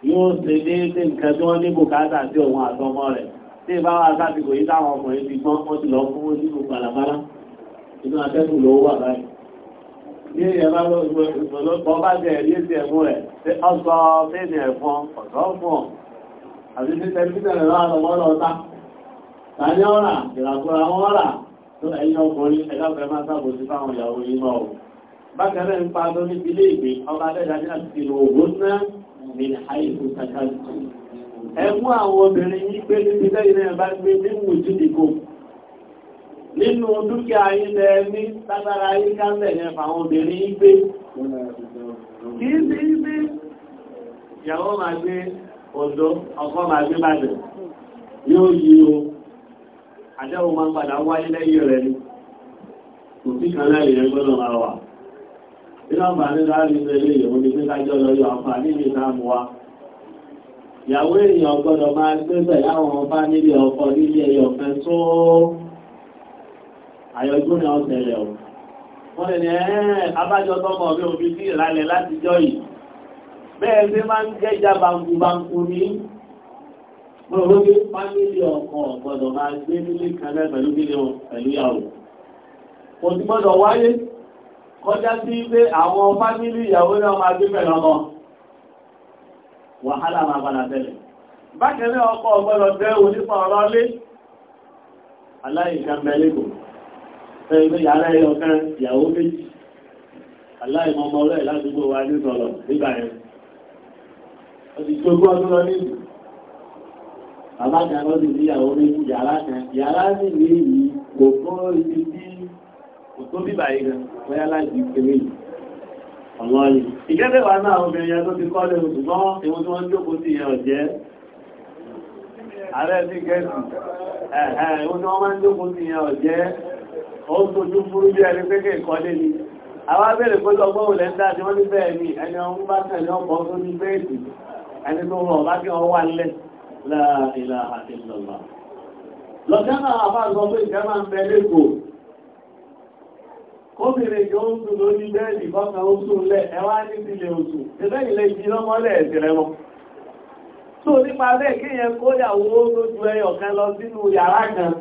yóò ṣe déédéé nǹkan tí wọ́n ní bùkátà sí òun àtọmọ rẹ̀ tí ìbá wa sásìkò yìí táwọn ọkùnrin ti gbọ́n wọ́n ti lọ fún wọn sínú pàlàpàlà inú atẹ́kùn ló wà báyìí ní ìyẹ̀bá lọ́pọ̀ bá jẹ́ ẹ̀rí èsì ẹ̀mú rẹ̀ tí ọ sọ fẹ́ẹ̀nì ẹ̀fọn ọ̀sọ́ fún ọ̀ àti títẹ̀ títẹ̀ rẹ̀ lọ́wọ́ lọ́ta tàbí ọ̀rà ìràkúra wọn rà tó ẹ̀yìn ọkùnrin ẹ̀láfẹ́ máa sáàbò sí fáwọn ìyàwó ìmọ̀ ọ̀. Bákẹ́rẹ́ ń pa tó ní ilé ìgbé ọba dẹ́dà ní àti òwò náà ní àìkú kàkàtù. Ẹ mú àwọn obìnrin yí pé níbi lẹ́yìn náà bá gbé ní wùjú dìbò. Nínú dúkìá ilẹ̀ ní tábára yí káńbẹ̀ ní ẹ̀fà àwọn obìnrin yí pé. Kì í sí pé ìyàwó máa gbé ọ̀dọ́, ọkọ máa gbé bàjẹ́. Yóò yí o àdáwò máa ń padà wáyé lẹ́yìn rẹ̀ ni kò sí kan láì rẹ̀ gbọ́dọ̀ máa wà nínú àǹfààní láàrin ilé ilé ìyẹ̀wò ni pé kájọ́ lọ yọ àǹfààní ní ìsáàmù wa ìyàwó èèyàn gbọ́dọ̀ máa gbé pẹ̀lú àwọn fámílì ọkọ nílé ẹyọ kan tó àyọgbóni ọ̀tẹ̀lẹ̀ ọ̀ wọ́n lè ní ẹ̀ẹ́ abájọ tọ́mọ Mo rò pé fámílì ọkọ ọ̀gbọ́dọ̀ máa gbé nílé kan náà pẹ̀lú mílíọ̀n pẹ̀lú ìyàwó. Kò ti gbọ́dọ̀ wáyé kọjá sí pé àwọn fámílì ìyàwó náà máa gbé pẹ̀lú ọmọ. Wàhálà máa padà tẹ̀lẹ̀. Bákan náà ọkọ ọ̀gbọ́dọ̀ jẹ́ onípa ọ̀rọ̀ lé. Aláìka mẹ́lẹ́kò. Fẹ́ ilé yàrá ẹyọ kan ìyàwó méjì. Aláìmọ̀mọ́ rẹ̀ ládùúgbò wa nígbọ̀lọ̀ nígbà yẹn. Ó ti bàbá kan ló sì níyàwó méjì yàrá kan yàrá sì ní èyí kò tó ibi tí kò tó bíbà yìí gan bóyá láti kéré yìí ọlọ́ọ̀lì ìgẹ́gẹ́ wà náà obìnrin yẹn tó ti kọ́ lè ṣùgbọ́n ìwọ́n tí wọ́n jókòó sí ìyẹn ọ̀jẹ́ ààrẹ sí gẹ̀ẹ́sì ẹ̀ẹ̀ ìwọ́n tí wọ́n máa ń àwọn abẹ́rẹ̀ pẹ́lú ọgbọ́n olẹ́ ń dá wọ́n ní bẹ́ẹ̀ ni ẹni ọmọ bá tẹ̀lé ọkọ̀ tó ní bẹ́ẹ̀sì ẹni tó rọ̀ bá kí wọ́n wà lẹ́sì láàrínlá àti ìlọ́lá. Lọ́jọ́nà àbá sọ pé ìjẹ́ máa ń bẹ lẹ́kò. Kóbìnrin jọ ń sùn lórí bẹ́ẹ̀lì bọ́kà ó sùn lẹ̀ ẹwà ní sílé oṣù. Ẹgbẹ́ ilẹ̀ jí lọ́mọ́lẹ̀ ẹ̀sìrẹ́ wọn. Tó nípa bẹ́ẹ̀ kí yẹn kó yàwó lójú ẹyọ kan lọ sínú yàrá kan.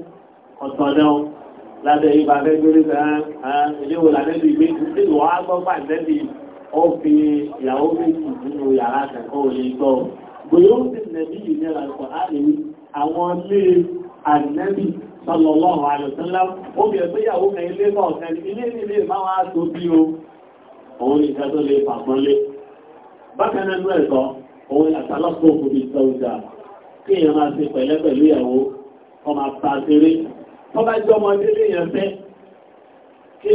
Ọ̀tọ̀ náà lábẹ́ ibà fẹ́ gbélé bòyó sí nẹ̀bí ìnira ìkọ̀hánì ní àwọn ilé ànẹ́bì sọlọ́lọ́wọ́ àlùsánlá ó bí ẹgbẹ́ ìyàwó kan ilé náà kan ilé nílé máa wá tó bí o òun ní ìṣẹ́ tó lè fàpọ́nlé bákan náà nú ẹ̀kọ́ òun àtàlọ́pọ̀ òkú bí sọ́jà kí èèyàn máa ṣe pẹ̀lẹ́ pẹ̀lú ìyàwó ọmọ àpá ṣeré tó bá jẹ́ ọmọdé léèyàn fẹ́ kí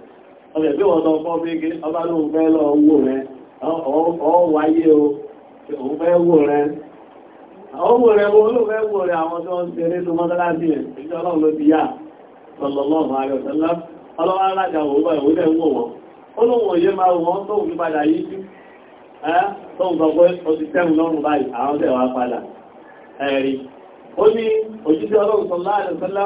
ọ̀rẹ́ bí wọ́n tọ́ fọ́ bí kí ọba ló ń lọ wò rẹ ọ̀ wáyé o òun wò rẹ àwọn wò rẹ wọn ló fẹ́ wò rẹ àwọn tó ń ṣeré tó mọ́tálásí rẹ̀ ìjọ ọlọ́run ló ti yá sọlọ́lọ́run ayọ̀sẹ́lá ọlọ́run alájà òun bá ìwé lẹ́wọ̀ wọn ó lóun òye máa wọn tó ń fi padà yí sí tó ń sọ pé ó ti tẹ́mu lọ́rùn báyìí àwọn tẹ̀ wá padà ẹ̀rí ó ní òjíṣẹ́ ọlọ́run sọlá ayọ̀sẹ́lá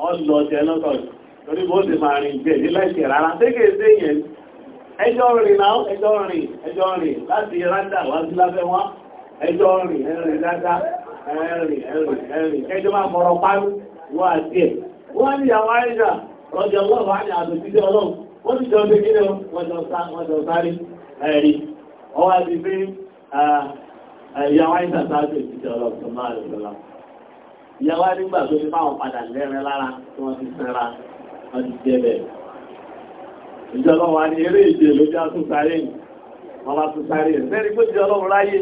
wọ́n lọ jẹ lọ́tọ̀ torí bó ti máa rìn jẹ nílẹ̀ṣẹ̀ rárá tẹ́kẹ̀ sí yẹn ẹjọ́ rìn náà ẹjọ́ rìn ẹjọ́ rìn láti rádà wá sí lábẹ́ wọn ẹjọ́ rìn ẹrìn dáadáa ẹrìn ẹrìn ẹrìn kẹjọ máa mọ̀rọ̀ párú wọ́n àti ẹ̀ wọ́n ní àwọn àìsà rọ̀jẹ̀ ọlọ́run àti àtòjíjẹ́ ọlọ́run wọ́n ti jọ pé kí ni wọ́n jọ sáré ẹ̀rí ọwọ́ àti pé ìyàwó àìsà sáré òjíjẹ́ ọlọ́run tó máa ìyá wá nígbà tó ní fáwọn padà lẹ́rẹ́ lára tí wọ́n ti sẹ́ra wọ́n ti jẹ́ bẹ̀rẹ̀ ìjọba wà ní eré ìje ló já tún sáré wọ́n bá tún sáré rẹ̀ sẹ́ni pé ìjọba ráyé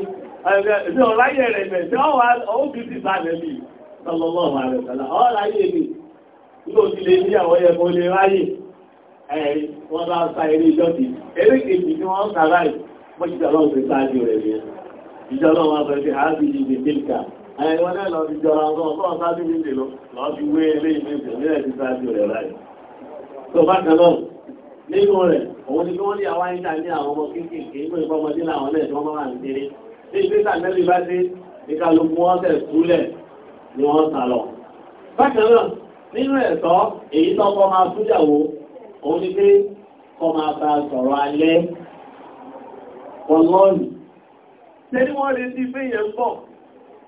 ẹ̀sẹ̀ ọ̀ráyé rẹ̀ bẹ̀ tí wọ́n wá ojú ti bá rẹ̀ bì lọ́lọ́lọ́ wà rẹ̀ sọ́lá ọ̀ráyé mi ló ti lè ní àwọn ẹ̀kọ́ lè ráyè ẹ̀rí wọ́n bá ni wọ́n ń sàráì mọ́ ìjọba Ẹ̀yìn wọn lẹ́lọ ti jọra ọgbọ́n ọgbọ́n wé ilé ìgbésẹ̀ ní ẹ̀sìn rẹ̀ láì. Tó bá kan nínú rẹ̀, òun ni kí wọ́n ní àwọn àyíká àwọn ọmọ kéékèèké inú ìfọmọdé làwọn lẹ̀ tí wọ́n máa ń tèrè. Ní ìgbésà mẹ́rin bá dé, ìkàlùkù wọn tẹ̀ súlẹ̀ ni wọ́n sá lọ. Bákan nínú ẹ̀tọ́ èyí tọ́kọ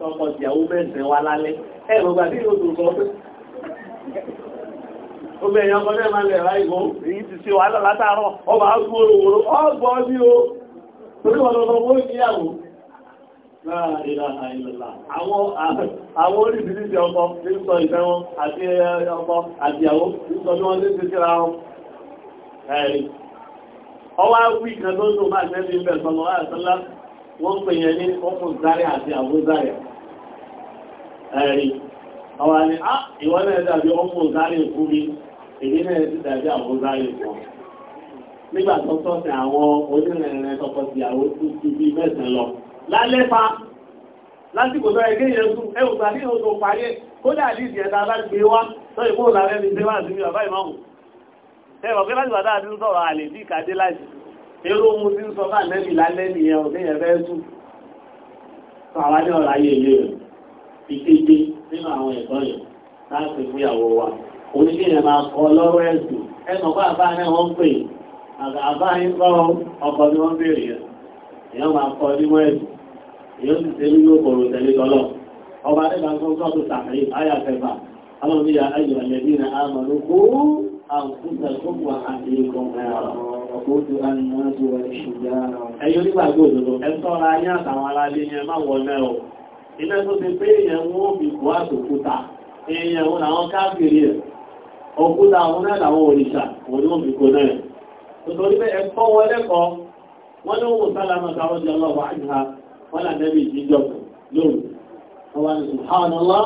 tọkọ ìyàwó mẹ́sẹ̀ wa lálẹ́ ẹ gbogbo àti ìlú tòun sọ pé obìnrin ẹ̀yàn lẹ̀ ra ìgbó èyí ti ṣe wàhálà látàárọ̀ ọba ágbó òwòrò ọgbọ́ ní o torí wọn wọ́n ń wọ́n pè yẹn ní ọkùn Zaria àti àbúzáyà ẹ̀rí ọwà ni á ìwọ́n náà dàbí ọmọ òzáyè fún mi èyí náà ti dàbí àwọn òzáyè fún nígbà tó tọ́sẹ̀ àwọn onírìnrìn tọkọtìyàwó tó ti bí mẹ́sàn lọ lálẹ́fà lásìkò tó ẹgbẹ́ yẹn sùn ẹwù tàbí ìhò tó parí kódà bá gbé wá tó ìbò làrẹ́ ní sọ bá nẹ́bì lálẹ́ nìyẹn ò ìkéde nínú àwọn ẹ̀kọ́ yẹn láti fún ìyàwó wa oníkí yẹn máa kọ lọ́rọ̀ ẹ̀sùn ẹ̀mọ̀ bá àbá náà wọ́n pè àbá yín kọ́ ọkọ̀ ni wọ́n béèrè yẹn èèyàn máa kọ níwọ̀n ẹ̀sùn èèyàn sì ṣe nínú òkòrò tẹ̀lé tọ́lọ̀ ọba nígbà tó tọ́ tó sàkàrí àyà fẹ́fà àwọn mi yà ayò ẹ̀lẹ́bí na àmàlú kó àkúntàkùn wà àti ikọ̀ mẹ́rọ ọkọ̀tù àníwájú ẹ̀ṣùgbà ẹ̀yọ́ nígbàgbọ́ òdòdó ẹ̀ iná tó ti pé èèyàn wọn ò fi kó àtòkúta èèyàn wọn làwọn káàkiri ẹ̀ òkúta àwọn náà làwọn òrìṣà wọn ni wọn fi kó náà nítorí pé ẹ̀kọ́ wọn lẹ́kọ̀ọ́ wọn ní òun sálàmù táwọn jẹ ọlọ́wọ́ àjùhà wọn là nẹ́bí ìjíjọ lóru wọn wà ní subhanallah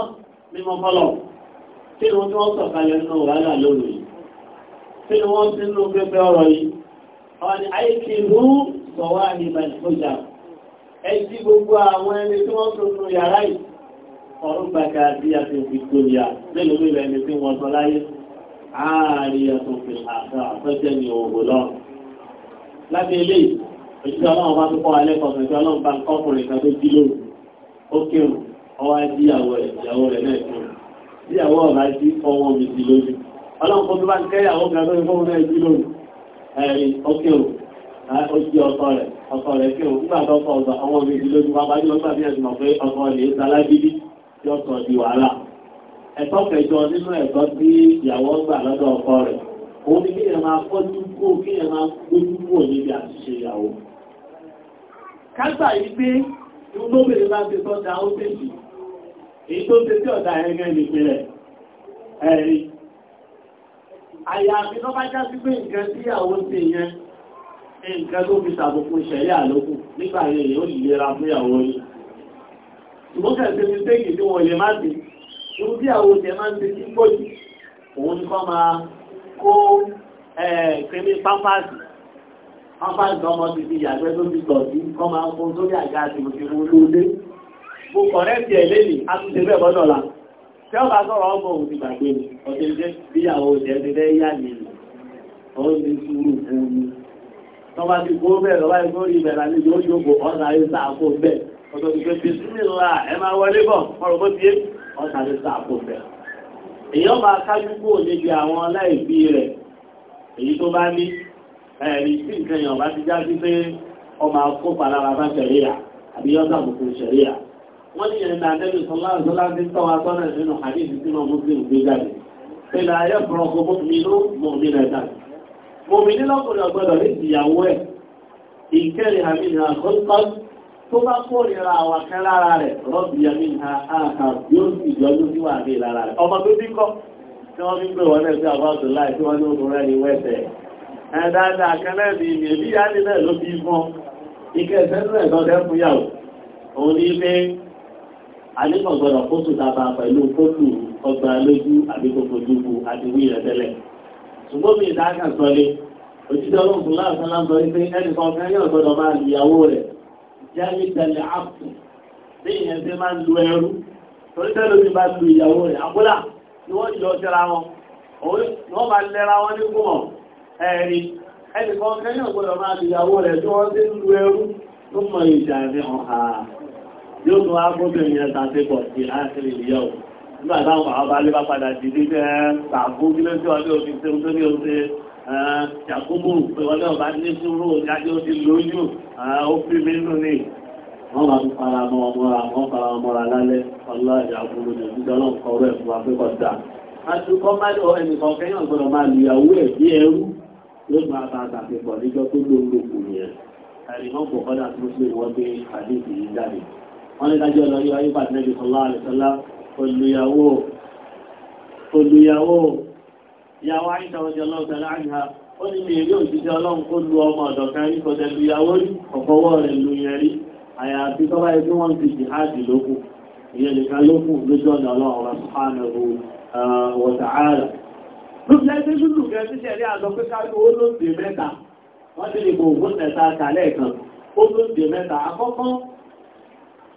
mímọ́ fọlọ́ kí ni wọ́n tí wọ́n sọ̀kalẹ̀ nínú wàhálà lóru yìí kí ni wọ́n ti ń lo pẹpẹ ọ̀rọ̀ yìí wọn ni àìkí ìlú sọ̀wọ́ àdìbà ẹjí gbogbo àwọn ẹni tí wọ́n tuntun yàrá yìí ọ̀run gbàgbà bí a ti fi tó yà mélòó mélòó ẹni tí wọ́n sọ láyé ààrin ẹ̀sùn fi àṣà àtọ́jẹ́ ni òwò lọ. lábẹ́ ilé òṣìṣẹ́ ọlọ́run bá tó kọ́ alẹ́ kan ṣẹ̀ṣẹ́ ọlọ́run bá ń kọ́kùnrin kan tó jí lóru ó kírun ọwọ́ ìyàwó rẹ̀ ìyàwó rẹ̀ náà kírun ìyàwó ọ̀rá jí ọwọ́ mi sí lójú ọlọ́run kó tó bá ń kẹ́yàwó kan tó ń fóun náà jí lóru ẹ̀rin ó kírun ó rẹ̀ ọkọ rẹ̀ kí òun gbà tọ́kọ ọgbà àwọn ọmọ ìdílé ojú bàbá yóò gbà bí ẹ̀sùn mọ̀ pé ọkọ rẹ̀ sálágídí tí ọkọ di wàhálà. ẹ̀tọ́ kẹjọ nínú ẹ̀tọ́ tí ìyàwó gbà lọ́dọ̀ ọkọ rẹ̀ òun ni kíyàn máa fọ́jú kó kíyàn máa gbójú kó níbi àṣìṣe ìyàwó. kágbà yìí pé ìwọ́n tó bèrè bá ti sọ́jà ó tèsì èyí tó ṣe sí ọ̀dà ẹ̀rẹ́gẹ́ nìpínlẹ̀ ẹ̀rí àyàfi tó bá sí pé nǹkan tí ìyàwó ṣe yẹn nǹkan tó fi sàbòkun ṣẹ̀lẹ̀ àlókù nígbà yẹn yóò yẹra fún ìyàwó yìí ṣùgbọ́n kẹ̀sí mi tẹ́kì tí wọ́n lè má ti irú bí àwọn oṣù ẹ̀ máa ń ṣe kí pọ̀jù òun ni kọ́ máa kó kẹ́mí pápáàsì pápáàsì ọmọ ti fi yàgbẹ́ tó ti tọ̀ sí kọ́ máa kó sórí àga àti òṣèlú olóòlé mo kọ̀rẹ́ ti ẹ̀ lélẹ̀ àtúnṣe bẹ́ẹ̀ bọ́dọ̀ la tí ọba sọ̀rọ̀ ọmọ òun ti gbàgbé mi ọ̀sẹ̀ jẹ́ bí àwọn oṣù ẹ̀ ti tọ́ba ti kó bẹ́ẹ̀ lọ́ba yìí lórí ibẹ̀ làní yóò yóò ọ̀sà yìí sàkó bẹ́ẹ̀ ọ̀sọ̀ ti pé bisimilá ẹ máa wọlé bọ̀ ọ̀rọ̀ bó ti yé ọ̀sà yìí sàkó bẹ́ẹ̀. èèyàn máa kájú kúrò níbi àwọn aláìbí rẹ̀ èyí tó bá ní ẹ̀rí tí nǹkan èèyàn bá ti já sí pé ọmọ akópa lára bá ṣẹ̀ríà àbí yọ́sà kòkòrò ṣẹ̀ríà. wọ́n ní ìrìn àtẹ́lù sọlá ti tọ́ wa mòmìnì lọ́kùnrin ọ̀gbọ́dọ̀ ní ìyàwó ẹ̀ ìkẹ́rin àmìnà àkọ́kọ́ tó bá kórìíra àwọn kan lára rẹ̀ rọ́bì àmìnà àkà yóò sì yọjú sí wà rẹ̀ ọmọ tó bí kọ́ tí wọ́n bí fún ṣùgbọ́n mi ìdáka sọ lé òṣìṣẹ́ ọlọ́run láàrín láńsọ wípé ẹnì kọ̀ọ̀kan yóò gbọ́dọ̀ máa lu ìyàwó rẹ̀ jáde tẹ̀lé áàpù bí ìyẹn ti máa lu ẹrú torí tẹ́lẹ̀ mi máa lu ìyàwó rẹ̀ àbúrà ni wọ́n jọ síra wọn wọ́n máa lẹ́ra wọn ní gbọ́n ẹ̀rí ẹnì kọ̀ọ̀kan yóò gbọ́dọ̀ máa lu ìyàwó rẹ̀ tí wọ́n ti ń lu ẹrú ló mọ ìjà ẹ̀mí ọ̀hà yóò tún á gbọ́dọ̀ yẹn tàbí pọ̀ sí áṣírí ìyàwó nígbà táwọn àwọn alẹ́ bá padà dìde jẹ́ tààbó kí ló ń tí wọ́n ní òfin tí ó tó ní oṣù ṣàkóbò pé wọ́n lọ́wọ́ bá ní sùúrù jáde ó ti lójú ó fi mí nù ní wọ́n máa ń fara mọ́ ọmọra wọ́n fara mọ́ra lálẹ́ ọlá ìyàwó ní ìjọ náà kọ́ rẹ̀ fún afẹ́kọ̀ọ́ dà àtúkọ́ má lọ ẹnìkan kẹ́yàn gbọ́dọ̀ máa lu ìyàwó ẹ̀ bí ẹrú ló máa bá àtàkẹ́kọ̀ọ́ níjọ́ tó ló ń lòkù nìyẹn ẹ̀rìnmọ́ pọ̀ kọ́dà tó ṣe wọ́n àdéhùn yìí jáde wọ́n ní dájọ́ lọ yọ ayé pàtẹ́lẹ́bí sọlá àlẹ́sọlá olùyàwó olùyàwó ìyàwó àìsà ọjọ́ ọlọ́ọ̀tà láàrínà ó ní mi èrí òṣìṣẹ́ ọlọ́run kó lu ọmọ ọ̀dọ̀ kan rí kọjá lùyàwó rí ọ̀fọwọ́ rẹ̀ lu yẹn rí àyàfi tọ́ba ẹbí wọ́n ti jìhádì lókù ìyẹn nìkan lókù lójú ọ̀nà ọlọ́run ọ̀rọ̀ subhanahu uh, wa ta'ala lókùnlẹ̀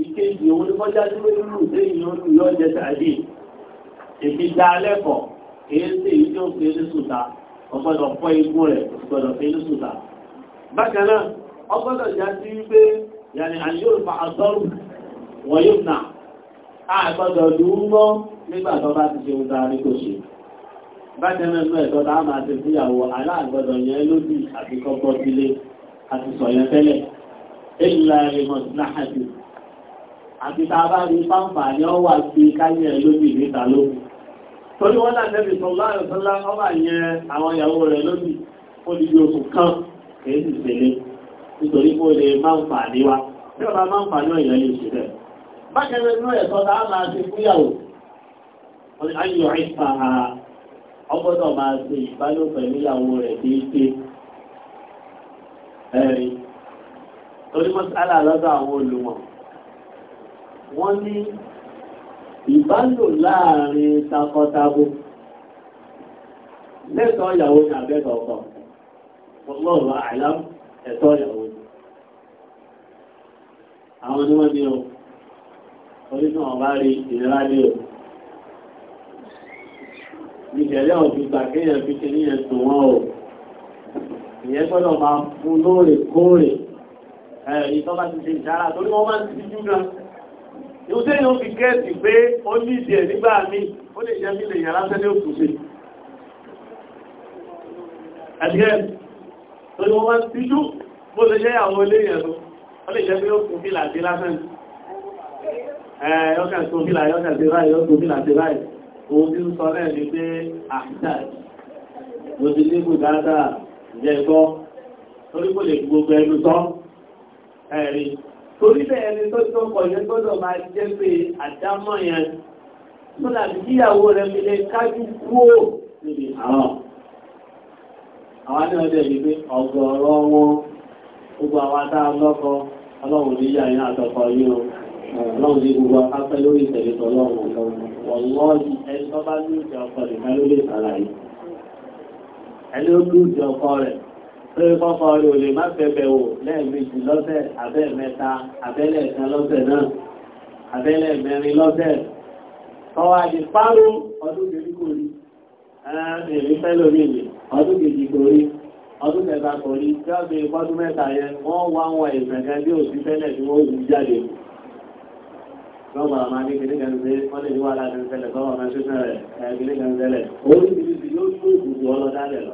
ìkéjì òun ní kọjá tí wọ́n lù sí ìyẹn olú yọ jẹ tàbí èmi dá lẹ́kọ̀ọ́ èyí sí èyí tí ó fi ní sùta ọgbọ́dọ̀ fọ́ igbó rẹ̀ ọgbọ́dọ̀ fi ní sùta. bákan náà ọgbọ́dọ̀ já sí wípé yàní àyíyóò fa àtọ́rù wọ́n nà á gbọ́dọ̀ dùn nígbà tó bá ti ṣe ń darí kò ṣe. bákan náà ní ẹ̀tọ́ tá a máa ti fúyàwó aláàgbọ́dọ̀ yẹn lódì àti kọ́kọ́ sílé àti sọ̀yẹn tẹ́lẹ̀ àti tá a bá rí pàǹpà ní ọ wà sí káyẹ̀ lójú ìgbéta ló torí wọ́n náà nẹ́bí sọ láàrín sọ́lá ọba ìyàwó rẹ̀ di oṣù kan kìí sì ṣẹlẹ̀ nítorí kó lè máa ń fà ní wa tí ọba máa ń fà ní ìyẹn lè ṣe bẹ́ẹ̀ bákẹ́rẹ́ inú ẹ̀sọ́ tá a máa ṣe fúyàwó ayọ̀ àìsà ọgbọ́dọ̀ máa ṣe ìbálòpọ̀ níyàwó rẹ̀ déédéé ẹ̀rí torí mọ́sálà lọ́dọ̀ àwọn olùmọ̀ wọ́n ní ìbálò láàrin takọtabo lẹ́tọ́ ìyàwó ní abẹ́tọ̀ ọkọ ọlọ́rọ̀ àìlám ẹ̀tọ́ ìyàwó ni àwọn ni wọ́n ní o orísun ọ̀bá rí ìrẹ́lá ní o ìṣẹ̀lẹ̀ ọ̀gbìn gbàkéyàn fi ṣe níyẹn tó wọ́n o ìyẹn gbọ́dọ̀ máa fún lóòrèkóòrè ẹ̀rí tó bá ti ṣe ìṣára torí wọ́n máa ń ti jú gan ìwúsẹ́ ni ó fi gẹ́ẹ̀sì pé ó ní ìdí ẹ̀ nígbà mí ó lè jẹ́ mí lè yàrá sẹ́lẹ̀ òkúse ẹ̀dígẹ́ tó ní wọ́n máa ti jú bó lè jẹ́ àwọn ilé ìyẹ̀nu ó lè jẹ́ pé ó kún fílà sí lásán ẹ̀ẹ́yọ́kà tó fílà yọ́kà sí ráì yọ́kà fílà sí ráì òun ti ń sọ náà ní pé àṣìṣà ló ti dínkù dáadáa torí bẹ́ẹ̀ ni tó tó kọ̀ yẹn gbọ́dọ̀ máa jẹ́ pé àdámọ̀ yẹn tó làbí kíyàwó rẹ̀ fi lè kájú kúrò níbi àwọn àwọn náà dẹ̀ ní pé ọ̀gọ̀ọ̀rọ̀ wọn gbogbo àwọn adá lọ́kọ ọlọ́run ní yà yín àtọkọ yín o ọlọ́run ní gbogbo afẹ́ lórí ìtẹ̀lé tọlọ́run wọ̀lọ́ọ̀dì ẹni tó bá ní pé pápá orí ò lè má bẹ̀bẹ̀ wò lẹ́ẹ̀mejì lọ́sẹ̀ abẹ́ mẹ́ta abẹ́lẹ̀ kan lọ́sẹ̀ náà abẹ́lẹ̀ mẹ́rin lọ́sẹ̀ tọwọ́ àti páró ọdún kejì kò rí ẹ̀rìn fẹ́ lórí ìlè ọdún kejì kò rí ọdún kẹta kò rí tí wọ́n fi pọ́dún mẹ́ta yẹn wọ́n wá wọn ìfẹ̀kẹ́ bí òsì tẹ́lẹ̀ tí wọ́n wù jáde lọ́gbà máa ní kìlí kan ṣe wọ́n lè ní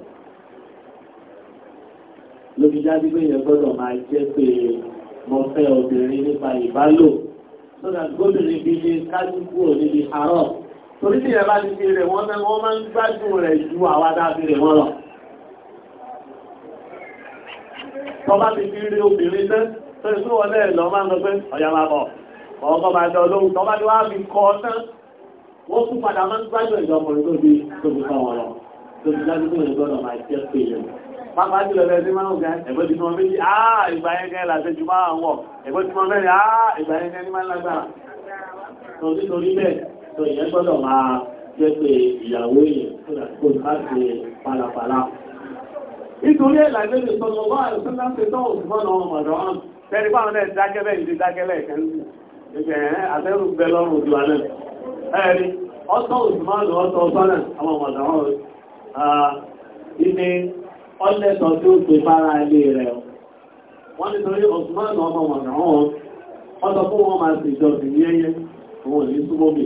ló fi dájú pé yẹn gbọ́dọ̀ máa jẹ́ pé mo fẹ́ obìnrin nípa ìbálò lọ́dà gómìnrin bí ní kájúkú ò níbi àárọ̀ torí tí ẹ bá ti fi rẹ̀ wọ́n mẹ́ wọ́n máa ń gbádùn rẹ̀ ju àwa dá fi rẹ̀ wọ́n lọ. tọ́ba ti fi rí obìnrin tẹ́ tó ìṣú wọn náà lọ máa ń lọ pé ọ̀yà máa bọ̀ ọkọ̀ máa jọ lóhùn tọ́ba ti wá fi kọ́ ọ tán wọ́n tún padà máa ń gbádùn ẹ̀jọ̀ ọmọdé tó fi tó fi kọ́ wọn tó fi dájú pé ìgbọ́dọ̀ máa jẹ́ pé ìyẹn pàápàá jùlọ bẹ́ẹ̀ sí mẹ́rin ọ̀gá ẹ̀gbọ́n ti mọ méjì áà ah, ìgbà yẹn làṣẹ jù máa wọ̀ ẹ̀gbọ́n ti mọ mẹ́rin áà ah, ìgbà yẹn ní máa lágbára tó sí torí bẹ́ẹ̀ tó àwọn ẹ̀ dákẹ́lẹ̀ ah, ìdí ọlẹ́tọ̀ tí ó pè fara ilé rẹ̀ wọ́n nítorí ọ̀túnmọ́nà ọmọ wọn náà wọ́n sọ fún wọn máa sì jọ sí ní ẹyẹ òun ní súnmọ́bì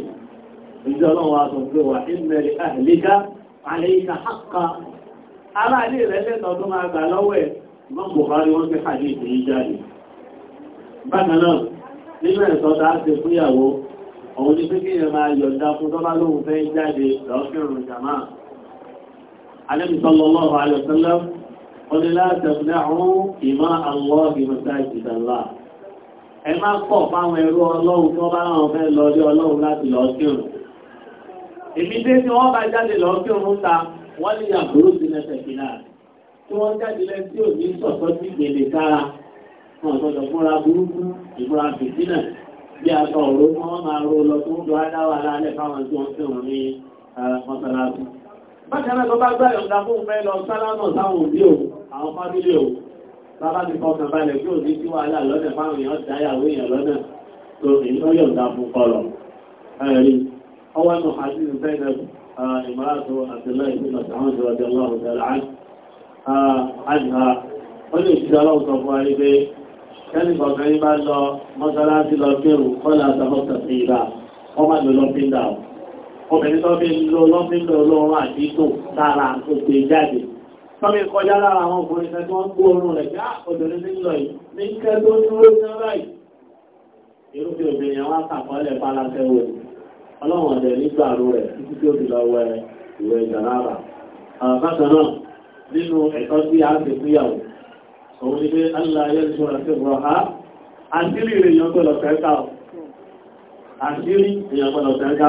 ìjọ ọlọ́run aṣọ pé wà ìmẹ̀rẹ̀ àìlíká àìlíká àkà ara ilé rẹ̀ lẹ́tọ̀ tó máa gbà lọ́wọ́ ẹ̀ mọ́ Buhari wọ́n Ànábì sallallahu alaihi wasallam ọdí láti ọ̀dá ọ̀hún ìmá àlọ́ ìmọ̀ta ìdàlá. Ẹ máa pọ̀ fáwọn ẹrú ọlọ́run tó bá láwọn fẹ́ lọ rí ọlọ́run láti lọ kírun. Èmi dé tí wọ́n bá jáde lọ kírun ta, wọ́n lè yàgbóró sí lẹ́sẹ̀ kìlá. Tí wọ́n jáde lẹ́ tí ò ní sọ̀tọ́ sí bákan náà tó bá gbá ìyọ̀ǹda fún fẹ́ lọ sálámọ̀ sáwọn òbí o àwọn fámílì o bàbá ti fọkàn balẹ̀ kí òbí sí wàhálà lọ́nà fáwọn èèyàn dáyàwó èèyàn lọ́nà tó ìlú yọ̀ǹda fún kọlọ̀ ẹ̀rí ọwọ́ nù àti ìfẹ́nà ìmọ̀láṣọ àtìlẹ́ ìpínlẹ̀ àwọn ìjọba ọlọ́run tẹ̀lé àjá ó lè ṣe ọlọ́run sọ fún ayé pé kẹ́lì kọ̀ọ̀kan yín bá lọ mọ́sálásí lọ kírun kọ́lá àtàkọ́sà pín dáhùn obìnrin tó fi lọ lọ́fíìsì ọlọ́run àti ìtò lára tó gbé jáde tọ́mí kọjá lára àwọn ọkùnrin tẹ́ tó ah, ń gbó oorun rẹ̀ já obìnrin ní lọ yìí ní kẹ́ tó dúró sí báyìí irúfẹ́ obìnrin àwọn àkàkọ́lẹ̀ pálásẹ́wò ọlọ́run ọ̀dẹ̀ nígbà rẹ̀ títí tí ó fi lọ wẹ ìwẹ̀ ìjàlára bákan náà nínú ẹ̀kọ́ tí a ti fúyàwó òun ni pé aláyé ìṣòro àti ìrọ̀ ha àṣírí èèyàn gbọ́dọ̀ fẹ́ ká àṣírí èèyàn gbọ́dọ̀ fẹ́ ká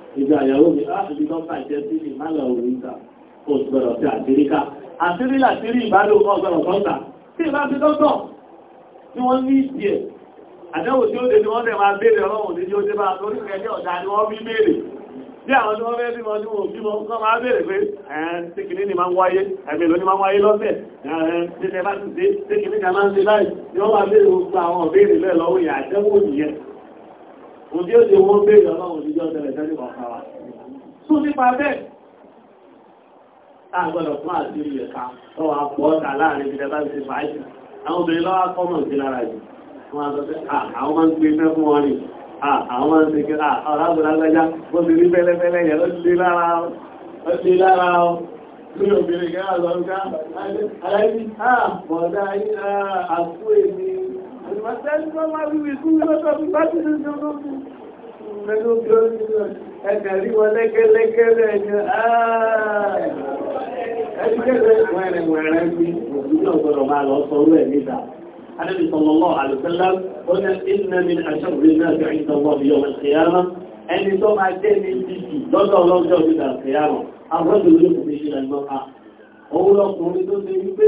ìgbà ìyàwó mi láti ah, fi tọ́ka ìjẹ́ sí ìmálà òun ìta oṣù gbọ́dọ̀ sí àtíríkà àtírí làtírí ìbálò ọgbọ̀rọ̀ tọ́ta tí ìbá fi tọ́tọ̀ tí wọ́n ní ìdí ẹ̀ àdẹ́wò tí ó dé ni wọ́n dẹ̀ máa béèrè ọlọ́run ní tí ó dé bá torí ẹjẹ́ ọ̀dà ni wọ́n bí béèrè bí àwọn tí wọ́n fẹ́ bímọ tí wọ́n bímọ kọ́ máa béèrè pé ẹ̀ẹ́n tí kìíní ni máa ń wáyé ẹ̀mí ló ní máa ń wáyé lọ́sẹ̀ ẹ̀ẹ́n tí ẹ bá ti dé tí kìíní kan máa ń ṣe láì ni wọ́n máa béèrè gbogbo àwọn béèrè lẹ́ lọ́wọ́ ìyà àdẹ́wò nìyẹn òdí òdí wọ́n bèèrè ọlọ́run òdíjọ́ tẹ̀lẹ̀ tẹ́lẹ̀ wọ̀ká wa tún nípa bẹ́ẹ̀ àgbọ̀dọ̀ fún àti ilẹ̀ ká lọ́wọ́ àpọ̀ ọ̀tà láàrin ìjọba ti fàájì àwọn obìnrin lọ́wọ́ kọ́mọ̀ sí lára yìí wọ́n á sọ pé àwọn máa ń gbé iná fún wọn ni àwọn máa ń ṣe kí ọ̀làbùlágbájá bó ti rí fẹ́lẹ́fẹ́lẹ́ yẹn ló ti lára àkú èmi Ẹgbẹ̀rí wọn lẹ́gẹ́lẹ́gẹ́ rẹ̀ ni ààrẹ. Ẹgbẹ̀rẹ̀ wẹ̀rẹ̀ wẹ̀rẹ̀ bí òṣìṣẹ́ ọ̀gbọ̀rọ̀ máa lọ sọ orú ẹ̀ níta. Adébì sallallahu alaihi wasallam, ó ní inna min asharri an-nasi 'inda Allahi yawm al-qiyamah, ẹni tó máa jẹ́ ní títì lọ́dọ̀ ọlọ́jọ́ ìdàkìyàmọ̀. Àwọn ìlú kò fi ṣe ẹgbọ́n ká. Òun lọkùnrin tó ti wípé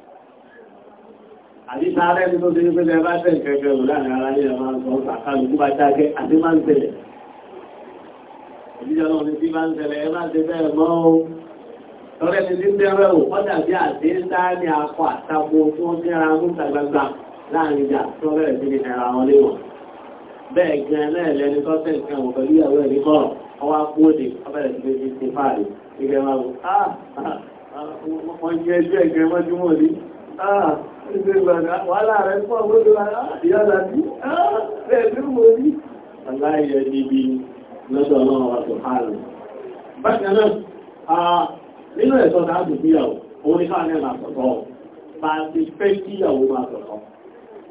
àbí sáré ní tó ti ní pẹ́lẹ̀ bá tẹ̀ kẹ́kẹ́ rò láàrin ara ní ẹ̀mà sọ àkàlù tó bá dágẹ́ àti máa ń tẹ̀lẹ̀ ìdíjọ́ náà ní tí máa ń tẹ̀lẹ̀ ẹ máa ń tẹ̀ bẹ́ẹ̀ mọ́ o tọ́lẹ̀ ní tí ń bẹ̀rẹ̀ ò kọ́dà bí àti ń dá ní akọ àtakò tí wọ́n kẹ́ra mú tàgbàgbà láàrin ìjà tó bẹ̀rẹ̀ sí ní ẹ̀ra wọn léwọ̀n bẹ́ẹ̀ gan náà lẹni tó ah, ah, ah wọ́n jẹ́ ẹgbẹ́ ẹgbẹ́ mọ́júmọ́ ah ìgbè ah, nínú ẹ̀sọ́ dáàbò bíyàwó òun ní káà náà sọ̀tọ̀ bá ti fẹ́ kíyàwó máa sọ̀tọ̀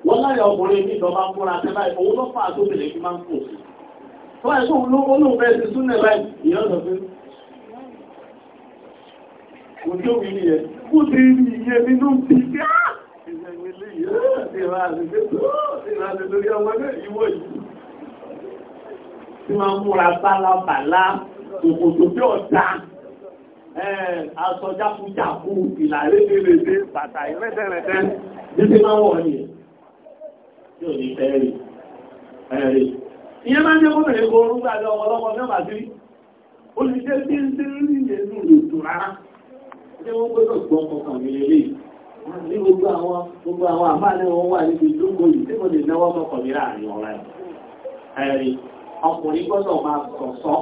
wọ́n láyọ̀ ọkùnrin ní ìjọba fúnra tẹ́lá ìfowó ló fà kí máa ń pò sí tó àìkú yóò ti máa ṣe lórí ọmọ náà ìwọ̀ yìí tí máa múra bálábàlá òkòtò tí ọ̀dá asọjákújákú ìlàrédèrèdè bàtà ìrẹ́dẹ̀rẹ̀dẹ́ títí máa wọ̀ ní tí ò ní fẹ́ẹ̀rì ẹ̀rì ìyẹn máa ń jẹ́ gómìnà ẹgbẹ́ orúgbà àti ọmọlọ́pọ̀ mẹ́wàá sí olùdíjẹ́ tí ń tí ń rí ìyẹn nù lòtò ní gbogbo àwọn gbogbo àwọn àbáàlẹ́ wọn wà níbi ìdúgbò yìí tí mo lè náwó mọ́kọ̀ ní ọ̀rẹ́ ẹ̀rí ọkùnrin gbọ́dọ̀ máa sọ̀sọ́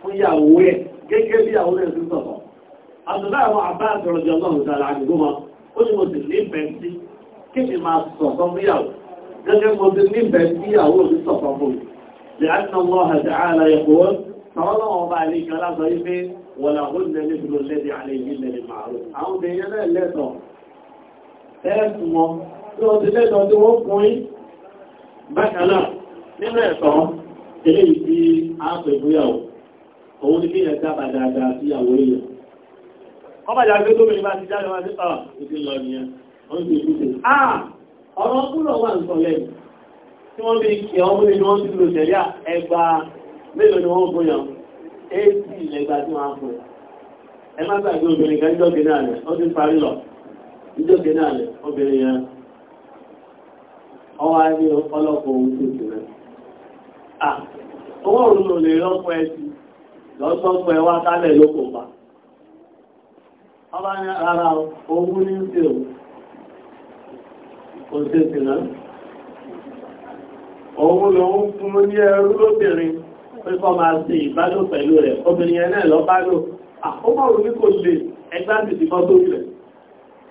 fún ìyàwó ẹ̀ gẹ́gẹ́ bí àwọn ẹ̀ tó sọ̀tọ̀ àdúrà àwọn àbá àtọ̀rọ̀jọ ọlọ́run tààrà àdúgbò wọn ó ní mo sì nífẹ̀ẹ́ sí kí ni máa sọ̀tọ̀ fún ìyàwó gẹ́gẹ́ mo ti nífẹ̀ẹ́ sí ìyàwó mi sọ̀tọ̀ fún mi lè á ti ọba àlejò aláṣọ yìí pé wọ̀là ó lẹ́ni àlejò lẹ́ni màálù àwọn obìnrin náà lẹ́tọ̀ọ́ ẹ̀ẹ́sùn wọn tí wọ́n ti lẹ́tọ̀ọ́ tí wọ́n kún yí nínú ẹ̀tọ́ ilé ìdí ààpẹ̀ òun ni kí ẹ̀ta bàdàdà sí àwọ̀ èèyàn ọbàdà gbé tó mẹ́rin bá ti jáde wá sí ọ̀rọ̀ ìdí lọ nìyẹn wọ́n ti ah, tí wọ́n bí ìjọ́gẹ̀ náà lẹ̀ obìnrin yẹn ọwá ní ọlọ́pọ̀ ohun tó ti rẹ̀. ọwọ́ òun lè rọ́pọ̀ ẹtì lọ́sọ́pọ̀ ẹwà kálẹ̀ ló kò bá ọba ní ara ogun ní ṣe òun kò ṣe sí náà òun lòun fún ní ẹrú lóbìnrin pẹ́kọ́ máa ṣe ìbádò pẹ̀lú rẹ̀ obìnrin yẹn náà lọ́bádò àkọ́kọ́ òun ní kò lè ẹgbẹ́ àti ìdíkọ́ tó rẹ̀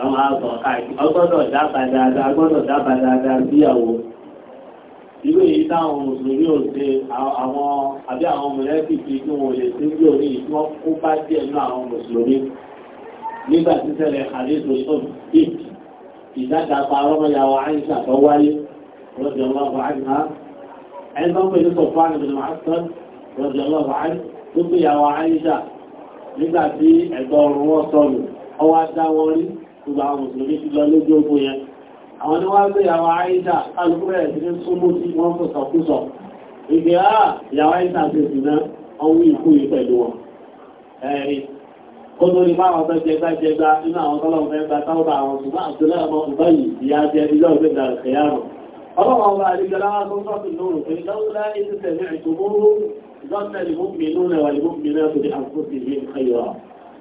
àwọn àgbọ̀ ọgbọ́dọ̀ dábàá dáadáa gbọ́dọ̀ dábàá dáadáa síyàwó irú èyí táwọn mùsùlùmí ò ṣe àwọn àbí àwọn mọ̀lẹ́bí fi kí wọn lè ṣe bí òní tí wọ́n kó bá díẹ̀ nínú àwọn mùsùlùmí nígbà tí ṣẹlẹ̀ àdéhùn tó bí ìdádàpá ọlọ́mọyàwó àìsà tó wáyé rọ́bì ọlọ́wọ́ àìsà ẹni ní sọ̀fán gbogbo àwọn mùsùlùmí ti lọ lójú ogun yẹn àwọn ni wọ́n gbé àwọn àìsà alùpùpẹ̀ ti ní súnmọ́ sí wọ́n fò sọkúsọ ìgbé á ìyàwó àìsà ti sì ná ọwọ́ ikú yìí pẹ̀lú wọn ẹ̀rí ó tó ní báwọn fẹ́ jẹgbá jẹgbá nínú àwọn tọ́lọ́wọ́ fẹ́ gba táwọn bá àwọn ṣùgbọ́n àtúnlẹ̀ ọmọ ọgbà yìí ìyá jẹ ilé ọ̀gbẹ́ ìdàrẹ̀ ọba àdìgbẹ́lá tó ń sọ́tù lóòrùn pé lọ́wọ́lá ètò tẹ̀lé ìtòmóró ظن المؤمنون والمؤمنات بأنفسهم خيرا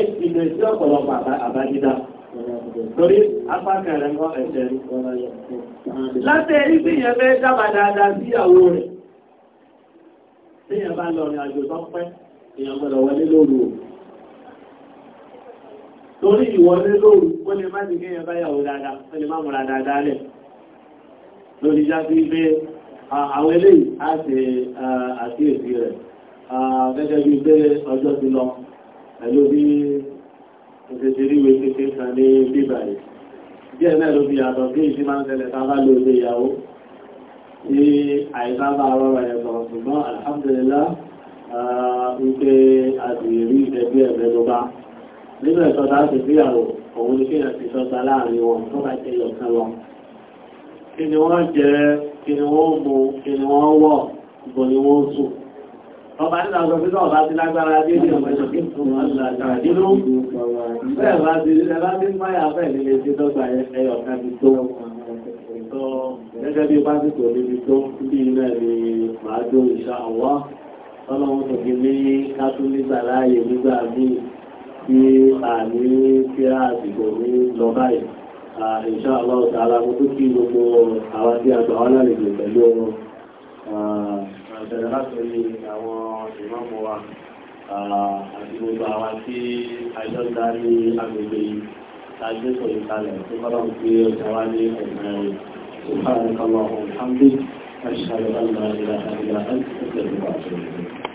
ìpìlẹ̀ sí ọ̀pọ̀lọpọ̀ àbájídá torí apákan rẹ̀ kọ́ ẹ̀ṣẹ̀ rí láti ẹ̀rí sí ìyẹn fẹ́ dábà dáadáa sí ìyàwó rẹ̀ tí ìyẹn bá lọ rìn àjò tó pẹ́ èèyàn gbọ́dọ̀ wọlé lóru torí ìwọlé lóru ó lè má ti kí ìyẹn bá yàwó dáadáa ó lè má múra dáadáa lẹ̀ lórí já sí pé àwọn eléyìí á ṣe àkíyèsí rẹ̀ gẹ́gẹ́ bí pé ọjọ́ ti lọ pẹ̀lú bí òṣèṣèrí ìwé kékeré kan ní bíbà yìí díẹ̀ náà ló fi yàtọ̀ bí ìṣí máa ń tẹ̀lẹ̀ tá a bá lo ilé ìyàwó ní àìsábà rọrọ̀ ẹ̀bọ̀ ṣùgbọ́n alhamdulillah ah, wípé àdìrí ẹbí ẹ̀bẹ̀ ló bá nínú ẹ̀tọ́ tá a sì gbéyàwó òun ní kéèyàn ti sọ́ta láàrin wọn tó bá jẹ́ yọ̀kan lọ kí ni wọ́n jẹ kí ni wọ́n mu kí ni wọ́n wọ̀ ìbò ni wọ́n sùn ọba nínú àwọn ọ̀gbẹ́sọ̀ ọba ti lágbára dé ní ọ̀pọ̀ ìṣọ̀kí fún ọlọ́dà nínú bẹ́ẹ̀ bá ti rí ẹbá tí máyà bẹ́ẹ̀ nílé tí dọ́gba ẹyọ ká ti tó tó gẹ́gẹ́ bí bá ti kò níbi tó bí iná ni màá dó ìṣà ọ̀wọ́ ọlọ́run tó fi ní kátó nígbà láàyè nígbà míì tí a ní kí a dìbò ní lọ báyìí ìṣà ọlọ́run tààlà gbogbo àwọn tí a gbà wọn lálejò pẹ̀lú ọrùn ọ̀tẹ̀rẹ̀ látọ̀rí àwọn ìmọ̀mọ̀ wa àti gbogbo àwa tí àjọ darí agbègbè yìí tàbí kò ní kalẹ̀ tó bá wọn pé ọjà wa ní ẹ̀gbẹ́ tó bá wọn kọ́ ọ̀hún